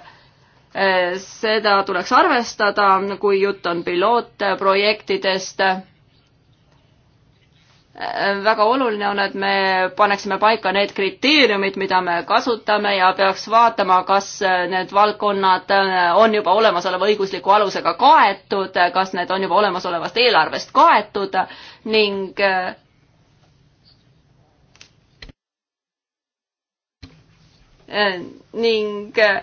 seda tuleks arvestada, kui jutt on pilootprojektidest väga oluline on, et me paneksime paika need kriteeriumid, mida me kasutame ja peaks vaatama, kas need valdkonnad on juba olemasoleva õigusliku alusega kaetud, kas need on juba olemasolevast eelarvest kaetud ning eh, ning eh,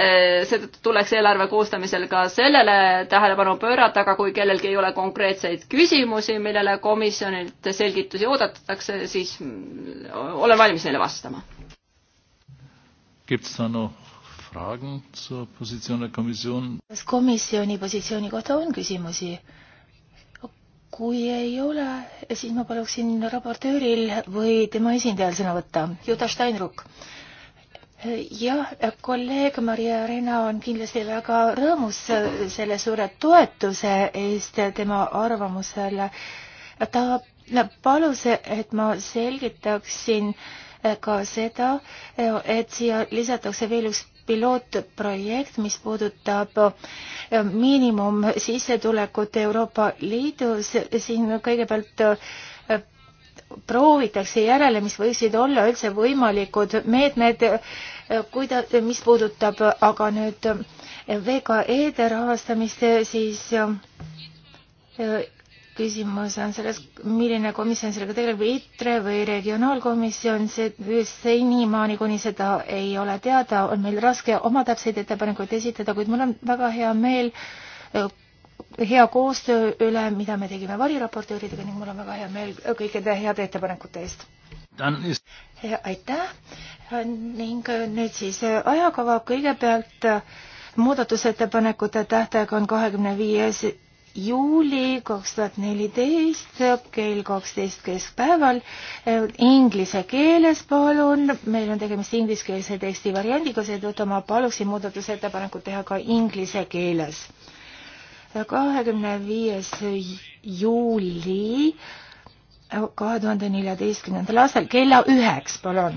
Äh, seetõttu tuleks eelarve koostamisel ka sellele tähelepanu pöörata, aga kui kellelgi ei ole konkreetseid küsimusi, millele komisjonilt selgitusi oodatakse, siis mm, olen valmis neile vastama. kas komisjoni positsiooni kohta on küsimusi? kui ei ole, siis ma paluksin raportööril või tema esindajal sõna võtta. Juta Steinruck jah, kolleeg Maria Reena on kindlasti väga rõõmus selle suure toetuse eest tema arvamusele. ta palus, et ma selgitaksin ka seda, et siia lisatakse veel üks pilootprojekt, mis puudutab miinimumsissetulekut Euroopa Liidus. siin kõigepealt proovitakse järele, mis võiksid olla üldse võimalikud meetmed, kuida-, mis puudutab aga nüüd VKE-de rahastamist, siis küsimus on selles, milline komisjon sellega tegeleb, ITRE või regionaalkomisjon, see senimaani, kuni seda ei ole teada, on meil raske oma täpseid ettepanekuid esitada, kuid mul on väga hea meel hea koostöö üle, mida me tegime variraportööridega ning mul on väga hea meel kõikide heade ettepanekute eest. aitäh ning nüüd siis ajakava kõigepealt äh, muudatusettepanekute tähtaeg on kahekümne viies juuli kaks tuhat neliteist kell kaksteist keskpäeval inglise keeles palun, meil on tegemist ingliskeelse teksti variandiga, seetõttu ma paluksin muudatusettepanekut teha ka inglise keeles kahekümne viies juuli kahe tuhande neljateistkümnendal aastal kella üheks, palun.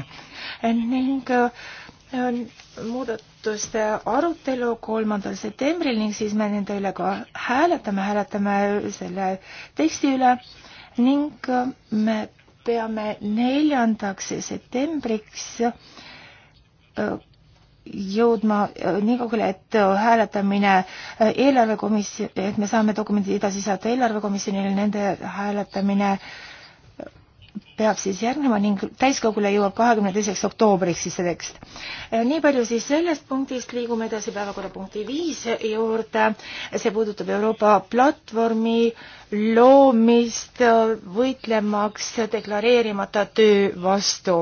ning äh, muudatuste arutelu kolmandal septembril ning siis me nende üle ka hääletame, hääletame selle teksti üle ning äh, me peame neljandaks septembriks äh, jõudma äh, nii kaugele, et äh, hääletamine äh, eelarvekomisjon, et me saame dokumendid edasi saata eelarvekomisjonile, nende hääletamine peab siis järgnema ning täiskogule jõuab kahekümne teiseks oktoobriks siis see tekst. nii palju siis sellest punktist, liigume edasi päevakorrapunkti viis juurde. see puudutab Euroopa platvormi loomist võitlemaks deklareerimata töö vastu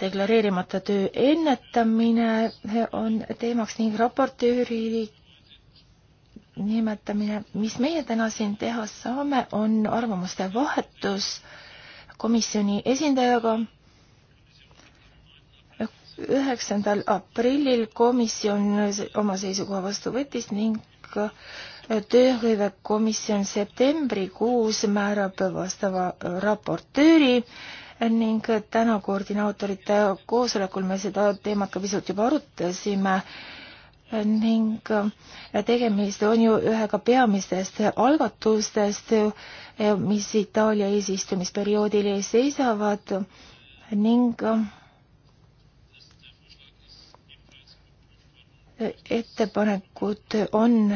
deklareerimata töö ennetamine on teemaks ning raportööri nimetamine. mis meie täna siin teha saame, on arvamuste vahetus komisjoni esindajaga. üheksandal aprillil komisjon oma seisukoha vastu võttis ning tööhõivekomisjon septembrikuus määrab vastava raportööri ning täna koordinaatorite koosolekul me seda teemat ka pisut juba arutasime ning tegemist on ju ühega peamistest algatustest, mis Itaalia eesistumisperioodil ees seisavad ning ettepanekud on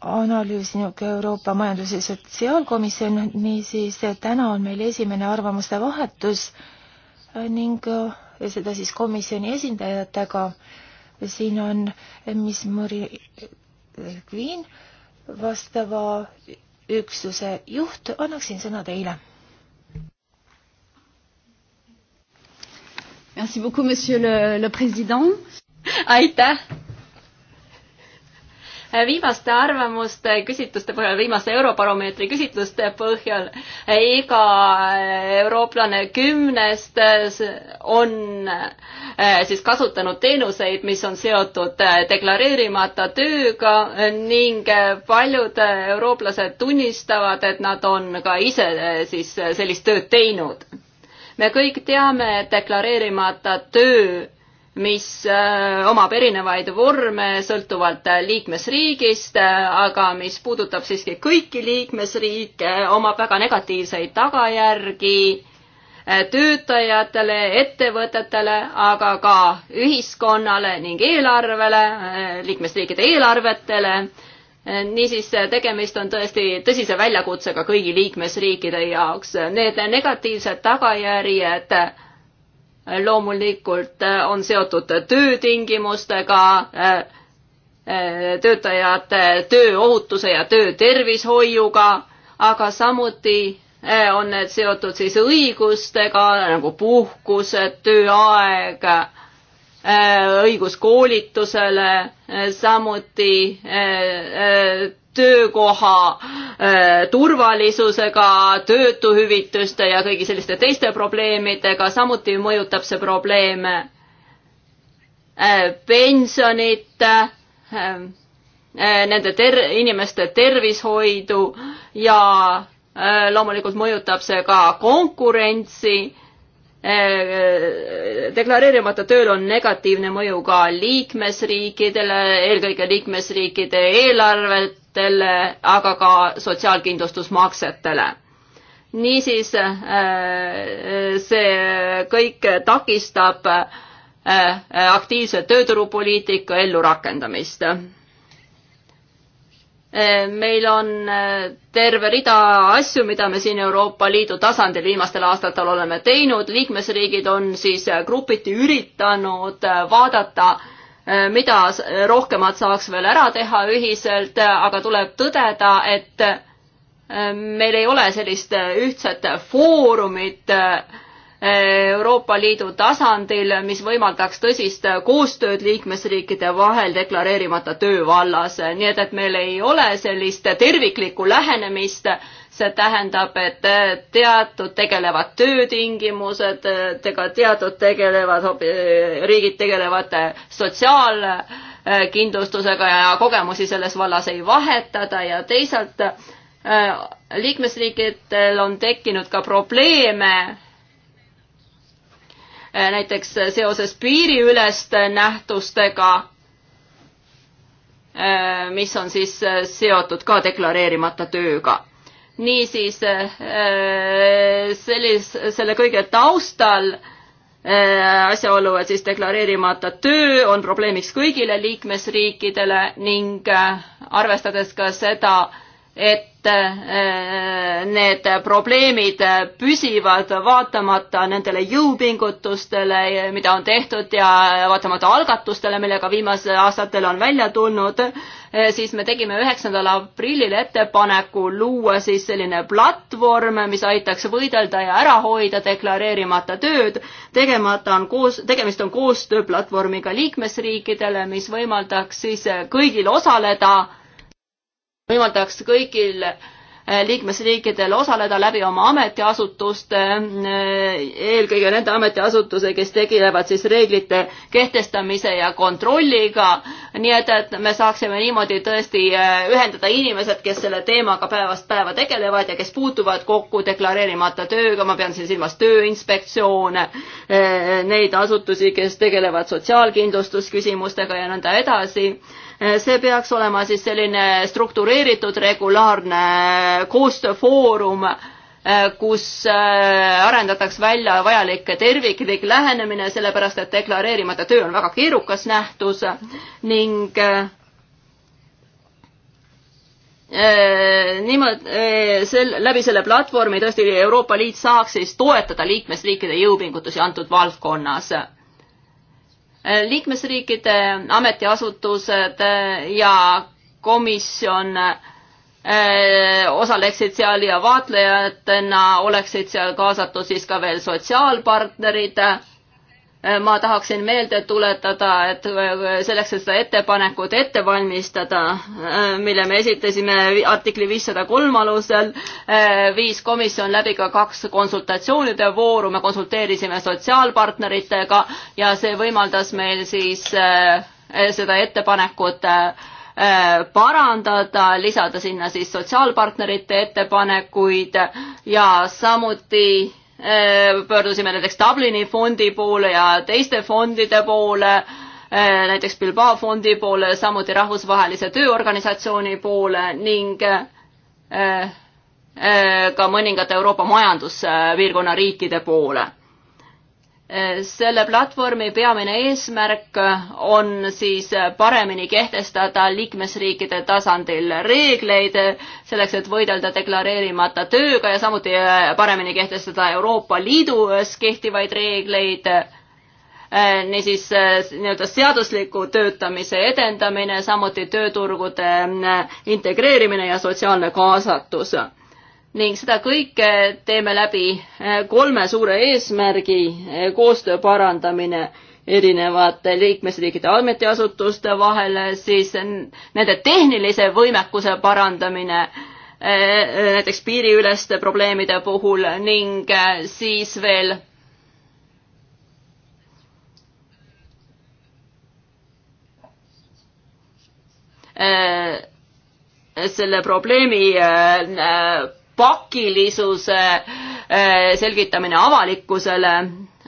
analüüsnik Euroopa Majandus- ja Sotsiaalkomisjon, niisiis täna on meil esimene arvamuste vahetus ning seda siis komisjoni esindajatega. siin on Miss Mari Queen, vastava üksuse juht, annaksin sõna teile. Merci beaucoup, monsieur le, le president. aitäh viimaste arvamuste küsitluste põhjal, viimaste Eurobaromeetri küsitluste põhjal iga eurooplane kümnest on eh, siis kasutanud teenuseid, mis on seotud eh, deklareerimata tööga ning eh, paljud eurooplased tunnistavad, et nad on ka ise siis sellist tööd teinud. me kõik teame, et deklareerimata töö mis äh, omab erinevaid vorme sõltuvalt äh, liikmesriigist, äh, aga mis puudutab siiski kõiki liikmesriike, omab väga negatiivseid tagajärgi töötajatele, ettevõtetele, aga ka ühiskonnale ning eelarvele, liikmesriikide eelarvetele. niisiis, tegemist on tõesti tõsise väljakutsega kõigi liikmesriikide jaoks. Need negatiivsed tagajärjed loomulikult äh, on seotud töötingimustega, äh, äh, töötajate tööohutuse ja töötervishoiuga, aga samuti on need seotud siis õigustega nagu puhkused, tööaeg, õigus koolitusele, samuti töökoha äh, turvalisusega, töötuhüvitiste ja kõigi selliste teiste probleemidega, samuti mõjutab see probleeme äh, pensionit, äh, nende ter-, inimeste tervishoidu ja loomulikult mõjutab see ka konkurentsi Äh, deklareerimata tööl on negatiivne mõju ka liikmesriikidele, eelkõige liikmesriikide eelarvetele, aga ka sotsiaalkindlustusmaksetele. niisiis äh, see kõik takistab äh, aktiivse tööturupoliitika ellurakendamist Eh, meil on eh, terve rida asju, mida me siin Euroopa Liidu tasandil viimastel aastatel oleme teinud, liikmesriigid on siis eh, grupiti üritanud vaadata, mida rohkemat saaks veel ära teha ühiselt, aga tuleb tõdeda, et meil ei ole sellist ühtset foorumit, Euroopa Liidu tasandil, mis võimaldaks tõsist koostööd liikmesriikide vahel deklareerimata töö vallas, nii et, et meil ei ole sellist terviklikku lähenemist, see tähendab, et teatud tegelevad töötingimused, ega teatud tegelevad, riigid tegelevad sotsiaalkindlustusega ja kogemusi selles vallas ei vahetada ja teisalt liikmesriikidel on tekkinud ka probleeme Äh, näiteks äh, seoses piiriüleste nähtustega, äh, mis on siis seotud ka deklareerimata tööga. niisiis sellis-, selle kõige taustal asjaolu, et siis deklareerimata töö on probleemiks kõigile liikmesriikidele ning arvestades ka seda, et äh, need probleemid püsivad vaatamata nendele jõupingutustele, mida on tehtud ja vaatamata algatustele, millega viimasel aastatel on välja tulnud, äh, siis me tegime üheksandal aprillil ettepaneku luua siis selline platvorm, mis aitaks võidelda ja ära hoida deklareerimata tööd. tegemata on koos, tegemist on koostööplatvormiga liikmesriikidele, mis võimaldaks siis kõigil osaleda võimaldaks kõigil äh, liikmesriikidel osaleda läbi oma ametiasutuste, äh, eelkõige nende ametiasutuse, kes tegelevad siis reeglite kehtestamise ja kontrolliga. nii et, et me saaksime niimoodi tõesti äh, ühendada inimesed, kes selle teemaga päevast päeva tegelevad ja kes puutuvad kokku deklareerimata tööga, ma pean siin silmas tööinspektsioone, neid asutusi, kes tegelevad sotsiaalkindlustusküsimustega ja nõnda edasi Eh, see peaks olema siis selline struktureeritud regulaarne eh, koostööfoorum, eh, kus arendataks välja vajalik terviklik lähenemine, sellepärast et deklareerimata töö on väga keerukas nähtus ning nimelt sel, läbi selle platvormi tõesti Euroopa Liit saaks siis toetada liikmesriikide jõupingutusi antud valdkonnas Äh, liikmesriikide ametiasutused äh, ja komisjon äh, osaleksid seal ja vaatlejatena oleksid seal kaasatud siis ka veel sotsiaalpartnerid Äh, ma tahaksin meelde tuletada, et äh, selleks, et seda ettepanekut ette valmistada, äh, mille me esitasime artikli viissada kolm alusel, viis komisjon läbi ka kaks konsultatsioonide vooru, me konsulteerisime sotsiaalpartneritega ja see võimaldas meil siis seda ettepanekut parandada, lisada sinna siis sotsiaalpartnerite ettepanekuid ja samuti Äh, pöördusime näiteks Dublini fondi poole ja teiste fondide poole, äh, näiteks Bilbao fondi poole, samuti Rahvusvahelise Tööorganisatsiooni poole ning äh, ka mõningate Euroopa majanduspiirkonna riikide poole selle platvormi peamine eesmärk on siis paremini kehtestada liikmesriikide tasandil reegleid selleks, et võidelda deklareerimata tööga ja samuti äh, paremini kehtestada Euroopa Liidus äh, kehtivaid reegleid. Äh, niisiis nii-öelda seadusliku töötamise edendamine, samuti tööturgude integreerimine ja sotsiaalne kaasatus ning seda kõike teeme läbi äh, kolme suure eesmärgi, äh, koostöö parandamine erinevate liikmesriikide ametiasutuste vahel, siis nende tehnilise võimekuse parandamine, äh, näiteks piiriüleste probleemide puhul ning siis veel selle probleemi pakilisuse eh, selgitamine avalikkusele.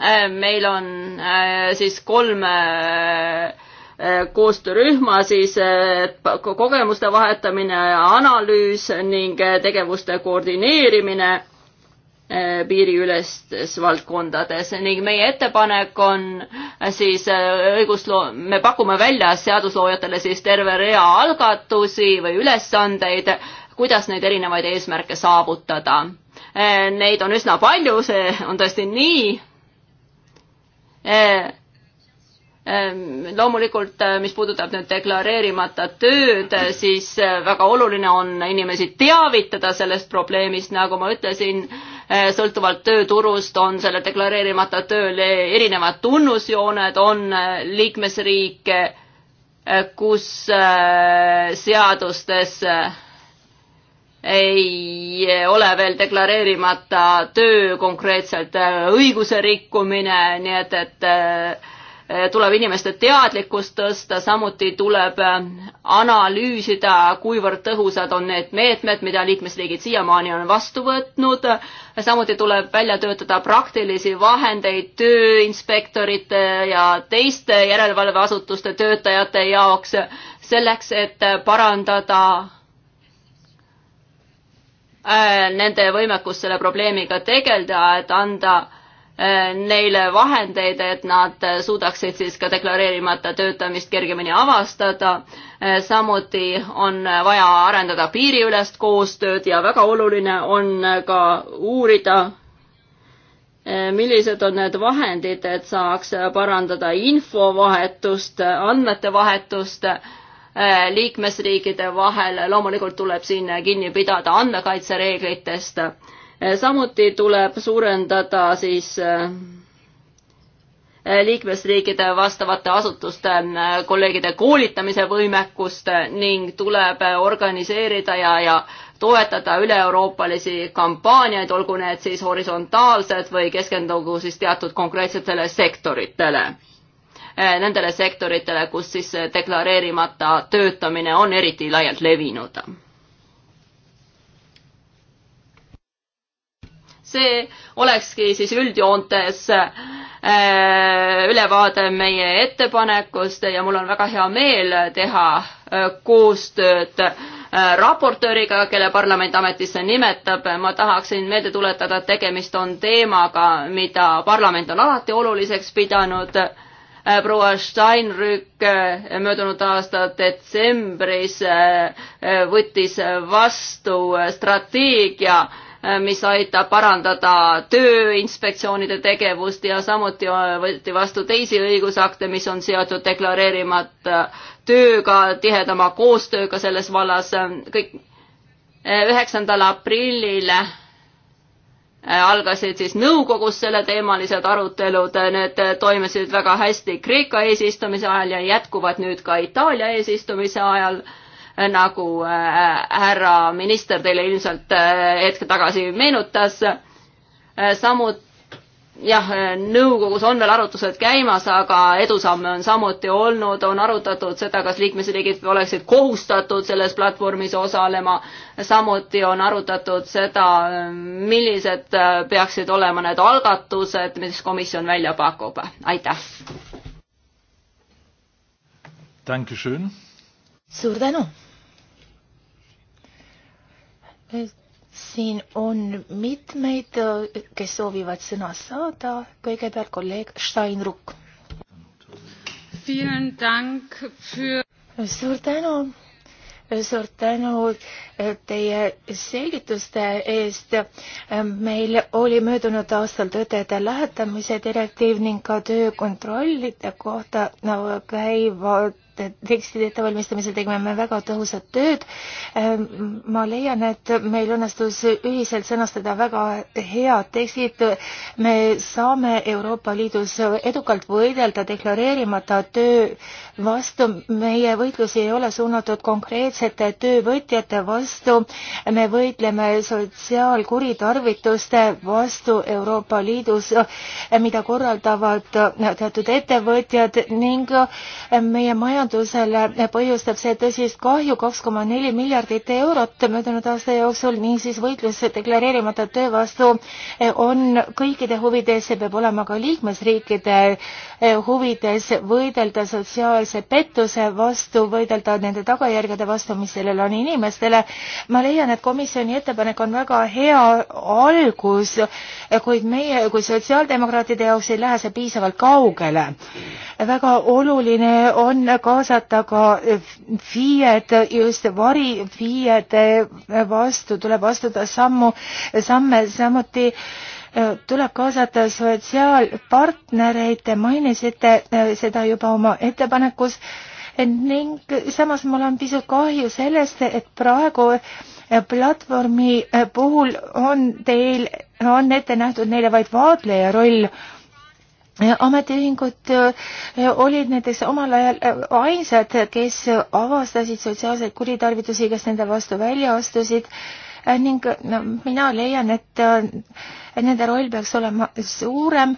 Eh, meil on eh, siis kolm koostöörühma, siis kogemuste vahetamine, analüüs ning tegevuste koordineerimine piiriülestes valdkondades ning meie ettepanek on siis õigusloo-, me pakume välja seadusloojatele siis terve rea algatusi või ülesandeid, kuidas neid erinevaid eesmärke saavutada. Äh, neid on üsna palju, see on tõesti nii. Äh, ähm, loomulikult, äh, mis puudutab nüüd deklareerimata tööd, siis väga oluline on inimesi teavitada sellest probleemist, nagu ma ütlesin sõltuvalt tööturust on selle deklareerimata tööl erinevad tunnusjooned, on liikmesriike, kus seadustes ei ole veel deklareerimata töö, konkreetselt äh, õiguse rikkumine, nii et, et äh, tuleb inimeste teadlikkust tõsta, samuti tuleb äh, analüüsida, kuivõrd tõhusad on need meetmed, mida liikmesriigid siiamaani on vastu võtnud. samuti tuleb välja töötada praktilisi vahendeid tööinspektorite ja teiste järelevalveasutuste töötajate jaoks selleks, et parandada Äh, nende võimekus selle probleemiga tegeleda, et anda äh, neile vahendeid, et nad äh, suudaksid siis ka deklareerimata töötamist kergemini avastada. samuti on vaja arendada piiriülest koostööd ja väga oluline on ka uurida, millised on need vahendid, et saaks parandada infovahetust, andmete vahetust, andmete vahetust Äh, liikmesriikide vahel, loomulikult tuleb siin kinni pidada andmekaitsereeglitest. Äh, samuti tuleb suurendada siis äh, liikmesriikide vastavate asutuste kolleegide koolitamise võimekust ning tuleb organiseerida ja, ja toetada üle-euroopalisi kampaaniaid, olgu need siis horisontaalsed või keskendugu siis teatud konkreetsetele sektoritele Äh, nendele sektoritele, kus siis äh, deklareerimata töötamine on eriti laialt levinud. see olekski siis üldjoontes äh, ülevaade meie ettepanekust ja mul on väga hea meel teha koostööd raportööriga, kelle parlament ametisse nimetab. ma tahaksin meelde tuletada, et tegemist on teemaga, mida parlament on alati oluliseks pidanud Äh, proua Steinrück äh, möödunud aasta detsembris äh, võttis vastu strateegia, mis aitab parandada tööinspektsioonide tegevust ja samuti võeti vastu teisi õigusakte, mis on seotud deklareerimata tööga, tihedama koostööga selles vallas, kõik üheksandal aprillil Äh, algasid siis nõukogus selleteemalised arutelud, äh, need äh, toimisid väga hästi Kreeka eesistumise ajal ja jätkuvad nüüd ka Itaalia eesistumise ajal. nagu härra minister teile ilmselt hetk tagasi meenutas. samuti jah, nõukogus on veel arutlused käimas, aga edusamme on samuti olnud, on arutatud seda, kas liikmesriigid oleksid kohustatud selles platvormis osalema. samuti on arutatud seda, millised peaksid olema need algatused, mis komisjon välja pakub. aitäh. suur tänu siin on mitmeid, kes soovivad sõna saada, kõigepealt kolleeg Steinruck. suur tänu, suur tänu teie selgituste eest. meil oli möödunud aastal töötajate lähetamise direktiiv ning ka töökontrollide kohta no, käivad tekstide ettevalmistamisel tegime me väga tõhusat tööd. Ehm, ma leian, et meil õnnestus ühiselt sõnastada väga head tekstid. me saame Euroopa Liidus edukalt võidelda deklareerimata töö vastu. meie võitlusi ei ole suunatud konkreetsete töövõtjate vastu. me võitleme sotsiaalkuritarvituste vastu Euroopa Liidus, mida korraldavad teatud ettevõtjad ning meie majandus majandusele põhjustab see tõsist kahju kaks koma neli miljardit eurot möödunud aasta jooksul, niisiis võitlus deklareerimata töö vastu on kõikide huvides, see peab olema ka liikmesriikide huvides võidelda sotsiaalse pettuse vastu, võidelda nende tagajärgede vastu, mis sellel on inimestele. ma leian, et komisjoni ettepanek on väga hea algus, kuid meie kui sotsiaaldemokraatide jaoks ei lähe see piisavalt kaugele. väga oluline on kaasata ka FIE-d, just vari FIE-de vastu tuleb astuda sammu, samme samuti äh, tuleb kaasata sotsiaalpartnereid, te mainisite äh, seda juba oma ettepanekus ning samas mul on pisut kahju sellest, et praegu äh, platvormi äh, puhul on teil, on ette nähtud neile vaid vaatleja roll. ametiühingud olid näiteks omal ajal ainsad, kes avastasid sotsiaalseid kuritarvitusi, kes nende vastu välja astusid Äh, ning mina leian, äh, et nende roll peaks olema suurem.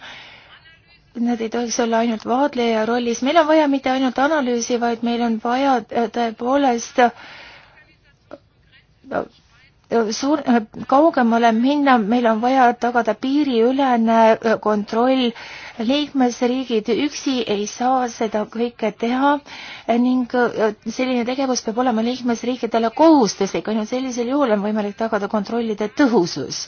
Nad ei tohiks olla ainult vaatleja rollis, meil on vaja mitte ainult analüüsi, vaid meil on vaja äh, tõepoolest suur, kaugemale minna, meil on vaja tagada piiriülene äh, kontroll. liikmesriigid üksi ei saa seda kõike teha äh, ning äh, selline tegevus peab olema liikmesriikidele kohustuslik, ainult sellisel juhul on võimalik tagada kontrollide tõhusus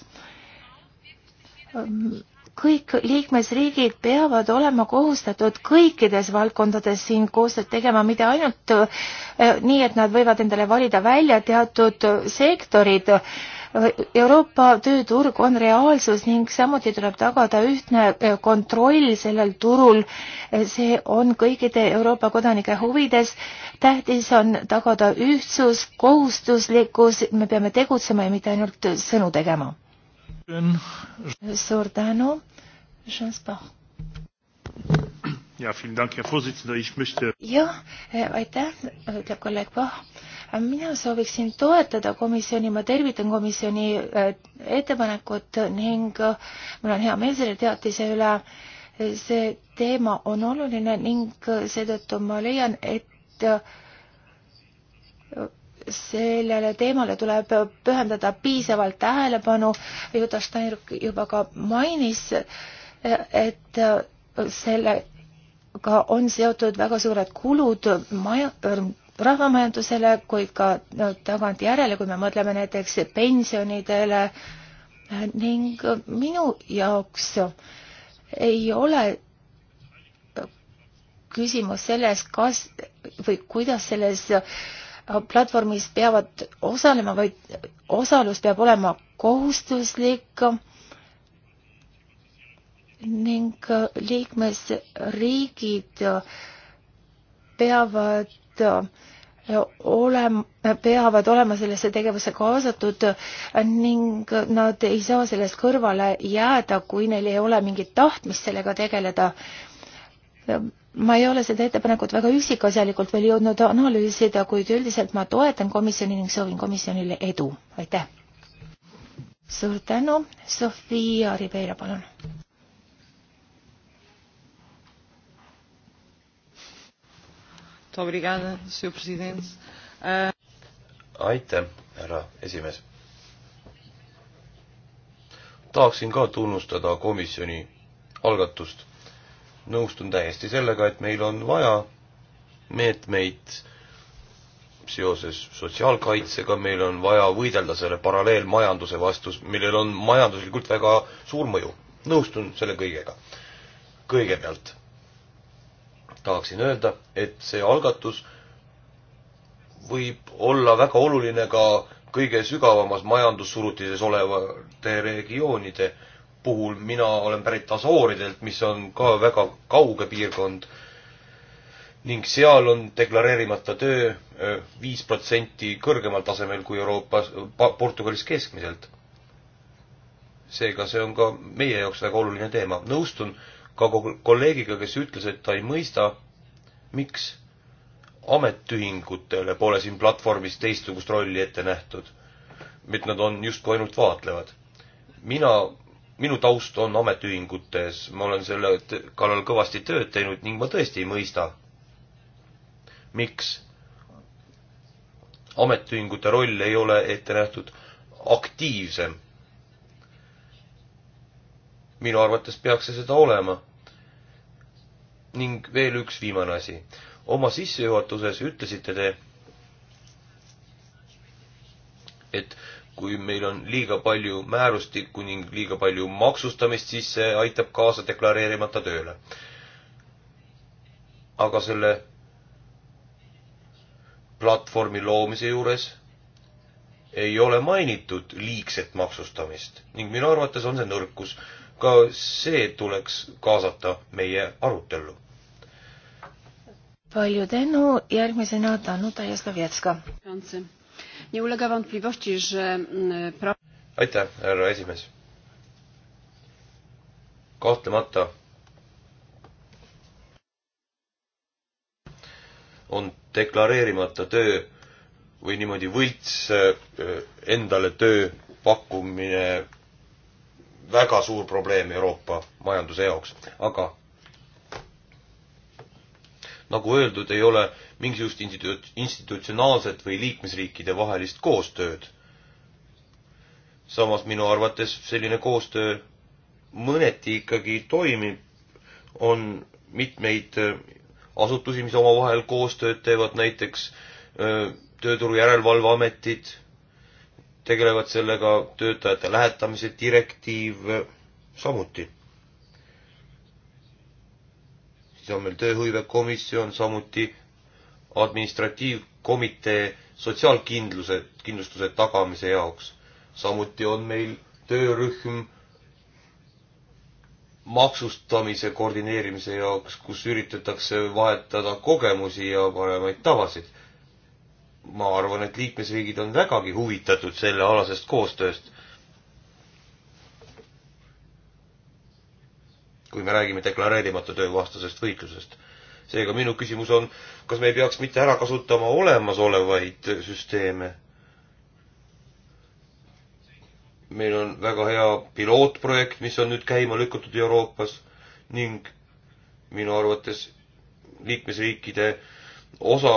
kõik liikmesriigid peavad olema kohustatud kõikides valdkondades siin koostööd tegema, mitte ainult eh, nii, et nad võivad endale valida välja teatud sektorid. Euroopa tööturg on reaalsus ning samuti tuleb tagada ühtne eh, kontroll sellel turul. see on kõikide Euroopa kodanike huvides. tähtis on tagada ühtsus, kohustuslikkus, me peame tegutsema ja mitte ainult sõnu tegema suur tänu, Jean Spach. Ja, vielen Dank, Herr Vorsitzender. Ich möchte... jah, eh, aitäh, ütleb kolleeg Pah. mina sooviksin toetada komisjoni, ma tervitan komisjoni eh, ettepanekut ning eh, mul on hea meel selle teatise üle. see teema on oluline ning seetõttu ma leian, et sellele teemale tuleb pühendada piisavalt tähelepanu. Juta Steiner juba ka mainis, et sellega on seotud väga suured kulud maja, äh, rahvamajandusele, kuid ka no, tagantjärele, kui me mõtleme näiteks pensionidele ning minu jaoks ei ole küsimus selles, kas või kuidas selles platvormis peavad osalema, vaid osalus peab olema kohustuslik ning liikmesriigid peavad olema, peavad olema sellesse tegevusse kaasatud ning nad ei saa sellest kõrvale jääda, kui neil ei ole mingit tahtmist sellega tegeleda ma ei ole seda ettepanekut väga üksikasjalikult veel jõudnud analüüsida, kuid üldiselt ma toetan komisjoni ning soovin komisjonile edu. aitäh! suur tänu, Sofia Ribeira, palun! Ah, aitäh, härra esimees! tahaksin ka tunnustada komisjoni algatust nõustun täiesti sellega, et meil on vaja meetmeid seoses sotsiaalkaitsega, meil on vaja võidelda selle paralleelmajanduse vastu, millel on majanduslikult väga suur mõju. nõustun selle kõigega. kõigepealt tahaksin öelda, et see algatus võib olla väga oluline ka kõige sügavamas majandussurutises olevate regioonide äh, puhul, mina olen pärit Asooridelt, mis on ka väga kauge piirkond ning seal on deklareerimata töö viis protsenti kõrgemal tasemel kui Euroopas, Portugalis keskmiselt. seega see on ka meie jaoks väga oluline teema. nõustun ka kolleegiga, kes ütles, et ta ei mõista, miks ametiühingutele pole siin platvormis teistsugust rolli ette nähtud. et nad on justkui ainult vaatlevad. mina minu taust on ametiühingutes, ma olen selle kallal kõvasti tööd teinud ning ma tõesti ei mõista, miks ametiühingute roll ei ole ette nähtud aktiivsem. minu arvates peaks see seda olema. ning veel üks viimane asi. oma sissejuhatuses ütlesite te, et kui meil on liiga palju määrustikku ning liiga palju maksustamist, siis see aitab kaasa deklareerimata tööle. aga selle platvormi loomise juures ei ole mainitud liigset maksustamist ning minu arvates on see nõrkus. ka see tuleks kaasata meie arutellu. palju tänu, järgmisena Tanu Tajaslavjetska. Mm, aitäh, härra esimees. kahtlemata on deklareerimata töö või niimoodi võlts äh, endale töö pakkumine väga suur probleem Euroopa majanduse jaoks, aga nagu öeldud, ei ole mingisugust instituut-, institutsionaalset või liikmesriikide vahelist koostööd. samas minu arvates selline koostöö mõneti ikkagi toimib, on mitmeid äh, asutusi, mis omavahel koostööd teevad, näiteks äh, Tööturu Järelevalveametid tegelevad sellega, töötajate lähetamise direktiiv äh, samuti siis on meil tööhõivekomisjon, samuti administratiivkomitee sotsiaalkindluse, kindlustuse tagamise jaoks. samuti on meil töörühm maksustamise koordineerimise jaoks, kus üritatakse vahetada kogemusi ja paremaid tavasid. ma arvan, et liikmesriigid on vägagi huvitatud sellealasest koostööst. kui me räägime deklareerimata töö vastasest võitlusest seega minu küsimus on, kas me ei peaks mitte ära kasutama olemasolevaid süsteeme? meil on väga hea pilootprojekt, mis on nüüd käima lükatud Euroopas ning minu arvates liikmesriikide osa,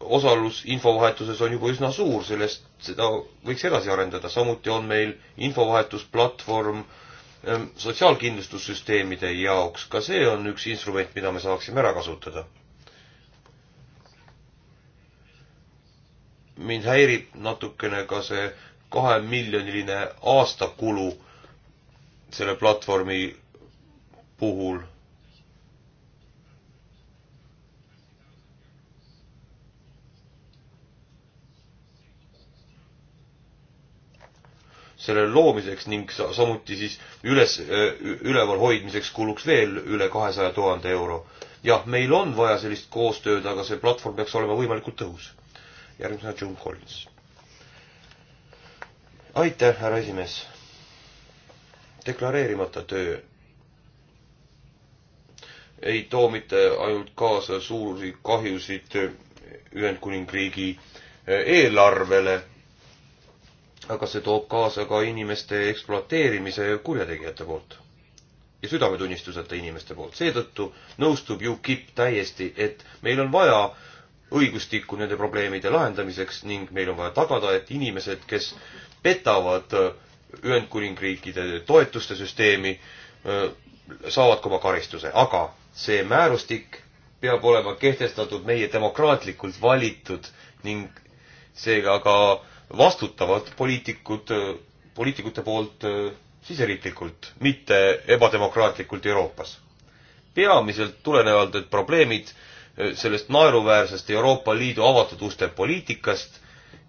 osalus infovahetuses on juba üsna suur, sellest, seda võiks edasi arendada, samuti on meil infovahetusplatvorm äh, Ehm, sotsiaalkindlustussüsteemide jaoks, ka see on üks instrument, mida me saaksime ära kasutada. mind häirib natukene ka see kahemiljoniline aastakulu selle platvormi puhul selle loomiseks ning samuti siis üles, üleval hoidmiseks kuluks veel üle kahesaja tuhande euro. jah, meil on vaja sellist koostööd, aga see platvorm peaks olema võimalikult tõhus. järgmisena June Collins. aitäh, härra esimees. deklareerimata töö ei too mitte ainult kaasa suuri kahjusid Ühendkuningriigi eelarvele aga see toob kaasa ka inimeste ekspluateerimise kurjategijate poolt ja südametunnistuseta inimeste poolt. seetõttu nõustub UKIP täiesti, et meil on vaja õigustikku nende probleemide lahendamiseks ning meil on vaja tagada, et inimesed, kes petavad äh, Ühendkuningriikide toetuste süsteemi, äh, saavad ka oma karistuse, aga see määrustik peab olema kehtestatud meie demokraatlikult valitud ning seega ka vastutavad poliitikud, poliitikute poolt eh, siseriiklikult, mitte ebademokraatlikult Euroopas. peamiselt tulenevalt, et probleemid eh, sellest naeruväärsest Euroopa Liidu avatud uste poliitikast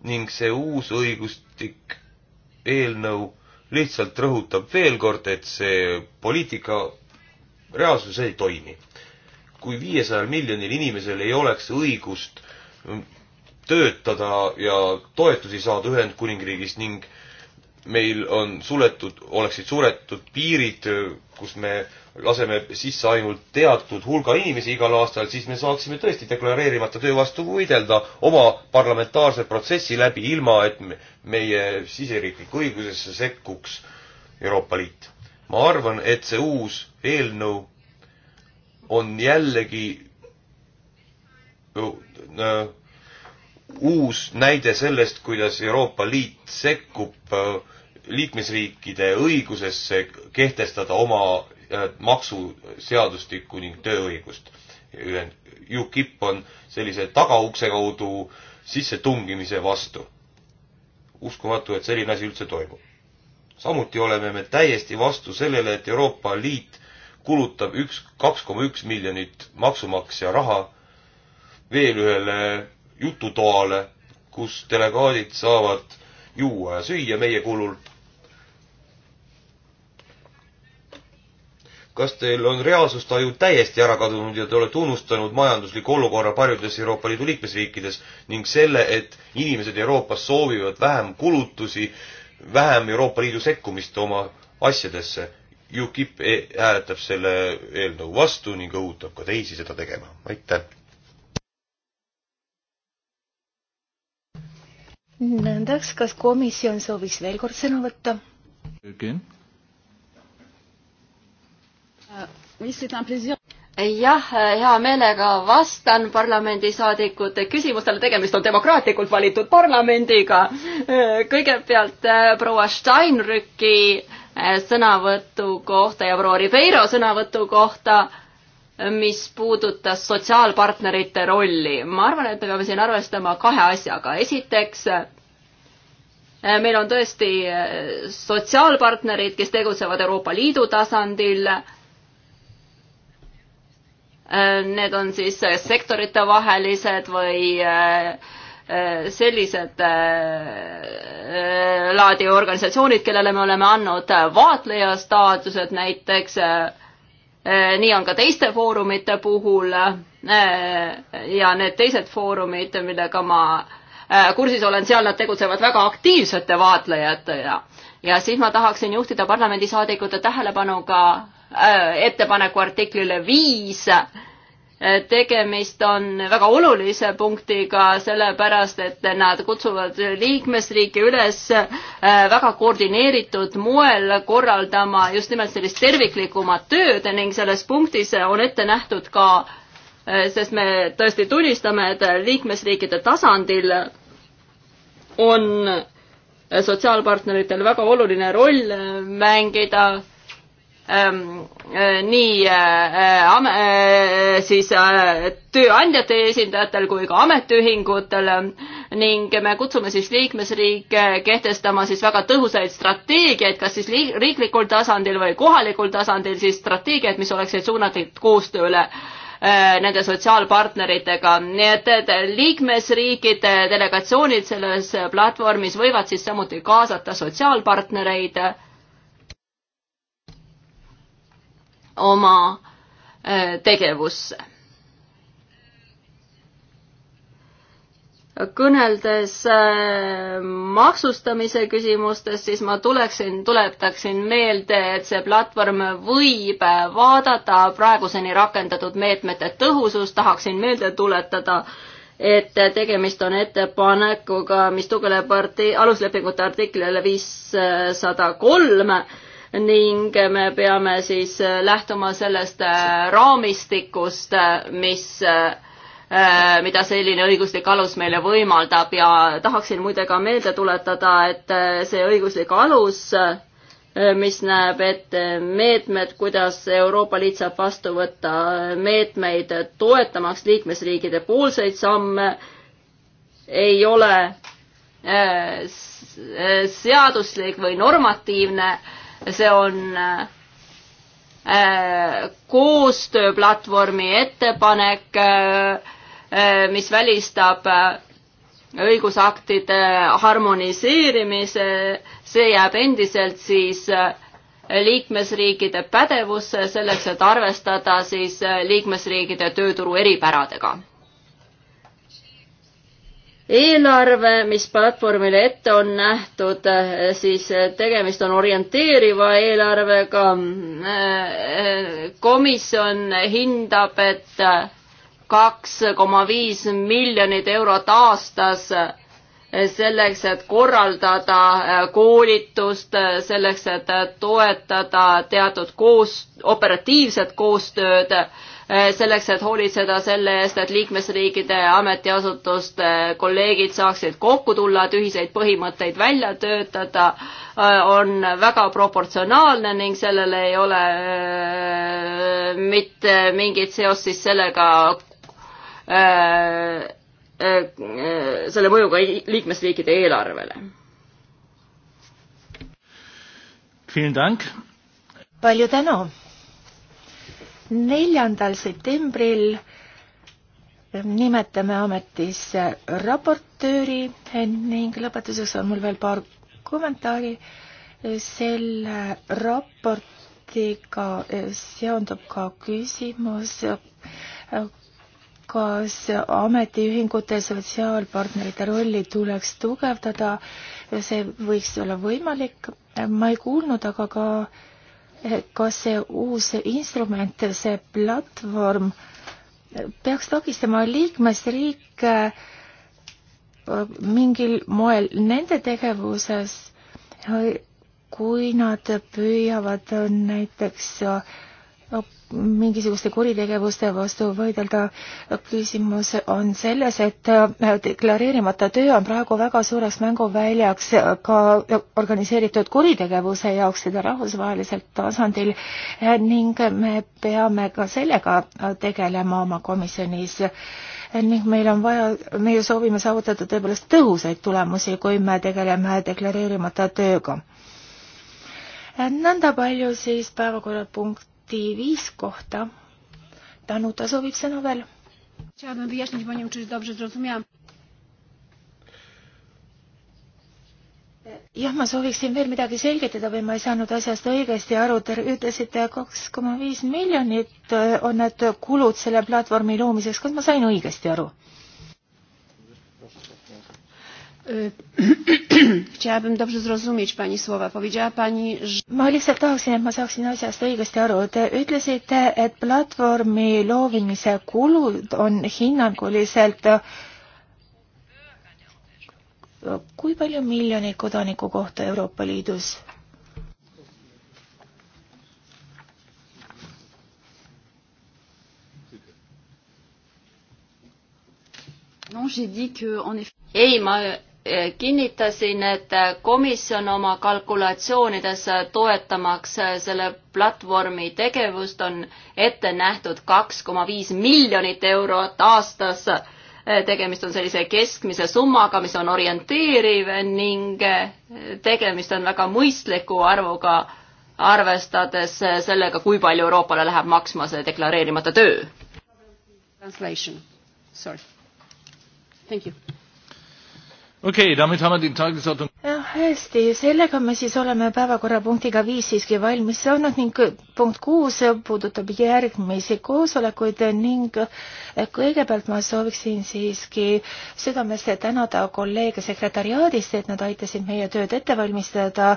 ning see uus õigustik eelnõu lihtsalt rõhutab veel kord, et see poliitika reaalsuses ei toimi. kui viiesajal miljonil inimesel ei oleks õigust mm, töötada ja toetusi saada Ühendkuningriigist ning meil on suletud, oleksid suletud piirid, kus me laseme sisse ainult teatud hulga inimesi igal aastal, siis me saaksime tõesti deklareerimata töö vastu võidelda oma parlamentaarse protsessi läbi, ilma et meie siseriiklikku õigusesse sekkuks Euroopa Liit. ma arvan, et see uus eelnõu on jällegi uus näide sellest, kuidas Euroopa Liit sekkub äh, liikmesriikide õigusesse kehtestada oma äh, maksuseadustikku ning tööõigust. UKIP on sellise tagaukse kaudu sissetungimise vastu. uskumatu, et selline asi üldse toimub. samuti oleme me täiesti vastu sellele, et Euroopa Liit kulutab üks, kaks koma üks miljonit maksumaksja raha veel ühele jututoale, kus delegaadid saavad juua ja süüa meie kulul. kas teil on reaalsustaju täiesti ära kadunud ja te olete unustanud majandusliku olukorra paljudes Euroopa Liidu liikmesriikides ning selle, et inimesed Euroopas soovivad vähem kulutusi, vähem Euroopa Liidu sekkumist oma asjadesse UKIP hääletab selle eelnõu vastu ning õhutab ka teisi seda tegema. aitäh! nõndaks, kas komisjon sooviks veel kord sõna võtta? jah, hea meelega vastan parlamendisaadikute küsimustele, tegemist on demokraatlikult valitud parlamendiga. kõigepealt eh, proua Steinrücki eh, sõnavõtu kohta ja proua Ribeiro sõnavõtu kohta mis puudutas sotsiaalpartnerite rolli. ma arvan, et me peame siin arvestama kahe asjaga. esiteks, eh, meil on tõesti eh, sotsiaalpartnerid, kes tegutsevad Euroopa Liidu tasandil. Eh, need on siis sektoritevahelised või sellised laadi organisatsioonid, kellele me oleme andnud vaatleja staatused näiteks Äh, nii on ka teiste foorumite puhul äh, ja need teised foorumid, millega ma äh, kursis olen, seal nad tegutsevad väga aktiivsete vaatlejatena. ja siis ma tahaksin juhtida parlamendisaadikute tähelepanu ka ettepaneku artiklile viis tegemist on väga olulise punktiga, sellepärast et nad kutsuvad liikmesriike üles äh, väga koordineeritud moel korraldama just nimelt sellist terviklikumat tööd ning selles punktis on ette nähtud ka, äh, sest me tõesti tunnistame, et liikmesriikide tasandil on sotsiaalpartneritel väga oluline roll mängida Ähm, äh, nii äh, äh, siis äh, tööandjate esindajatel kui ka ametiühingutel ähm, ning me kutsume siis liikmesriike kehtestama siis väga tõhusaid strateegiaid, kas siis riiklikul tasandil või kohalikul tasandil siis strateegiaid, mis oleksid suunatud koostööle äh, nende sotsiaalpartneritega, nii et, et liikmesriikide delegatsioonid selles platvormis võivad siis samuti kaasata sotsiaalpartnereid äh, oma tegevusse. kõneldes maksustamise küsimustest, siis ma tuleksin, tuletaksin meelde, et see platvorm võib vaadata praeguseni rakendatud meetmete tõhusust, tahaksin meelde tuletada, et tegemist on ettepanekuga, mis tugineb arti-, aluslepingute artiklile viissada kolm ning me peame siis äh, lähtuma sellest äh, raamistikust, äh, mis mida selline õiguslik alus meile võimaldab ja tahaksin muide ka meelde tuletada, et see õiguslik alus, mis näeb ette meetmed, kuidas Euroopa Liit saab vastu võtta meetmeid toetamaks liikmesriikide poolseid samme, ei ole seaduslik või normatiivne see on äh, äh, koostööplatvormi ettepanek, äh, mis välistab õigusaktide harmoniseerimise, see jääb endiselt siis liikmesriikide pädevusse selleks, et arvestada siis liikmesriikide tööturu eripäradega eelarve, mis platvormile ette on nähtud, siis tegemist on orienteeriva eelarvega. komisjon hindab, et kaks koma viis miljonit eurot aastas selleks, et korraldada koolitust, selleks, et toetada teatud koos, operatiivset koostööd Äh, selleks, et hoolitseda selle eest, et liikmesriikide ametiasutuste kolleegid saaksid kokku tulla, et ühiseid põhimõtteid välja töötada, äh, on väga proportsionaalne ning sellel ei ole äh, mitte mingit seost siis sellega, selle mõjuga liikmesriikide eelarvele. palju tänu! neljandal septembril nimetame ametisse raportööri ning lõpetuseks on mul veel paar kommentaari. selle raportiga seondub ka küsimus, kas ametiühingute sotsiaalpartnerite rolli tuleks tugevdada. see võiks olla võimalik. ma ei kuulnud aga ka äh, kas see uus instrument, see platvorm peaks takistama liikmesriike äh, mingil moel nende tegevuses, äh, kui nad püüavad äh, näiteks äh, mingisuguste kuritegevuste vastu võidelda. küsimus on selles, et äh, deklareerimata töö on praegu väga suureks mänguväljaks äh, ka äh, organiseeritud kuritegevuse jaoks seda rahvusvahelisel tasandil ning me peame ka sellega tegelema oma komisjonis ning meil on vaja, meie soovime saavutada tõepoolest tõhusaid tulemusi, kui me tegeleme deklareerimata tööga. nõnda palju siis päevakorrapunkt punkti viis kohta. Danuta soovib sõna veel. Chciałabym wyjaśnić, bo nie wiem, czy dobrze zrozumiałam. jah, ma sooviksin veel midagi selgitada või ma ei saanud asjast õigesti aru, te ütlesite kaks koma viis miljonit äh, on need kulud selle platvormi loomiseks, kas ma sain õigesti aru? [CLEARS THROAT] Chciałabym dobrze zrozumieć Pani słowa. Powiedziała Pani, że... Ma lihtsalt tahaksin, et ma saaksin asjast õigesti aru. Te ütlesite, et platvormi loovimise kulud on hinnanguliselt kui palju miljoneid kodaniku kohta Euroopa Liidus? Non, j'ai dit que en effet. Ei, ma kinnitasin, et komisjon oma kalkulatsioonides toetamaks selle platvormi tegevust on ette nähtud kaks koma viis miljonit eurot aastas. tegemist on sellise keskmise summaga, mis on orienteeriv ning tegemist on väga mõistliku arvuga, arvestades sellega, kui palju Euroopale läheb maksma see deklareerimata töö. Translation, sorry. Thank you okei okay,, damit haben wir die Tagesordnung jah, hästi, sellega me siis oleme päevakorrapunktiga viis siiski valmis saanud ning punkt kuus puudutab järgmisi koosolekuid ning kõigepealt ma sooviksin siiski südamest tänada kolleege sekretariaadist, et nad aitasid meie tööd ette valmistada.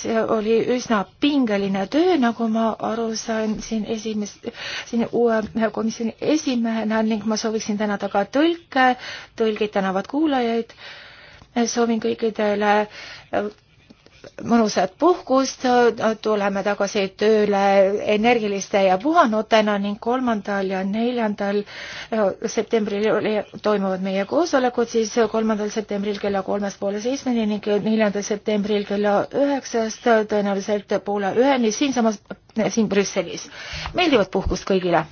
see oli üsna pingeline töö, nagu ma aru sain siin esimest, siin uue komisjoni esimehena ning ma sooviksin tänada ka tõlke, tõlgid tänavad kuulajaid soovin kõikidele äh, mõnusat puhkust, tuleme tagasi tööle energiliste ja puhanutena ning kolmandal ja neljandal äh, septembril toimuvad meie koosolekud, siis kolmandal septembril kella kolmest poole seitsmeni ning neljandal septembril kella üheksast tõenäoliselt poole üheni siinsamas, siin Brüsselis. meeldivat puhkust kõigile!